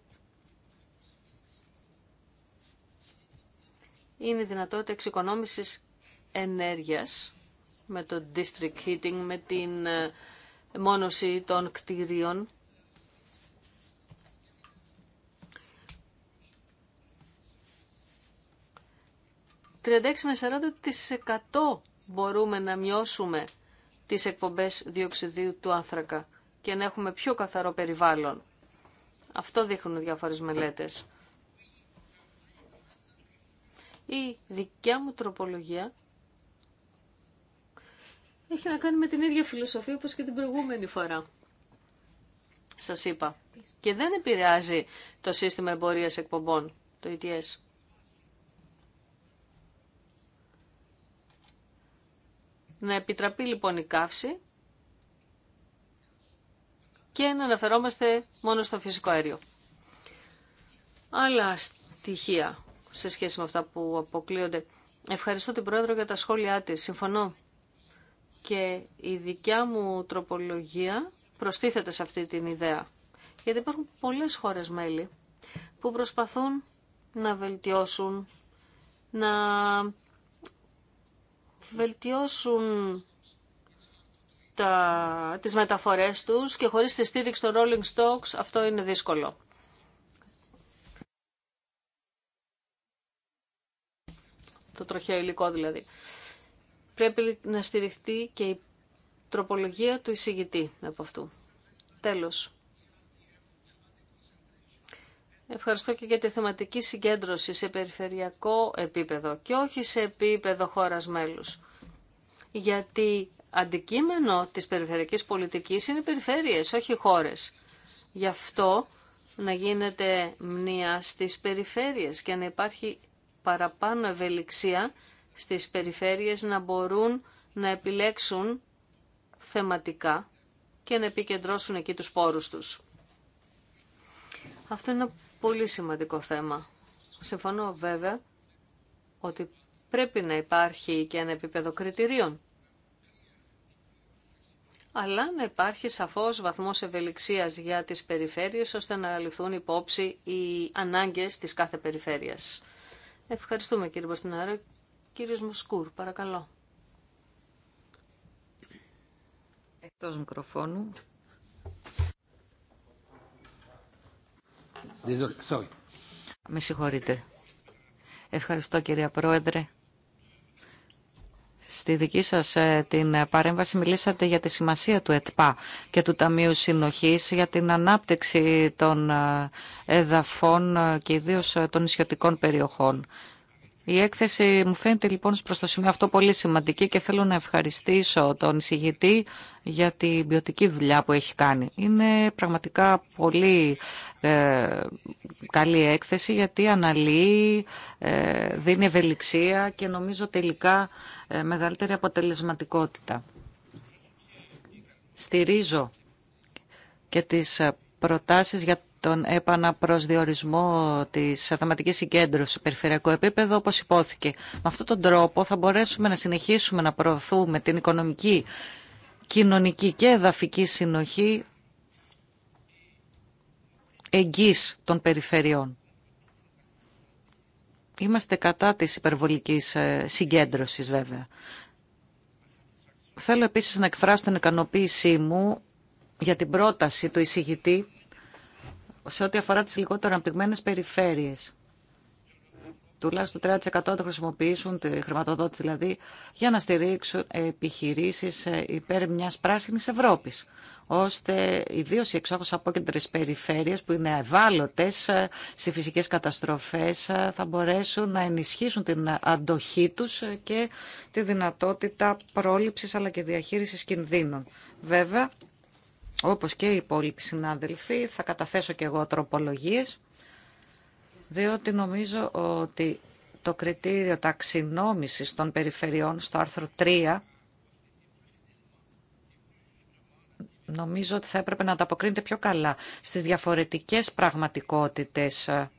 είναι η δυνατότητα εξοικονόμησης ενέργειας με το district heating, με την ε, μόνωση των κτίριων. ...36 με 40% μπορούμε να μειώσουμε τις εκπομπές διοξιδίου του άνθρακα και να έχουμε πιο καθαρό περιβάλλον. Αυτό δείχνουν διάφορες μελέτες. Η δικιά μου τροπολογία έχει να κάνει με την ίδια φιλοσοφία όπως και την προηγούμενη φορά. Σας είπα. Και δεν επηρεάζει το σύστημα εμπορίας εκπομπών, το ETS. Να επιτραπεί λοιπόν η καύση και να αναφερόμαστε μόνο στο φυσικό αέριο. Άλλα στοιχεία σε σχέση με αυτά που αποκλείονται. Ευχαριστώ την Πρόεδρο για τα σχόλιά της. Συμφωνώ. Και η δικιά μου τροπολογία προστίθεται σε αυτή την ιδέα. Γιατί υπάρχουν πολλές χώρες μέλη που προσπαθούν να βελτιώσουν, να βελτιώσουν τα, τις μεταφορές τους και χωρίς τη στήριξη των Rolling Stocks αυτό είναι δύσκολο. Το τροχαίο υλικό δηλαδή. Πρέπει να στηριχτεί και η τροπολογία του εισηγητή από αυτού. Τέλος. Ευχαριστώ και για τη θεματική συγκέντρωση σε περιφερειακό επίπεδο και όχι σε επίπεδο χώρας μέλους. Γιατί αντικείμενο της περιφερειακής πολιτικής είναι οι περιφέρειες, όχι χώρες. Γι' αυτό να γίνεται μνήα στις περιφέρειες και να υπάρχει παραπάνω ευελιξία στις περιφέρειες να μπορούν να επιλέξουν θεματικά και να επικεντρώσουν εκεί τους πόρους τους. Αυτό είναι πολύ σημαντικό θέμα. Συμφωνώ βέβαια ότι πρέπει να υπάρχει και ένα επίπεδο κριτηρίων. Αλλά να υπάρχει σαφώς βαθμός ευελιξίας για τις περιφέρειες, ώστε να ληφθούν υπόψη οι ανάγκες της κάθε περιφέρειας. Ευχαριστούμε κύριε Μποστινάρο. Κύριος Μοσκούρ, παρακαλώ. Εκτός μικροφώνου. Sorry. Με συγχωρείτε. Ευχαριστώ κυρία Πρόεδρε. Στη δική σας ε, την παρέμβαση μιλήσατε για τη σημασία του ΕΤΠΑ και του Ταμείου Συνοχής για την ανάπτυξη των ε, εδαφών ε, και ιδίως των νησιωτικών περιοχών. Η έκθεση μου φαίνεται λοιπόν προς το σημείο αυτό πολύ σημαντική και θέλω να ευχαριστήσω τον εισηγητή για την ποιοτική δουλειά που έχει κάνει. Είναι πραγματικά πολύ ε, καλή έκθεση γιατί αναλύει, ε, δίνει ευελιξία και νομίζω τελικά ε, μεγαλύτερη αποτελεσματικότητα. Στηρίζω και τις προτάσεις για τον επαναπροσδιορισμό τη θεματική συγκέντρωση σε περιφερειακό επίπεδο, όπως υπόθηκε. Με αυτόν τον τρόπο θα μπορέσουμε να συνεχίσουμε να προωθούμε την οικονομική, κοινωνική και εδαφική συνοχή εγγύς των περιφερειών. Είμαστε κατά της υπερβολικής ε, συγκέντρωσης βέβαια. Θέλω επίσης να εκφράσω την ικανοποίησή μου για την πρόταση του εισηγητή σε ό,τι αφορά τις λιγότερο αναπτυγμένες περιφέρειες. Τουλάχιστον 30% θα χρησιμοποιήσουν, τη χρηματοδότηση δηλαδή, για να στηρίξουν επιχειρήσεις ε, υπέρ μιας πράσινης Ευρώπης, ώστε ιδίως οι εξόχω απόκεντρε περιφέρειες που είναι ευάλωτε ε, σε φυσικές καταστροφές ε, θα μπορέσουν να ενισχύσουν την αντοχή τους και τη δυνατότητα πρόληψης αλλά και διαχείρισης κινδύνων. Βέβαια, όπως και οι υπόλοιποι συνάδελφοι, θα καταθέσω και εγώ τροπολογίες, διότι νομίζω ότι το κριτήριο ταξινόμησης των περιφερειών στο άρθρο 3 νομίζω ότι θα έπρεπε να ανταποκρίνεται πιο καλά στις διαφορετικές πραγματικότητες ε,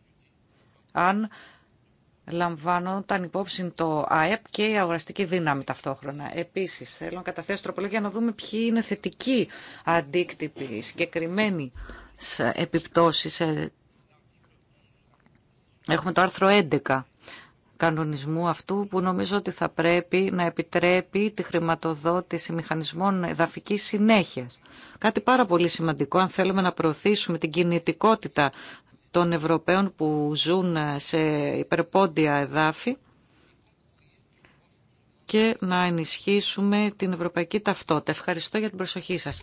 αν λαμβάνονταν υπόψη το ΑΕΠ και η αγοραστική δύναμη ταυτόχρονα. Επίσης, θέλω να καταθέσω τροπολογία να δούμε ποιοι είναι θετικοί αντίκτυποι, συγκεκριμένοι επιπτώσεις. Ε. Έχουμε το άρθρο 11 κανονισμού αυτού που νομίζω ότι θα πρέπει να επιτρέπει τη χρηματοδότηση μηχανισμών εδαφικής συνέχειας. Κάτι πάρα πολύ σημαντικό αν θέλουμε να προωθήσουμε την κινητικότητα των Ευρωπαίων που ζουν σε υπερπόντια εδάφη και να ενισχύσουμε την ευρωπαϊκή ταυτότητα. Ευχαριστώ για την προσοχή σας.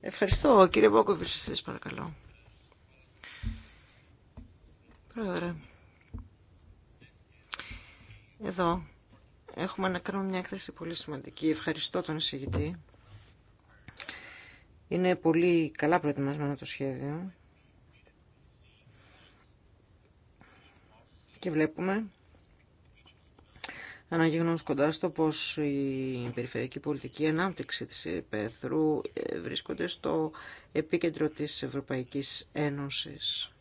Ευχαριστώ, κύριε Μπόκοβιτς, σας παρακαλώ. Πρόεδρε, εδώ έχουμε να κάνουμε μια έκθεση πολύ σημαντική. Ευχαριστώ τον εισηγητή. Είναι πολύ καλά προετοιμασμένο το σχέδιο. Και βλέπουμε αναγυγνώμης κοντά στο πως η περιφερειακή πολιτική ανάπτυξη της Πέθρου ε, βρίσκονται στο επίκεντρο της Ευρωπαϊκής Ένωσης.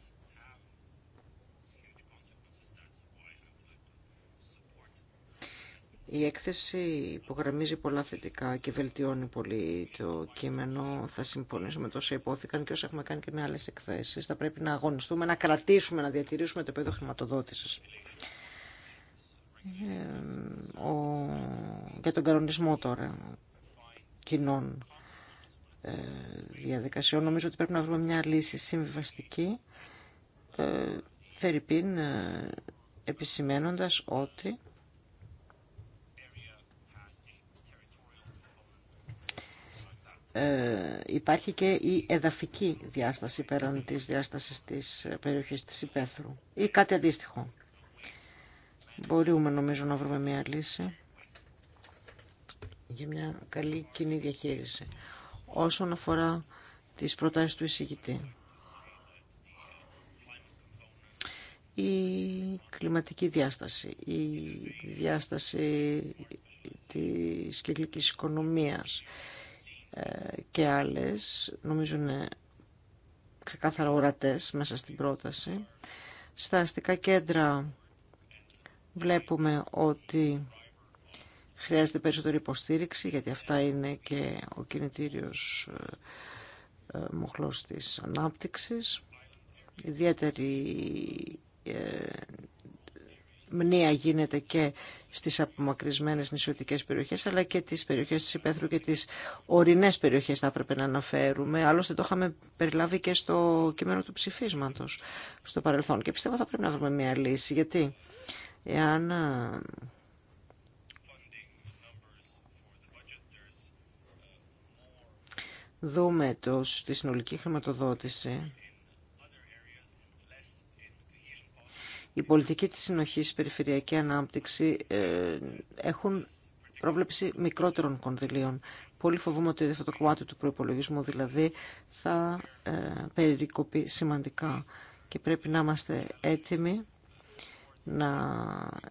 Η έκθεση υπογραμμίζει πολλά θετικά και βελτιώνει πολύ το κείμενο. Θα συμφωνήσουμε τόσο υπόθηκαν και όσα έχουμε κάνει και με άλλες εκθέσει. Θα πρέπει να αγωνιστούμε, να κρατήσουμε, να διατηρήσουμε το επίπεδο χρηματοδότησης. Ε, ο... Για τον κανονισμό τώρα κοινών ε, διαδικασιών. Νομίζω ότι πρέπει να βρούμε μια λύση συμβιβαστική, ε, φερρυπίν, ε, ότι Ε, υπάρχει και η εδαφική διάσταση πέραν της διάστασης της περιοχής της Υπέθρου ή κάτι αντίστοιχο. Μπορούμε νομίζω να βρούμε μια λύση για μια καλή κοινή διαχείριση. Όσον αφορά τις προτάσεις του εισηγητή. Η κλιματική διάσταση, η διάσταση της κυκλικής οικονομίας, ε, και άλλες, νομίζω είναι ξεκάθαρα ορατές μέσα στην πρόταση. Στα αστικά κέντρα βλέπουμε ότι χρειάζεται περισσότερη υποστήριξη, γιατί αυτά είναι και ο κινητήριος ε, ε, μοχλός της ανάπτυξης. Ιδιαίτερη μνήα γίνεται και στις απομακρυσμένες νησιωτικές περιοχές αλλά και τις περιοχές της Υπέθρου και τις ορεινές περιοχές θα έπρεπε να αναφέρουμε. Άλλωστε το είχαμε περιλάβει και στο κείμενο του ψηφίσματος στο παρελθόν και πιστεύω θα πρέπει να βρούμε μια λύση γιατί εάν δούμε το, στη συνολική χρηματοδότηση η πολιτική της συνοχής, η περιφερειακή ανάπτυξη ε, έχουν πρόβλεψη μικρότερων κονδυλίων. Πολύ φοβούμαι ότι αυτό το κομμάτι του προϋπολογισμού δηλαδή θα ε, περικοπεί σημαντικά και πρέπει να είμαστε έτοιμοι να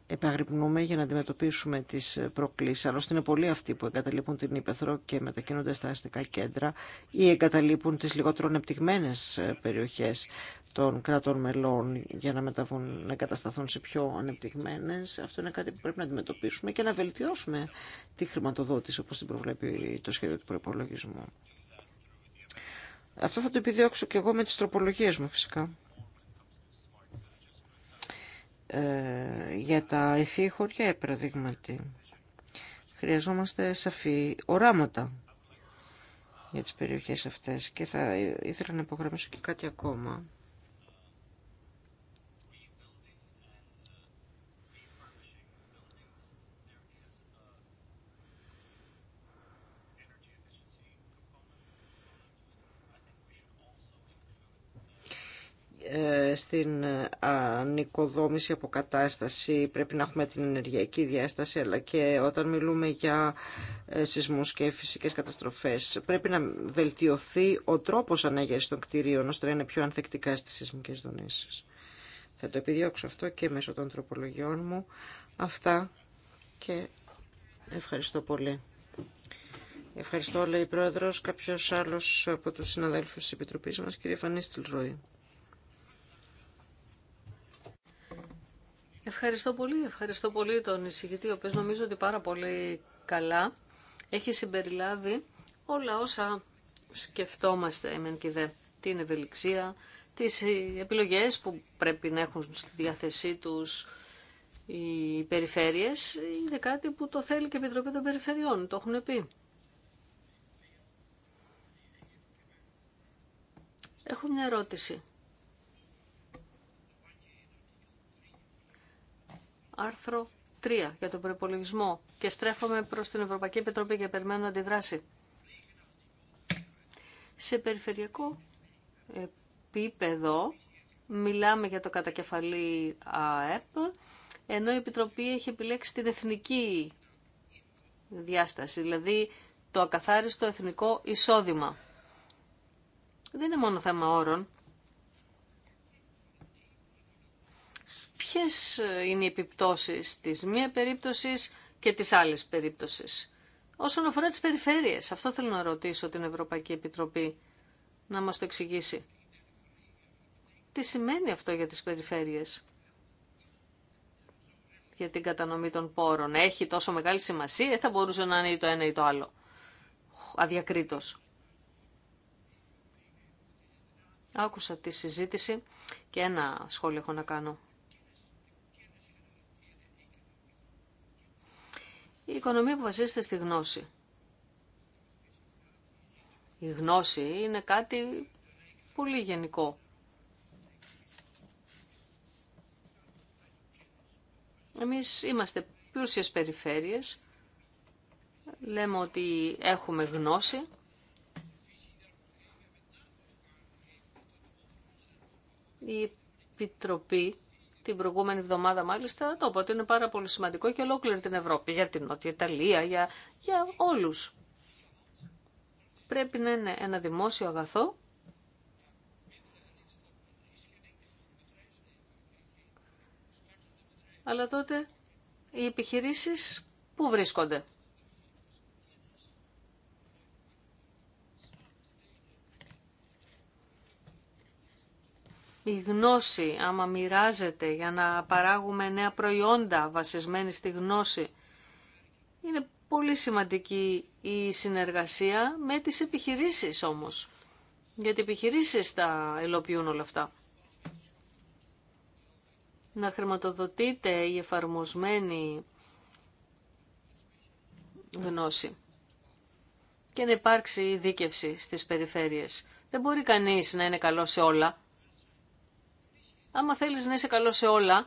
επαγρυπνούμε για να αντιμετωπίσουμε τις προκλήσεις. Άλλωστε είναι πολλοί αυτοί που εγκαταλείπουν την Ήπεθρο και μετακινούνται στα αστικά κέντρα ή εγκαταλείπουν τις λιγότερο ανεπτυγμένες ε, περιοχές των κρατών μελών για να, μεταβούν, να κατασταθούν σε πιο ανεπτυγμένες. Αυτό είναι κάτι που πρέπει να αντιμετωπίσουμε και να βελτιώσουμε τη χρηματοδότηση όπως την προβλέπει το σχέδιο του προπολογισμού. Αυτό θα το επιδιώξω και εγώ με τις τροπολογίες μου φυσικά. Ε, για τα ευφύ χωριά, παραδείγματι, χρειαζόμαστε σαφή οράματα για τις περιοχές αυτές. Και θα ήθελα να υπογραμμίσω και κάτι ακόμα. Ε, στην ανοικοδόμηση, αποκατάσταση, πρέπει να έχουμε την ενεργειακή διάσταση, αλλά και όταν μιλούμε για ε, σεισμούς και φυσικές καταστροφές, πρέπει να βελτιωθεί ο τρόπος ανέγερσης των κτηρίων, ώστε να είναι πιο ανθεκτικά στις σεισμικές δονήσεις. Θα το επιδιώξω αυτό και μέσω των τροπολογιών μου. Αυτά και ευχαριστώ πολύ. Ευχαριστώ, λέει η Πρόεδρος. Κάποιος άλλος από τους συναδέλφους της Επιτροπής μας, κύριε Φανίστηλ Ρόη. Ευχαριστώ πολύ, ευχαριστώ πολύ τον εισηγητή, ο οποίος νομίζω ότι πάρα πολύ καλά έχει συμπεριλάβει όλα όσα σκεφτόμαστε εμεν και δε. Την ευελιξία, τις επιλογές που πρέπει να έχουν στη διάθεσή τους οι περιφέρειες, είναι κάτι που το θέλει και η Επιτροπή των Περιφερειών, το έχουν πει. Έχω μια ερώτηση. άρθρο 3 για τον προπολογισμό και στρέφομαι προς την Ευρωπαϊκή Επιτροπή για περιμένω αντιδράση. Σε περιφερειακό επίπεδο μιλάμε για το κατακεφαλή ΑΕΠ, ενώ η Επιτροπή έχει επιλέξει την εθνική διάσταση, δηλαδή το ακαθάριστο εθνικό εισόδημα. Δεν είναι μόνο θέμα όρων, ποιες ε, είναι οι επιπτώσεις της μία περίπτωσης και της άλλης περίπτωσης. Όσον αφορά τις περιφέρειες, αυτό θέλω να ρωτήσω την Ευρωπαϊκή Επιτροπή να μας το εξηγήσει. Τι σημαίνει αυτό για τις περιφέρειες, για την κατανομή των πόρων. Έχει τόσο μεγάλη σημασία, θα μπορούσε να είναι ή το ένα ή το άλλο. Αδιακρίτως. Άκουσα τη συζήτηση και ένα σχόλιο έχω να κάνω. η οικονομία που βασίζεται στη γνώση. Η γνώση είναι κάτι πολύ γενικό. Εμείς είμαστε πλούσιες περιφέρειες, λέμε ότι έχουμε γνώση, η Επιτροπή την προηγούμενη εβδομάδα μάλιστα το είπα ότι είναι πάρα πολύ σημαντικό και ολόκληρη την Ευρώπη, για την Νότια Ιταλία, για, για όλους. Πρέπει να είναι ένα δημόσιο αγαθό αλλά τότε οι επιχειρήσεις πού βρίσκονται. η γνώση, άμα μοιράζεται για να παράγουμε νέα προϊόντα βασισμένη στη γνώση. Είναι πολύ σημαντική η συνεργασία με τις επιχειρήσεις όμως, γιατί οι επιχειρήσεις τα ελοποιούν όλα αυτά. Να χρηματοδοτείται η εφαρμοσμένη γνώση και να υπάρξει δίκευση στις περιφέρειες. Δεν μπορεί κανείς να είναι καλό σε όλα άμα θέλεις να είσαι καλό σε όλα,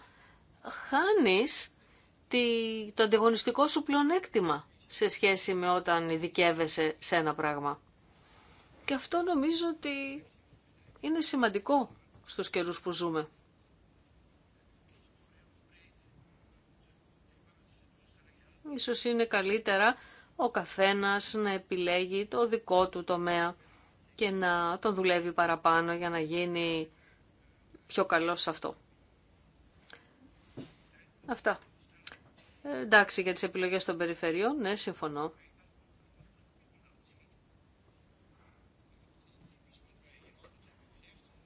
χάνεις τη, το αντιγωνιστικό σου πλεονέκτημα σε σχέση με όταν ειδικεύεσαι σε ένα πράγμα. Και αυτό νομίζω ότι είναι σημαντικό στους καιρούς που ζούμε. Ίσως είναι καλύτερα ο καθένας να επιλέγει το δικό του τομέα και να τον δουλεύει παραπάνω για να γίνει πιο καλός σε αυτό. Αυτά. Ε, εντάξει, για τις επιλογές των περιφερειών, ναι, συμφωνώ.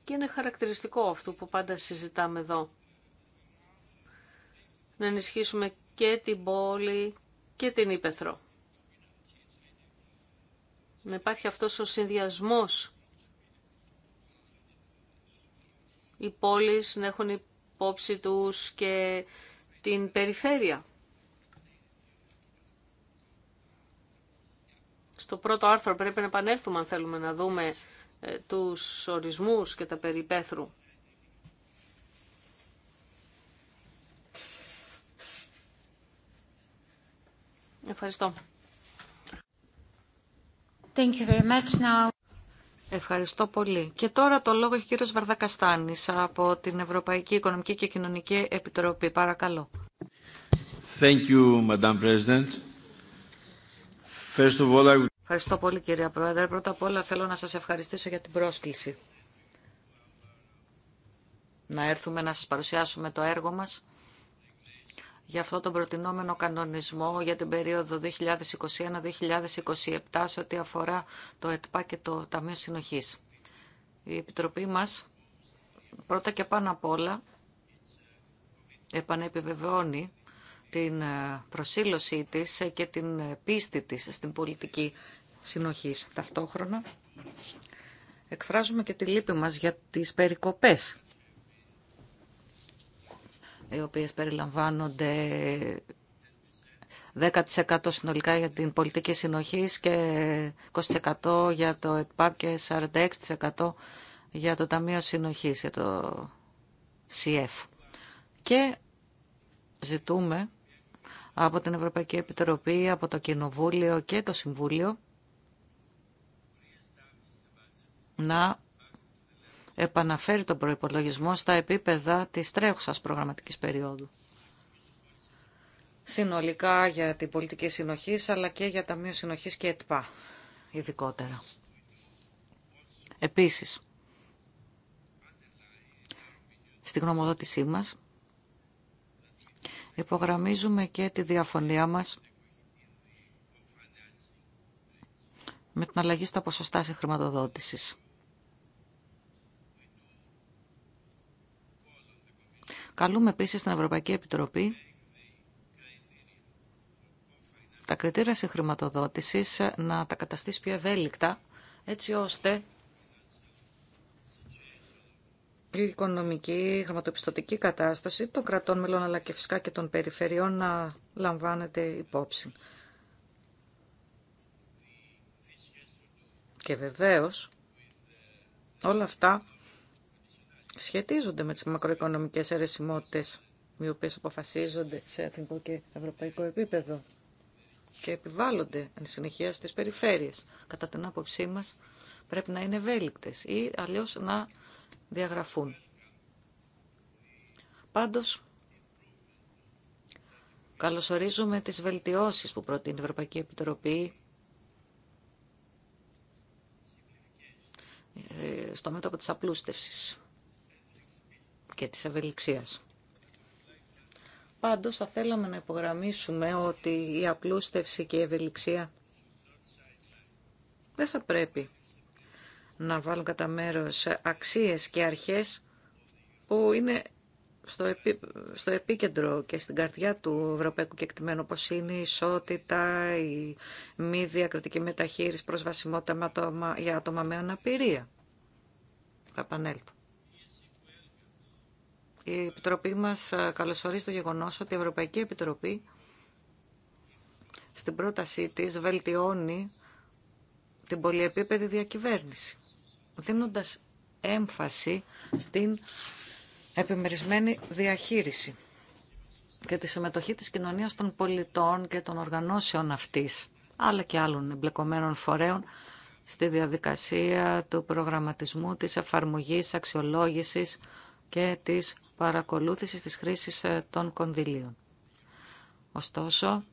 Και είναι χαρακτηριστικό αυτό που πάντα συζητάμε εδώ. Να ενισχύσουμε και την πόλη και την Ήπεθρο. Να υπάρχει αυτός ο συνδυασμός οι πόλεις να έχουν υπόψη τους και την περιφέρεια. Στο πρώτο άρθρο πρέπει να επανέλθουμε αν θέλουμε να δούμε ε, τους ορισμούς και τα περιπέθρου. Ευχαριστώ. Thank Ευχαριστώ πολύ. Και τώρα το λόγο έχει ο κύριος Βαρδακαστάνης από την Ευρωπαϊκή Οικονομική και Κοινωνική Επιτροπή. Παρακαλώ. Thank you, Madam President. First of all, I... Ευχαριστώ πολύ κυρία Πρόεδρε. Πρώτα απ' όλα θέλω να σας ευχαριστήσω για την πρόσκληση. Να έρθουμε να σας παρουσιάσουμε το έργο μας για αυτό τον προτινόμενο κανονισμό για την περίοδο 2021-2027 σε ό,τι αφορά το ΕΤΠΑ και το Ταμείο Συνοχής. Η Επιτροπή μας πρώτα και πάνω απ' όλα επανεπιβεβαιώνει την ε, προσήλωσή της και την ε, πίστη της στην πολιτική συνοχής. Ταυτόχρονα εκφράζουμε και τη λύπη μας για τις περικοπές οι οποίες περιλαμβάνονται 10% συνολικά για την πολιτική συνοχή και 20% για το ΕΤΠΑΠ και 46% για το Ταμείο Συνοχής, για το ΣΥΕΦ. Και ζητούμε από την Ευρωπαϊκή Επιτροπή, από το Κοινοβούλιο και το Συμβούλιο να επαναφέρει τον προϋπολογισμό στα επίπεδα της τρέχουσας προγραμματικής περίοδου. Συνολικά για την πολιτική συνοχή, αλλά και για ταμείο συνοχής και ΕΤΠΑ, ειδικότερα. Επίσης, στη γνωμοδότησή μας, υπογραμμίζουμε και τη διαφωνία μας με την αλλαγή στα ποσοστά σε χρηματοδότησης. Καλούμε επίσης την Ευρωπαϊκή Επιτροπή τα κριτήρια συγχρηματοδότησης να τα καταστήσει πιο ευέλικτα, έτσι ώστε η οικονομική, χρηματοπιστωτική κατάσταση των κρατών μελών αλλά και φυσικά και των περιφερειών να λαμβάνεται υπόψη. Και βεβαίως όλα αυτά σχετίζονται με τις μακροοικονομικές αιρεσιμότητες οι οποίες αποφασίζονται σε εθνικό και ευρωπαϊκό επίπεδο και επιβάλλονται αν συνεχεία στις περιφέρειες. Κατά την άποψή μας πρέπει να είναι ευέλικτε ή αλλιώς να διαγραφούν. Πάντως, καλωσορίζουμε τις βελτιώσεις που προτείνει η Ευρωπαϊκή Επιτροπή ε, στο μέτωπο της απλούστευσης και της ευελιξίας. Πάντως θα θέλαμε να υπογραμμίσουμε ότι η απλούστευση και η ευελιξία δεν θα πρέπει να βάλουν κατά μέρος αξίες και αρχές που είναι στο, επίκεντρο και στην καρδιά του ευρωπαϊκού κεκτημένου, όπως είναι η ισότητα, η μη διακριτική μεταχείριση, προσβασιμότητα για άτομα με αναπηρία. Θα επανέλθω. Η Επιτροπή μας ε, καλωσορίζει το γεγονός ότι η Ευρωπαϊκή Επιτροπή στην πρότασή της βελτιώνει την πολυεπίπεδη διακυβέρνηση, δίνοντας έμφαση στην επιμερισμένη διαχείριση και τη συμμετοχή της κοινωνίας των πολιτών και των οργανώσεων αυτής, αλλά και άλλων εμπλεκομένων φορέων, στη διαδικασία του προγραμματισμού, της εφαρμογής, αξιολόγησης και της Παρακολούθηση της χρήσης ε, των κονδυλίων. Ωστόσο,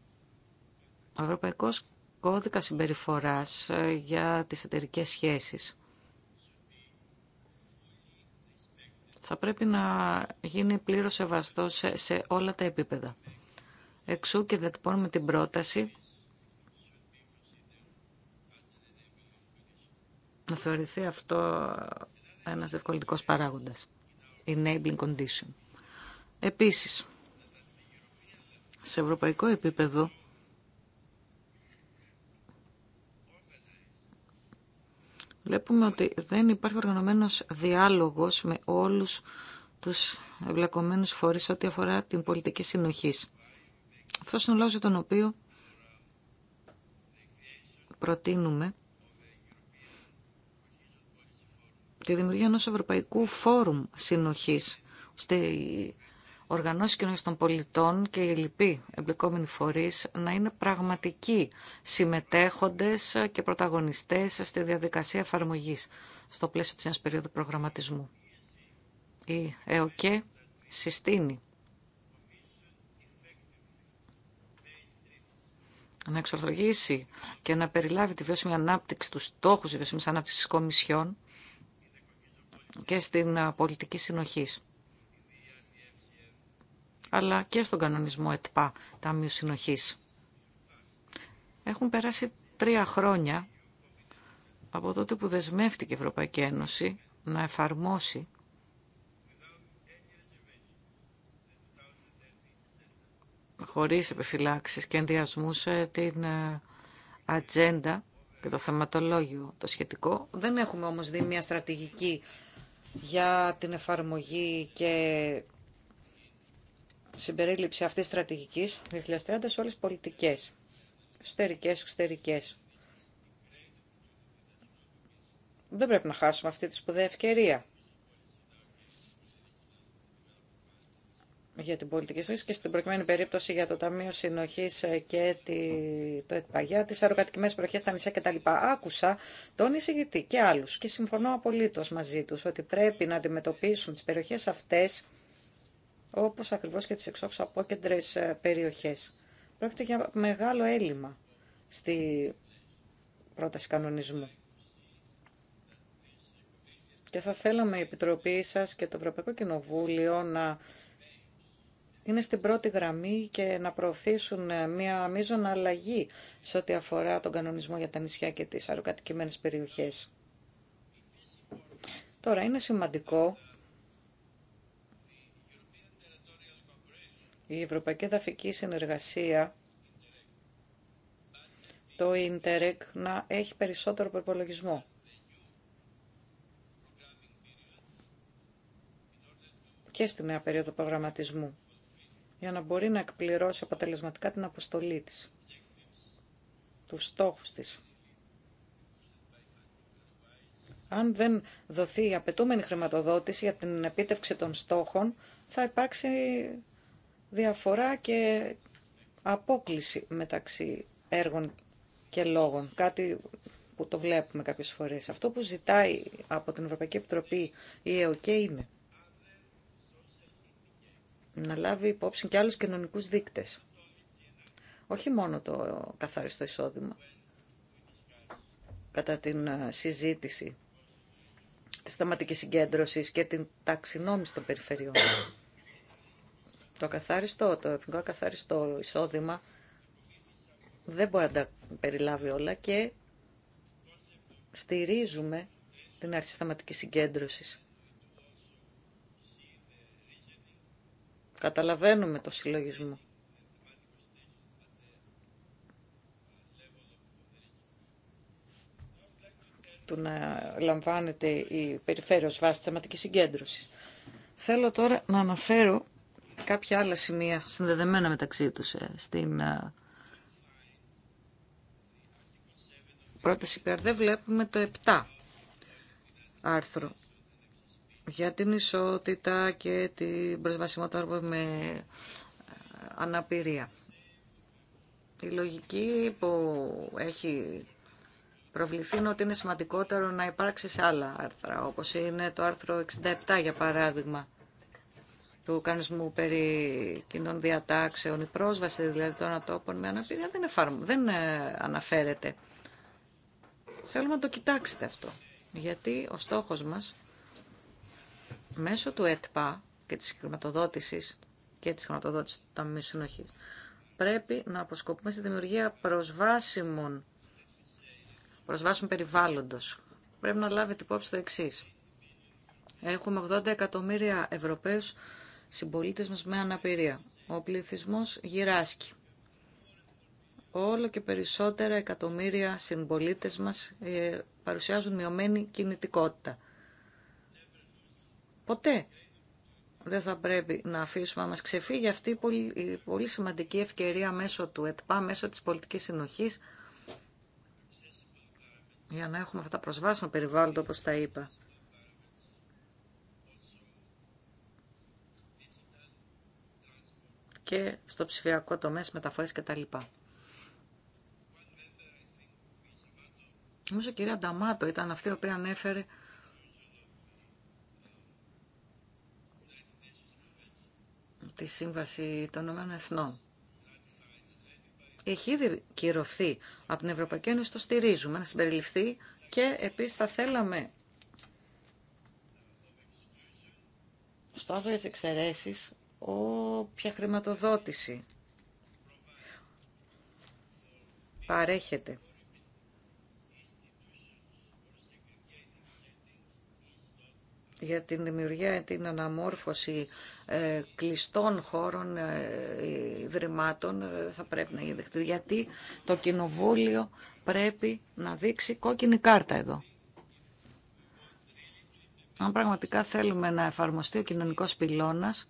ο Ευρωπαϊκός Κώδικας Συμπεριφοράς ε, για τις εταιρικέ σχέσεις θα πρέπει να γίνει πλήρως σεβαστός σε, όλα τα επίπεδα. Εξού και με την πρόταση να θεωρηθεί αυτό ένας ευκολυτικός παράγοντας enabling condition. Επίσης, σε ευρωπαϊκό επίπεδο, βλέπουμε ότι δεν υπάρχει οργανωμένος διάλογος με όλους τους ευλακωμένους φορείς ό,τι αφορά την πολιτική συνοχής. Αυτός είναι ο λόγος για τον οποίο προτείνουμε τη δημιουργία ενός Ευρωπαϊκού Φόρουμ Συνοχής, ώστε οι οργανώσεις κοινωνίας των πολιτών και οι λοιποί εμπλεκόμενοι φορείς να είναι πραγματικοί συμμετέχοντες και πρωταγωνιστές στη διαδικασία εφαρμογής στο πλαίσιο της νέας περίοδου προγραμματισμού. Η ΕΟΚΕ συστήνει να εξορθογήσει και να περιλάβει τη βιώσιμη ανάπτυξη, του στόχου τη βιώσιμη ανάπτυξη της Κομισιόν και στην πολιτική συνοχής αλλά και στον κανονισμό ΕΤΠΑ, Ταμείου Συνοχής. Έχουν περάσει τρία χρόνια από τότε που δεσμεύτηκε η Ευρωπαϊκή Ένωση να εφαρμόσει χωρίς επιφυλάξεις και ενδιασμούς ε, την ε, ατζέντα και το θεματολόγιο το σχετικό. Δεν έχουμε όμως δει μια στρατηγική για την εφαρμογή και συμπερίληψη αυτής της στρατηγικής 2030 σε όλες τις πολιτικές, εσωτερικές, εξωτερικές. Δεν πρέπει να χάσουμε αυτή τη σπουδαία ευκαιρία. για την πολιτική σχέση και στην προκειμένη περίπτωση για το Ταμείο Συνοχή ε, και το ΕΤΠΑΓΙΑ, τι αεροκατοικημένε περιοχέ, τα νησιά κτλ. Άκουσα τον εισηγητή και άλλου και συμφωνώ απολύτω μαζί του ότι πρέπει να αντιμετωπίσουν τι περιοχέ αυτέ όπω ακριβώ και τι εξόχου απόκεντρε ε, περιοχέ. Πρόκειται για μεγάλο έλλειμμα στη πρόταση κανονισμού. Και θα θέλαμε η Επιτροπή σας και το Ευρωπαϊκό Κοινοβούλιο να είναι στην πρώτη γραμμή και να προωθήσουν ε, μια μείζων αλλαγή σε ό,τι αφορά τον κανονισμό για τα νησιά και τις αεροκατοικημένες περιοχές. Τώρα είναι σημαντικό η Ευρωπαϊκή Δαφική Συνεργασία το Ιντερεκ να έχει περισσότερο προπολογισμό. και στη νέα περίοδο προγραμματισμού για να μπορεί να εκπληρώσει αποτελεσματικά την αποστολή της, τους στόχους της. Αν δεν δοθεί η απαιτούμενη χρηματοδότηση για την επίτευξη των στόχων, θα υπάρξει διαφορά και απόκληση μεταξύ έργων και λόγων. Κάτι που το βλέπουμε κάποιες φορές. Αυτό που ζητάει από την Ευρωπαϊκή Επιτροπή η ΕΟΚΕ είναι να λάβει υπόψη και άλλους κοινωνικού δείκτες. Όχι μόνο το καθάριστο εισόδημα κατά την ε, συζήτηση της θεματικής συγκέντρωσης και την ταξινόμηση των περιφερειών. Το καθάριστο, το εθνικό καθάριστο εισόδημα δεν μπορεί να τα περιλάβει όλα και στηρίζουμε την αρχή θεματικής συγκέντρωσης. Καταλαβαίνουμε το συλλογισμό. του να λαμβάνεται η περιφέρεια ως βάση θεματικής συγκέντρωσης. Θέλω τώρα να αναφέρω κάποια άλλα σημεία συνδεδεμένα μεταξύ τους ε, στην ε, πρόταση βλέπουμε το 7 άρθρο για την ισότητα και την προσβασιμότητα με αναπηρία. Η λογική που έχει προβληθεί είναι ότι είναι σημαντικότερο να υπάρξει σε άλλα άρθρα, όπως είναι το άρθρο 67 για παράδειγμα του κανονισμού περί κοινών διατάξεων, η πρόσβαση δηλαδή των ατόπων με αναπηρία δεν, εφάρμο, δεν ε, αναφέρεται. Θέλουμε να το κοιτάξετε αυτό, γιατί ο στόχος μας Μέσω του ΕΤΠΑ και της χρηματοδότησης και της χρηματοδότησης του Ταμείου Συνοχής πρέπει να αποσκοπούμε στη δημιουργία προσβάσιμων προσβάσιμων περιβάλλοντος. Πρέπει να λάβετε υπόψη το εξή. Έχουμε 80 εκατομμύρια Ευρωπαίους συμπολίτες μας με αναπηρία. Ο πληθυσμός γυράσκει. Όλο και περισσότερα εκατομμύρια συμπολίτες μας ε, παρουσιάζουν μειωμένη κινητικότητα. Ποτέ δεν θα πρέπει να αφήσουμε να μας ξεφύγει αυτή η πολύ, πολύ σημαντική ευκαιρία μέσω του ΕΤΠΑ, μέσω της πολιτικής συνοχής, για να έχουμε αυτά τα προσβάσιμα περιβάλλοντα, όπως τα είπα. και στο ψηφιακό τομέα, στις μεταφορές κτλ. Νομίζω η κυρία Νταμάτο ήταν αυτή η οποία ανέφερε τη Σύμβαση των Ηνωμένων Εθνών. Έχει ήδη κυρωθεί από την Ευρωπαϊκή Ένωση, το στηρίζουμε να συμπεριληφθεί και επίσης θα θέλαμε στο άρθρο για τις εξαιρέσεις όποια χρηματοδότηση παρέχεται για την δημιουργία, την αναμόρφωση ε, κλειστών χώρων ε, ιδρυμάτων ε, θα πρέπει να γίνει γιατί το κοινοβούλιο πρέπει να δείξει κόκκινη κάρτα εδώ. Αν πραγματικά θέλουμε να εφαρμοστεί ο κοινωνικός πυλώνας,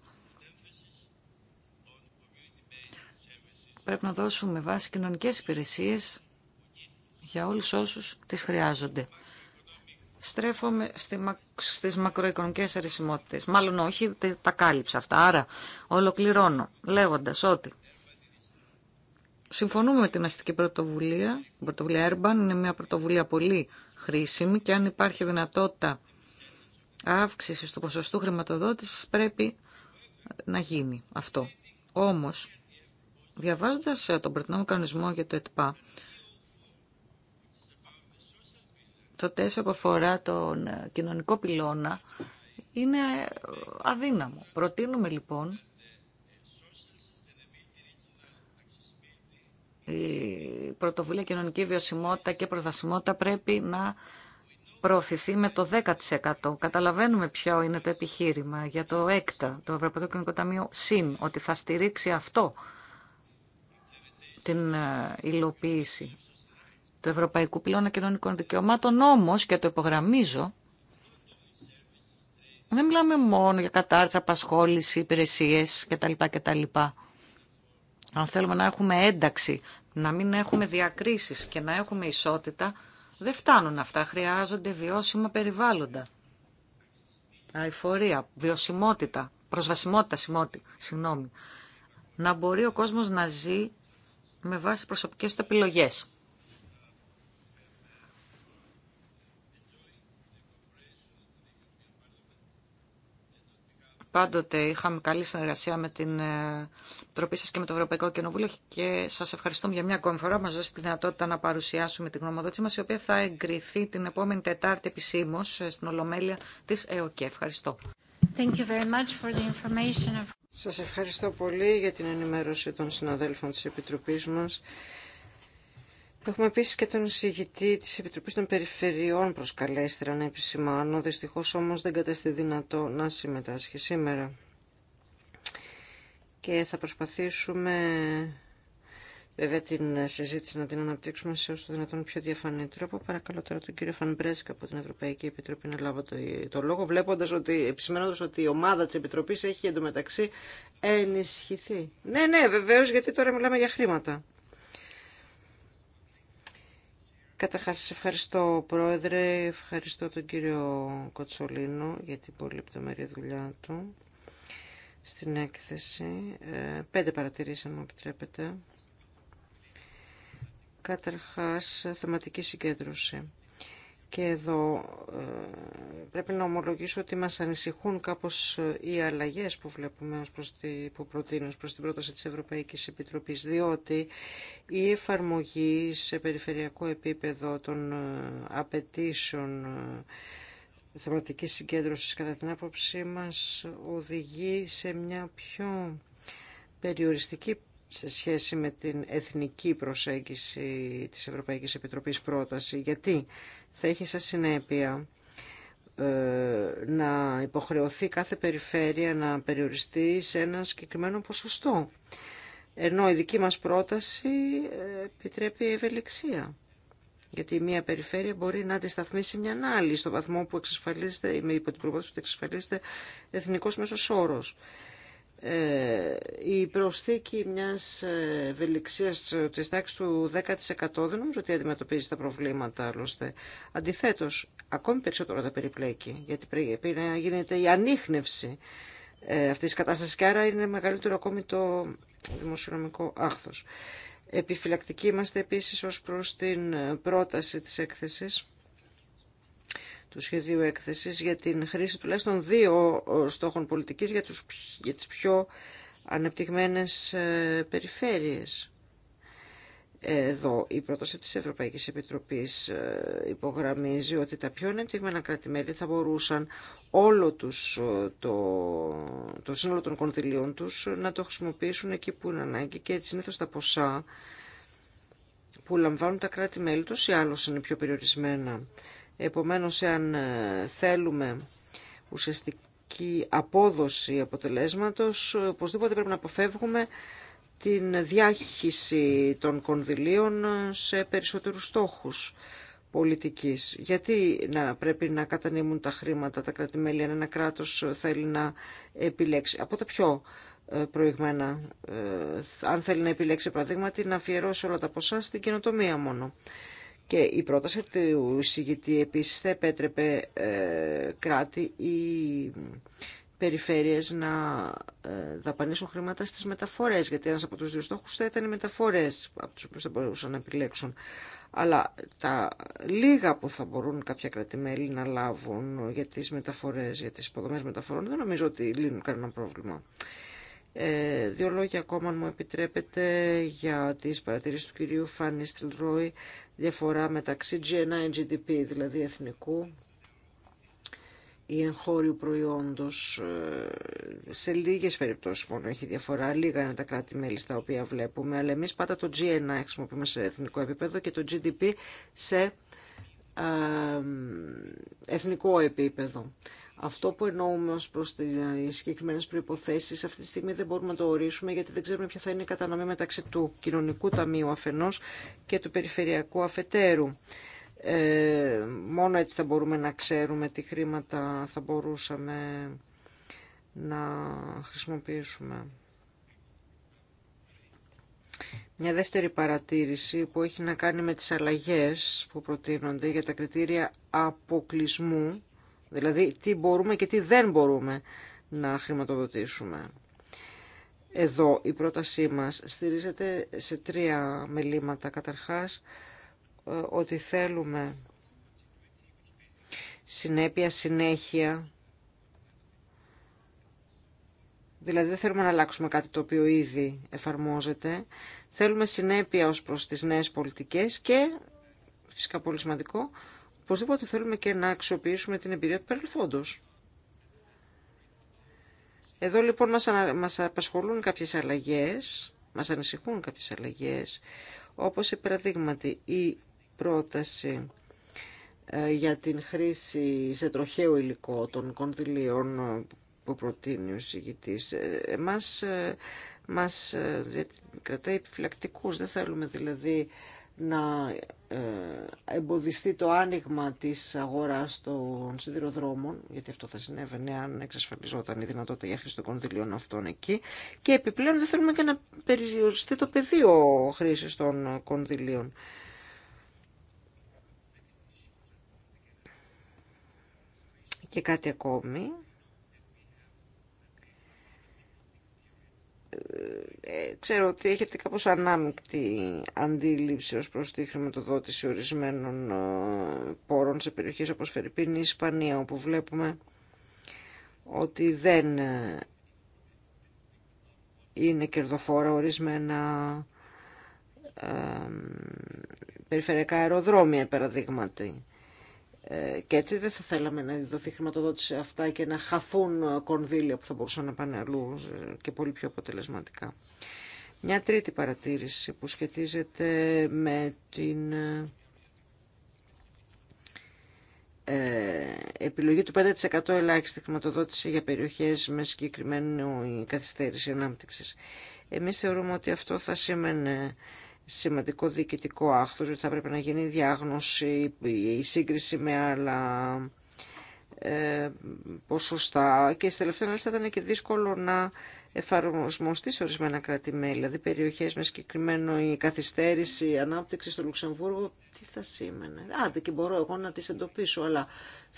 πρέπει να δώσουμε βάση κοινωνικές υπηρεσίες για όλους όσους τις χρειάζονται στρέφομαι στις μακροοικονομικές αρισιμότητες. Μάλλον όχι, τα κάλυψα αυτά. Άρα ολοκληρώνω λέγοντας ότι συμφωνούμε με την αστική πρωτοβουλία. Η πρωτοβουλία Urban είναι μια πρωτοβουλία πολύ χρήσιμη και αν υπάρχει δυνατότητα αύξησης του ποσοστού χρηματοδότησης πρέπει να γίνει αυτό. Όμως, διαβάζοντας τον πρωτονόμο κανονισμό για το ΕΤΠΑ, το τέσσερα που αφορά τον ε, κοινωνικό πυλώνα είναι αδύναμο. Προτείνουμε λοιπόν η πρωτοβουλία κοινωνική βιωσιμότητα και προσβασιμότητα πρέπει να προωθηθεί με το 10%. Καταλαβαίνουμε ποιο είναι το επιχείρημα για το ΕΚΤΑ, το Ευρωπαϊκό Κοινωνικό Ταμείο ΣΥΝ, ότι θα στηρίξει αυτό την ε, υλοποίηση του Ευρωπαϊκού Πυλώνα Κοινωνικών Δικαιωμάτων, όμω και το υπογραμμίζω, δεν μιλάμε μόνο για κατάρτιση, απασχόληση, υπηρεσίε κτλ. κτλ. Αν θέλουμε να έχουμε ένταξη, να μην έχουμε διακρίσεις και να έχουμε ισότητα, δεν φτάνουν αυτά. Χρειάζονται βιώσιμα περιβάλλοντα. Αηφορία, βιωσιμότητα, προσβασιμότητα, σημότη, συγγνώμη. Να μπορεί ο κόσμος να ζει με βάση προσωπικές του επιλογές. Πάντοτε είχαμε καλή συνεργασία με την ε, Επιτροπή σας και με το Ευρωπαϊκό Κοινοβούλιο και σας ευχαριστούμε για μια ακόμη φορά που μας δώσετε τη δυνατότητα να παρουσιάσουμε την γνωμοδότηση μας η οποία θα εγκριθεί την επόμενη Τετάρτη επισήμω ε, στην Ολομέλεια της ΕΟΚΕ. Ευχαριστώ. Σα Σας ευχαριστώ πολύ για την ενημέρωση των συναδέλφων της Επιτροπής μας. Έχουμε επίση και τον εισηγητή τη Επιτροπή των Περιφερειών προσκαλέστερα να επισημάνω. Δυστυχώ όμω δεν κατέστη δυνατό να συμμετάσχει σήμερα. Και θα προσπαθήσουμε βέβαια την συζήτηση να την αναπτύξουμε σε όσο δυνατόν πιο διαφανή τρόπο. Παρακαλώ τώρα τον κύριο Φανμπρέσκα από την Ευρωπαϊκή Επιτροπή να λάβω το, το λόγο, βλέποντα ότι, επισημένοντα ότι η ομάδα τη Επιτροπή έχει εντωμεταξύ ενισχυθεί. Ναι, ναι, βεβαίω, γιατί τώρα μιλάμε για χρήματα. Καταρχά, σα ευχαριστώ πρόεδρε, ευχαριστώ τον κύριο Κοτσολίνο για την πολύ λεπτομερή δουλειά του στην έκθεση. Ε, πέντε παρατηρήσει αν μου επιτρέπετε. Καταρχάς θεματική συγκέντρωση και εδώ ε, πρέπει να ομολογήσω ότι μας ανησυχούν κάπως ε, οι αλλαγές που βλέπουμε ως προς τη, που προς την πρόταση της Ευρωπαϊκής Επιτροπής διότι η εφαρμογή σε περιφερειακό επίπεδο των ε, απαιτήσεων θεματικής συγκέντρωσης κατά την άποψή μας οδηγεί σε μια πιο περιοριστική σε σχέση με την εθνική προσέγγιση της Ευρωπαϊκής Επιτροπής πρόταση, γιατί θα έχει σαν συνέπεια ε, να υποχρεωθεί κάθε περιφέρεια να περιοριστεί σε ένα συγκεκριμένο ποσοστό. Ενώ η δική μας πρόταση ε, επιτρέπει ευελιξία. Γιατί μια άλλη στο βαθμό που εξασφαλίζεται, με υπό την προπόθεση ότι εξασφαλίζεται εθνικός μέσος όρος. Ε, η προσθήκη μιας ε, ευελιξίας της τάξης του 10% δεν νομίζω ότι αντιμετωπίζει τα προβλήματα άλλωστε. Αντιθέτως, ακόμη περισσότερο τα περιπλέκει, γιατί πρέπει να γίνεται η ανείχνευση ε, αυτής της κατάστασης και άρα είναι μεγαλύτερο ακόμη το δημοσιονομικό άχθος. Επιφυλακτικοί είμαστε επίσης ως προς την πρόταση της έκθεσης του σχεδίου έκθεση για την χρήση τουλάχιστον δύο ε, στόχων πολιτικής για, τους, για τις πιο ανεπτυγμένε ε, περιφέρειες. Εδώ η πρόταση της Ευρωπαϊκής Επιτροπής ε, υπογραμμίζει ότι τα πιο ανεπτυγμένα κράτη-μέλη θα μπορούσαν όλο τους, το, το σύνολο των κονδυλίων τους να το χρησιμοποιήσουν εκεί που είναι ανάγκη και έτσι συνήθως τα ποσά που λαμβάνουν τα κράτη-μέλη τους ή άλλως είναι πιο περιορισμένα. Επομένως, εάν ε, θέλουμε ουσιαστική απόδοση αποτελέσματος, οπωσδήποτε πρέπει να αποφεύγουμε την διάχυση των κονδυλίων σε περισσότερους στόχους πολιτικής. Γιατί να πρέπει να κατανείμουν τα χρήματα τα κρατημέλη αν ένα κράτος θέλει να επιλέξει. Από τα πιο ε, προηγμένα, ε, αν θέλει να επιλέξει παραδείγματι, να αφιερώσει όλα τα ποσά στην κοινοτομία μόνο. Και η πρόταση του εισηγητή επίσης θα επέτρεπε ε, κράτη ή περιφέρειες να ε, δαπανίσουν χρήματα στις μεταφορές, γιατί ένας από τους δύο στόχους θα ήταν οι μεταφορές, από τους οποίους θα μπορούσαν να επιλέξουν. Αλλά τα λίγα που θα μπορούν κάποια κρατημέλη να λάβουν για τις μεταφορές, για τις υποδομές μεταφορών, δεν νομίζω ότι λύνουν κανένα πρόβλημα. Ε, δύο λόγια ακόμα, αν μου επιτρέπετε, για τις παρατηρήσεις του κυρίου Φάνη Στυλρόη, διαφορά μεταξύ GNI και GDP, δηλαδή εθνικού ή εγχώριου προϊόντος. Ε, σε λίγες περιπτώσεις μόνο έχει διαφορά, λίγα είναι τα κράτη-μέλη στα οποία βλέπουμε, αλλά εμείς πάντα το GNI χρησιμοποιούμε σε εθνικό επίπεδο και το GDP σε ε, εθνικό επίπεδο. Αυτό που εννοούμε ως προς τις ε, συγκεκριμένε προϋποθέσεις αυτή τη στιγμή δεν μπορούμε να το ορίσουμε γιατί δεν ξέρουμε ποια θα είναι η κατανομή μεταξύ του κοινωνικού ταμείου αφενός και του περιφερειακού αφετέρου. Ε, μόνο έτσι θα μπορούμε να ξέρουμε τι χρήματα θα μπορούσαμε να χρησιμοποιήσουμε. Μια δεύτερη παρατήρηση που έχει να κάνει με τις αλλαγές που προτείνονται για τα κριτήρια αποκλεισμού Δηλαδή τι μπορούμε και τι δεν μπορούμε να χρηματοδοτήσουμε. Εδώ η πρότασή μας στηρίζεται σε τρία μελήματα. Καταρχάς, ε, ότι θέλουμε συνέπεια, συνέχεια. Δηλαδή δεν θέλουμε να αλλάξουμε κάτι το οποίο ήδη εφαρμόζεται. Θέλουμε συνέπεια ως προς τις νέες πολιτικές και, φυσικά πολύ σημαντικό, Οπωσδήποτε θέλουμε και να αξιοποιήσουμε την εμπειρία του παρελθόντος. Εδώ λοιπόν μας, μας απασχολούν κάποιες αλλαγές, μας ανησυχούν κάποιες αλλαγές, όπως η η πρόταση ε, για την χρήση σε τροχαίο υλικό των κονδυλίων ε, που προτείνει ο συγητής. Εμάς μας ε, κρατάει επιφυλακτικούς, δεν θέλουμε δηλαδή να ε, εμποδιστεί το άνοιγμα της αγοράς των σιδηροδρόμων, γιατί αυτό θα συνέβαινε αν εξασφαλιζόταν η δυνατότητα για χρήση των κονδυλίων αυτών εκεί. Και επιπλέον δεν θέλουμε και να περιοριστεί το πεδίο χρήσης των κονδυλίων. Και κάτι ακόμη Ε, ξέρω ότι έχετε κάπως ανάμεικτη αντίληψη ως προς τη χρηματοδότηση ορισμένων ε, πόρων σε περιοχές όπως Φερρυπίνη, Ισπανία, όπου βλέπουμε ότι δεν ε, είναι κερδοφόρα ορισμένα περιφερειακά αεροδρόμια, παραδείγματι. Ε, και έτσι δεν θα θέλαμε να δοθεί χρηματοδότηση σε αυτά και να χαθούν κονδύλια που θα μπορούσαν να πάνε αλλού ε, και πολύ πιο αποτελεσματικά. Μια τρίτη παρατήρηση που σχετίζεται με την ε, επιλογή του 5% ελάχιστη χρηματοδότηση για περιοχές με συγκεκριμένη καθυστέρηση ανάπτυξης. Εμείς θεωρούμε ότι αυτό θα σήμαινε σημαντικό διοικητικό άχθος, ότι θα πρέπει να γίνει η διάγνωση, η σύγκριση με άλλα ε, ποσοστά και στη τελευταία ανάλυση ήταν και δύσκολο να εφαρμοσμοστεί σε ορισμένα κράτη-μέλη, δηλαδή περιοχές με συγκεκριμένο η καθυστέρηση, η ανάπτυξη στο Λουξεμβούργο, τι θα σήμαινε. Άντε και μπορώ εγώ να τις εντοπίσω, αλλά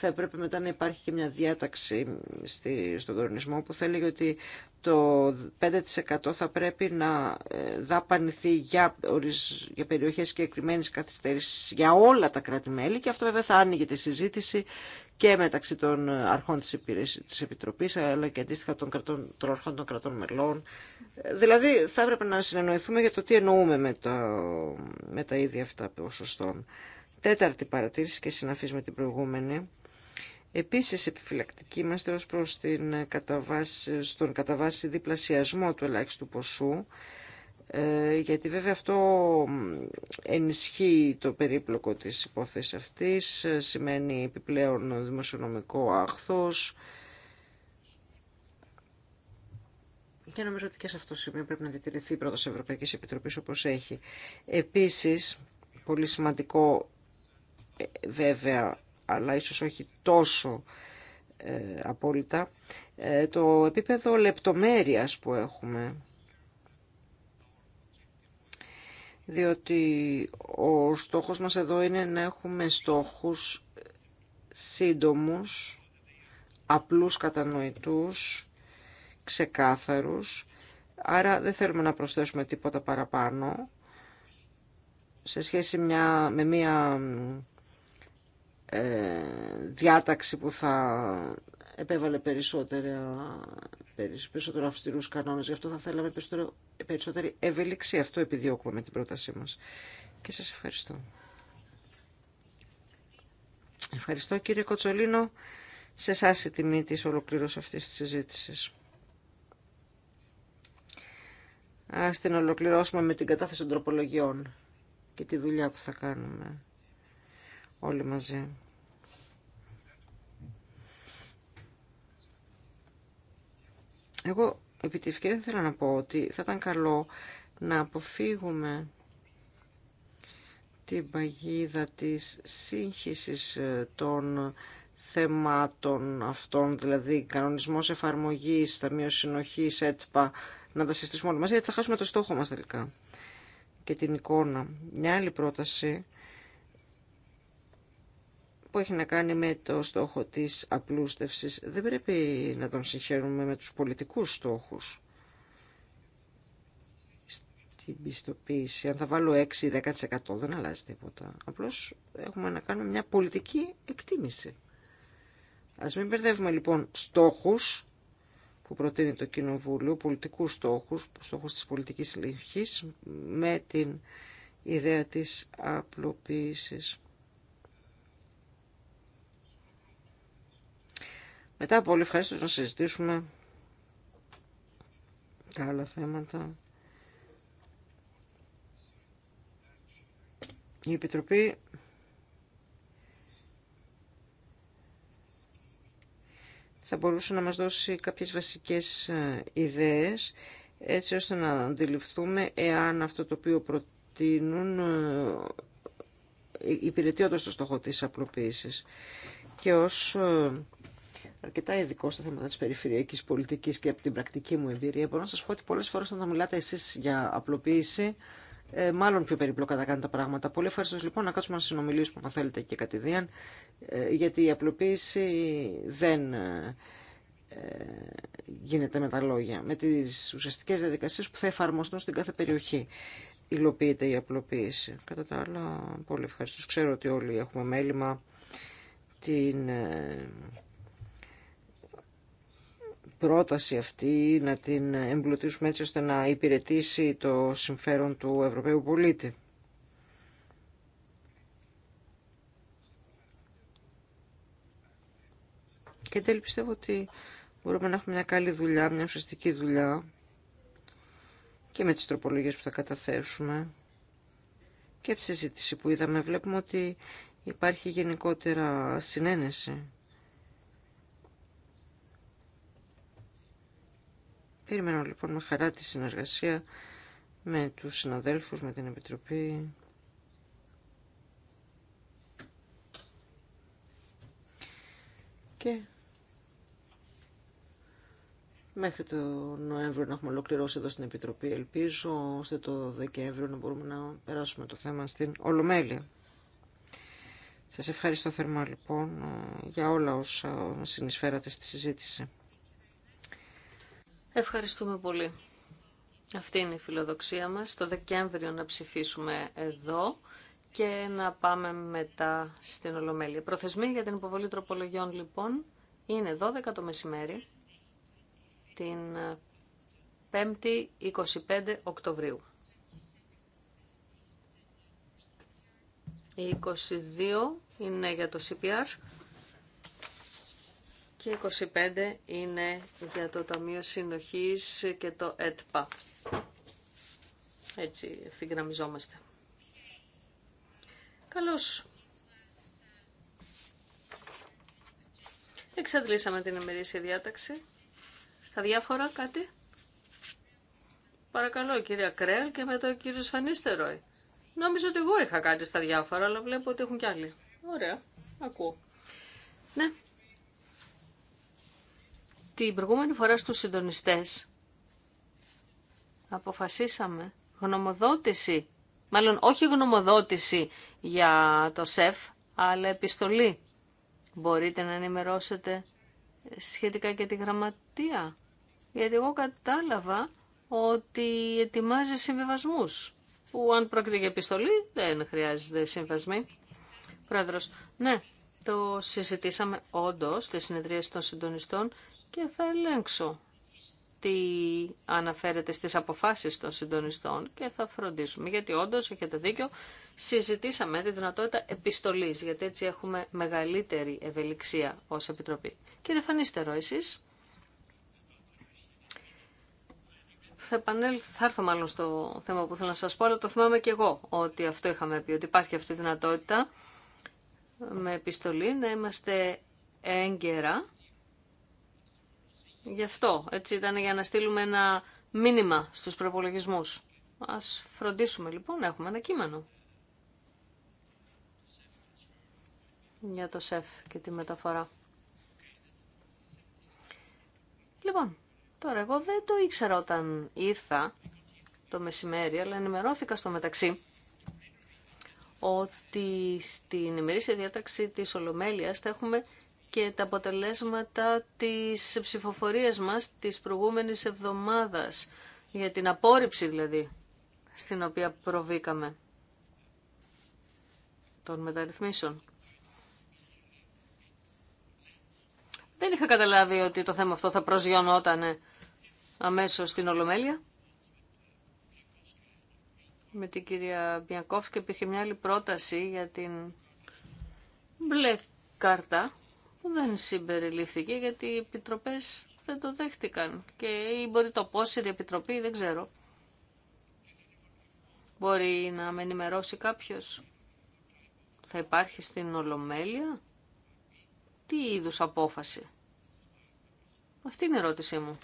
θα έπρεπε μετά να υπάρχει και μια διάταξη στη, στον κορονισμό που θα έλεγε ότι το 5% θα πρέπει να ε, δαπανηθεί για, για περιοχές συγκεκριμένη καθυστέρησης για όλα τα κράτη-μέλη και αυτό βέβαια θα άνοιγε τη συζήτηση και μεταξύ των αρχών της, υπηρεσίας, της Επιτροπής αλλά και αντίστοιχα των, κρατών, των αρχών των κρατών μελών. Δηλαδή θα έπρεπε να συνεννοηθούμε για το τι εννοούμε με τα, με τα ίδια αυτά ποσοστών. Τέταρτη παρατήρηση και συναφής με την προηγούμενη. Επίσης επιφυλακτικοί είμαστε ως προς την καταβάση, στον διπλασιασμό του ελάχιστου ποσού, ε, γιατί βέβαια αυτό ενισχύει το περίπλοκο της υπόθεσης αυτής, ε, σημαίνει επιπλέον δημοσιονομικό άχθος, και νομίζω ότι και σε αυτό το σημείο πρέπει να διατηρηθεί η πρόταση Ευρωπαϊκή Επιτροπή όπω έχει. Επίσης, πολύ σημαντικό ε, βέβαια αλλά ίσως όχι τόσο ε, απόλυτα, ε, το επίπεδο λεπτομέρειας που έχουμε. Διότι ο στόχος μας εδώ είναι να έχουμε στόχους σύντομους, απλούς κατανοητούς, ξεκάθαρους. Άρα δεν θέλουμε να προσθέσουμε τίποτα παραπάνω σε σχέση μια, με μια ε, διάταξη που θα επέβαλε περισσότερα, περισσότερο αυστηρούς κανόνες. Γι' αυτό θα θέλαμε περισσότερη ευελιξία. Αυτό επιδιώκουμε με την πρότασή μας. Και σας ευχαριστώ. Ευχαριστώ κύριε Κοτσολίνο. Σε εσά η τιμή της ολοκλήρωση αυτής της συζήτησης. Ας την ολοκληρώσουμε με την κατάθεση των τροπολογιών και τη δουλειά που θα κάνουμε όλοι μαζί. Εγώ επί τη ευκαιρία θέλω να πω ότι θα ήταν καλό να αποφύγουμε την παγίδα της σύγχυσης ε, των θεμάτων αυτών, δηλαδή κανονισμός εφαρμογής, ταμείο συνοχής, έτπα, να τα συστήσουμε όλοι μαζί, γιατί θα χάσουμε το στόχο μας τελικά και την εικόνα. Μια άλλη πρόταση που έχει να κάνει με το στόχο της απλούστευσης δεν πρέπει να τον συγχαίρουμε με τους πολιτικούς στόχους στην πιστοποίηση. Αν θα βάλω 6-10% δεν αλλάζει τίποτα. Απλώς έχουμε να κάνουμε μια πολιτική εκτίμηση. Ας μην μπερδεύουμε λοιπόν στόχους που προτείνει το Κοινοβούλιο, πολιτικούς στόχους, στόχους της πολιτικής λειτουργίας με την ιδέα της απλοποίησης. Μετά πολύ ευχαριστώ να συζητήσουμε τα άλλα θέματα. Η Επιτροπή θα μπορούσε να μας δώσει κάποιες βασικές ε, ιδέες έτσι ώστε να αντιληφθούμε εάν αυτό το οποίο προτείνουν ε, υπηρετεί όντως το στόχο της απλοποίησης. Και ως ε, αρκετά ειδικό στα θέματα τη περιφερειακή πολιτική και από την πρακτική μου εμπειρία, μπορώ να σα πω ότι πολλέ φορέ όταν μιλάτε εσεί για απλοποίηση, ε, μάλλον πιο περίπλοκα τα κάνετε τα πράγματα. Πολύ ευχαριστώ λοιπόν να κάτσουμε να συνομιλήσουμε, αν θέλετε, και κατηδίαν, ε, γιατί η απλοποίηση δεν ε, ε γίνεται με τα λόγια. Με τι ουσιαστικέ διαδικασίε που θα εφαρμοστούν στην κάθε περιοχή υλοποιείται η απλοποίηση. Κατά τα άλλα, πολύ ευχαριστώ. Ξέρω ότι όλοι έχουμε μέλημα την ε, πρόταση αυτή να την εμπλουτίσουμε έτσι ώστε να υπηρετήσει το συμφέρον του Ευρωπαίου πολίτη. Και τέλει πιστεύω ότι μπορούμε να έχουμε μια καλή δουλειά, μια ουσιαστική δουλειά και με τις τροπολογίες που θα καταθέσουμε και από τη συζήτηση που είδαμε βλέπουμε ότι υπάρχει γενικότερα συνένεση Περιμένω λοιπόν με χαρά τη συνεργασία με τους συναδέλφους, με την Επιτροπή. Και μέχρι το Νοέμβριο να έχουμε ολοκληρώσει εδώ στην Επιτροπή. Ελπίζω ώστε το Δεκέμβριο να μπορούμε να περάσουμε το θέμα στην Ολομέλεια. Σας ευχαριστώ θερμά λοιπόν για όλα όσα συνεισφέρατε στη συζήτηση. Ευχαριστούμε πολύ. Αυτή είναι η φιλοδοξία μας. Το Δεκέμβριο να ψηφίσουμε εδώ και να πάμε μετά στην Ολομέλεια. Προθεσμία για την υποβολή τροπολογιών λοιπόν είναι 12 το μεσημέρι την 5η ε, 25 Οκτωβρίου. 22 είναι για το CPR και 25 είναι για το Ταμείο Συνοχής και το ΕΤΠΑ. Έτσι ευθυγραμμιζόμαστε. Καλώς. Εξαντλήσαμε την ημερήσια διάταξη. Στα διάφορα κάτι. Παρακαλώ κυρία Κρέλ και μετά ο κύριος Φανίστεροι. Νόμιζα ότι εγώ είχα κάτι στα διάφορα, αλλά βλέπω ότι έχουν κι άλλοι. Ωραία, ακούω. Ναι, την προηγούμενη φορά στους συντονιστές αποφασίσαμε γνωμοδότηση, μάλλον όχι γνωμοδότηση για το ΣΕΦ, αλλά επιστολή. Μπορείτε να ενημερώσετε σχετικά και τη γραμματεία. Γιατί εγώ κατάλαβα ότι ετοιμάζει συμβιβασμούς, που αν πρόκειται για επιστολή δεν χρειάζεται συμβασμή. Πρόεδρος, ναι, το συζητήσαμε όντως στη συνεδρίαση των συντονιστών και θα ελέγξω τι αναφέρεται στις αποφάσεις των συντονιστών και θα φροντίσουμε. Γιατί όντως, έχετε δίκιο, συζητήσαμε τη δυνατότητα επιστολής, γιατί έτσι έχουμε μεγαλύτερη ευελιξία ως Επιτροπή. Κύριε Φανίστερο, εσείς. Θα, θα έρθω μάλλον στο θέμα που θέλω να σας πω, αλλά το θυμάμαι και εγώ ότι αυτό είχαμε πει, ότι υπάρχει αυτή η δυνατότητα με επιστολή να είμαστε έγκαιρα. Γι' αυτό, έτσι ήταν για να στείλουμε ένα μήνυμα στους προπολογισμού. Ας φροντίσουμε λοιπόν έχουμε ένα κείμενο. Για το ΣΕΦ και τη μεταφορά. Λοιπόν, τώρα εγώ δεν το ήξερα όταν ήρθα το μεσημέρι, αλλά ενημερώθηκα στο μεταξύ ότι στην ημερήσια διάταξη της Ολομέλειας θα έχουμε και τα αποτελέσματα της ψηφοφορίας μας της προηγούμενης εβδομάδας, για την απόρριψη δηλαδή, στην οποία προβήκαμε των μεταρρυθμίσεων. Δεν είχα καταλάβει ότι το θέμα αυτό θα προσγειωνόταν αμέσως στην Ολομέλεια με την κυρία Μπιακόφ και υπήρχε μια άλλη πρόταση για την μπλε κάρτα που δεν συμπεριλήφθηκε γιατί οι επιτροπές δεν το δέχτηκαν και ή μπορεί το απόσυρε η μπορει το πως η επιτροπη δεν ξέρω. Μπορεί να με ενημερώσει κάποιος. Θα υπάρχει στην Ολομέλεια. Τι είδους απόφαση. Αυτή είναι η ερώτησή μου.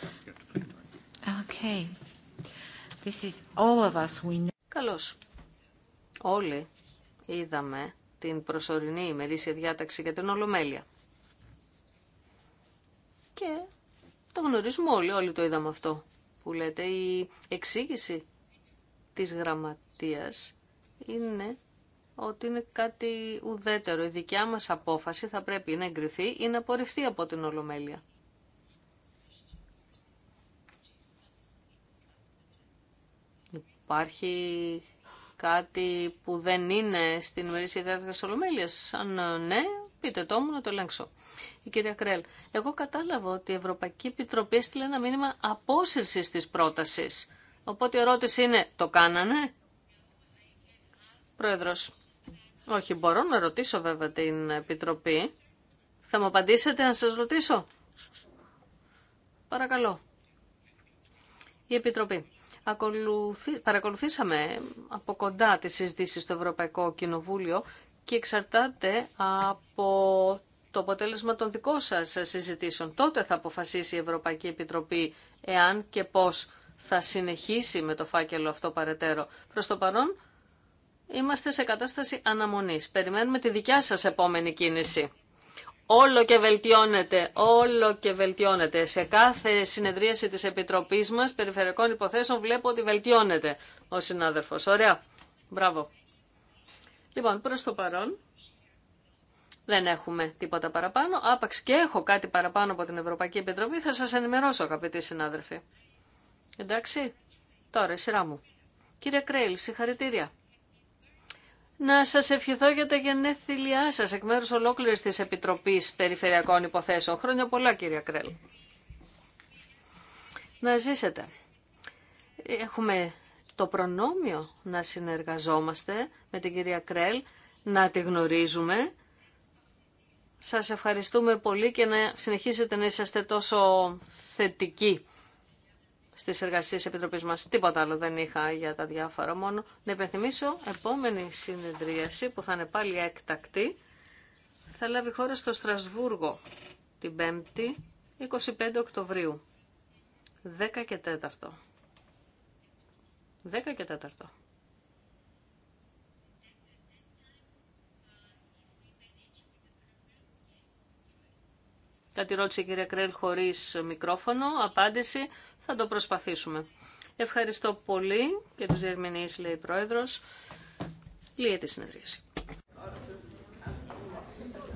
Okay. Καλώς. Όλοι είδαμε την προσωρινή ημερήσια διάταξη για την Ολομέλεια. Και το γνωρίζουμε όλοι, όλοι το είδαμε αυτό που λέτε. Η εξήγηση της γραμματείας είναι ότι είναι κάτι ουδέτερο. Η δικιά μας απόφαση θα πρέπει να εγκριθεί ή να απορριφθεί από την Ολομέλεια. Υπάρχει κάτι που δεν είναι στην ημερήσια διάταξη Ολομέλειας. Αν ναι, πείτε το μου να το ελέγξω. Η κυρία Κρέλ, εγώ κατάλαβα ότι η Ευρωπαϊκή Επιτροπή έστειλε ένα μήνυμα απόσυρσης της πρότασης. Οπότε η ερώτηση είναι, το κάνανε? Πρόεδρος, όχι, μπορώ να ρωτήσω βέβαια την Επιτροπή. Θα μου απαντήσετε αν σας ρωτήσω. Παρακαλώ. Η Επιτροπή παρακολουθήσαμε από κοντά τις συζητήσεις στο Ευρωπαϊκό Κοινοβούλιο και εξαρτάται από το αποτέλεσμα των δικών σας συζητήσεων. Τότε θα αποφασίσει η Ευρωπαϊκή Επιτροπή εάν και πώς θα συνεχίσει με το φάκελο αυτό παρετέρω. Προς το παρόν είμαστε σε κατάσταση αναμονής. Περιμένουμε τη δικιά σας επόμενη κίνηση όλο και βελτιώνεται, όλο και βελτιώνεται. Σε κάθε συνεδρίαση της Επιτροπής μας Περιφερειακών Υποθέσεων βλέπω ότι βελτιώνεται ο συνάδελφος. Ωραία. Μπράβο. Λοιπόν, προς το παρόν δεν έχουμε τίποτα παραπάνω. Άπαξ και έχω κάτι παραπάνω από την Ευρωπαϊκή Επιτροπή, θα σας ενημερώσω αγαπητοί συνάδελφοι. Εντάξει, τώρα η σειρά μου. Κύριε Κρέιλ, συγχαρητήρια να σα ευχηθώ για τα γενέθλιά σα εκ μέρου ολόκληρη τη επιτροπή Περιφερειακών Υποθέσεων. Χρόνια πολλά κυρία Κρέλ. Να ζήσετε. Έχουμε το προνόμιο να συνεργαζόμαστε με την κυρία Κρέλ, να τη γνωρίζουμε. Σας ευχαριστούμε πολύ και να συνεχίσετε να είσαστε τόσο θετικοί στις εργασίες επιτροπής μας. Τίποτα άλλο δεν είχα για τα διάφορα μόνο. Να υπενθυμίσω, επόμενη συνεδρίαση που θα είναι πάλι έκτακτη θα λάβει χώρα στο Στρασβούργο την 5η 25 Οκτωβρίου. 10 και 4. 10 και 4. τη ρώτησε η κυρία Κρέλ χωρίς μικρόφωνο, απάντηση, θα το προσπαθήσουμε. Ευχαριστώ πολύ και τους διερμηνείς, λέει η Πρόεδρος. Λύεται η συνεδρίαση.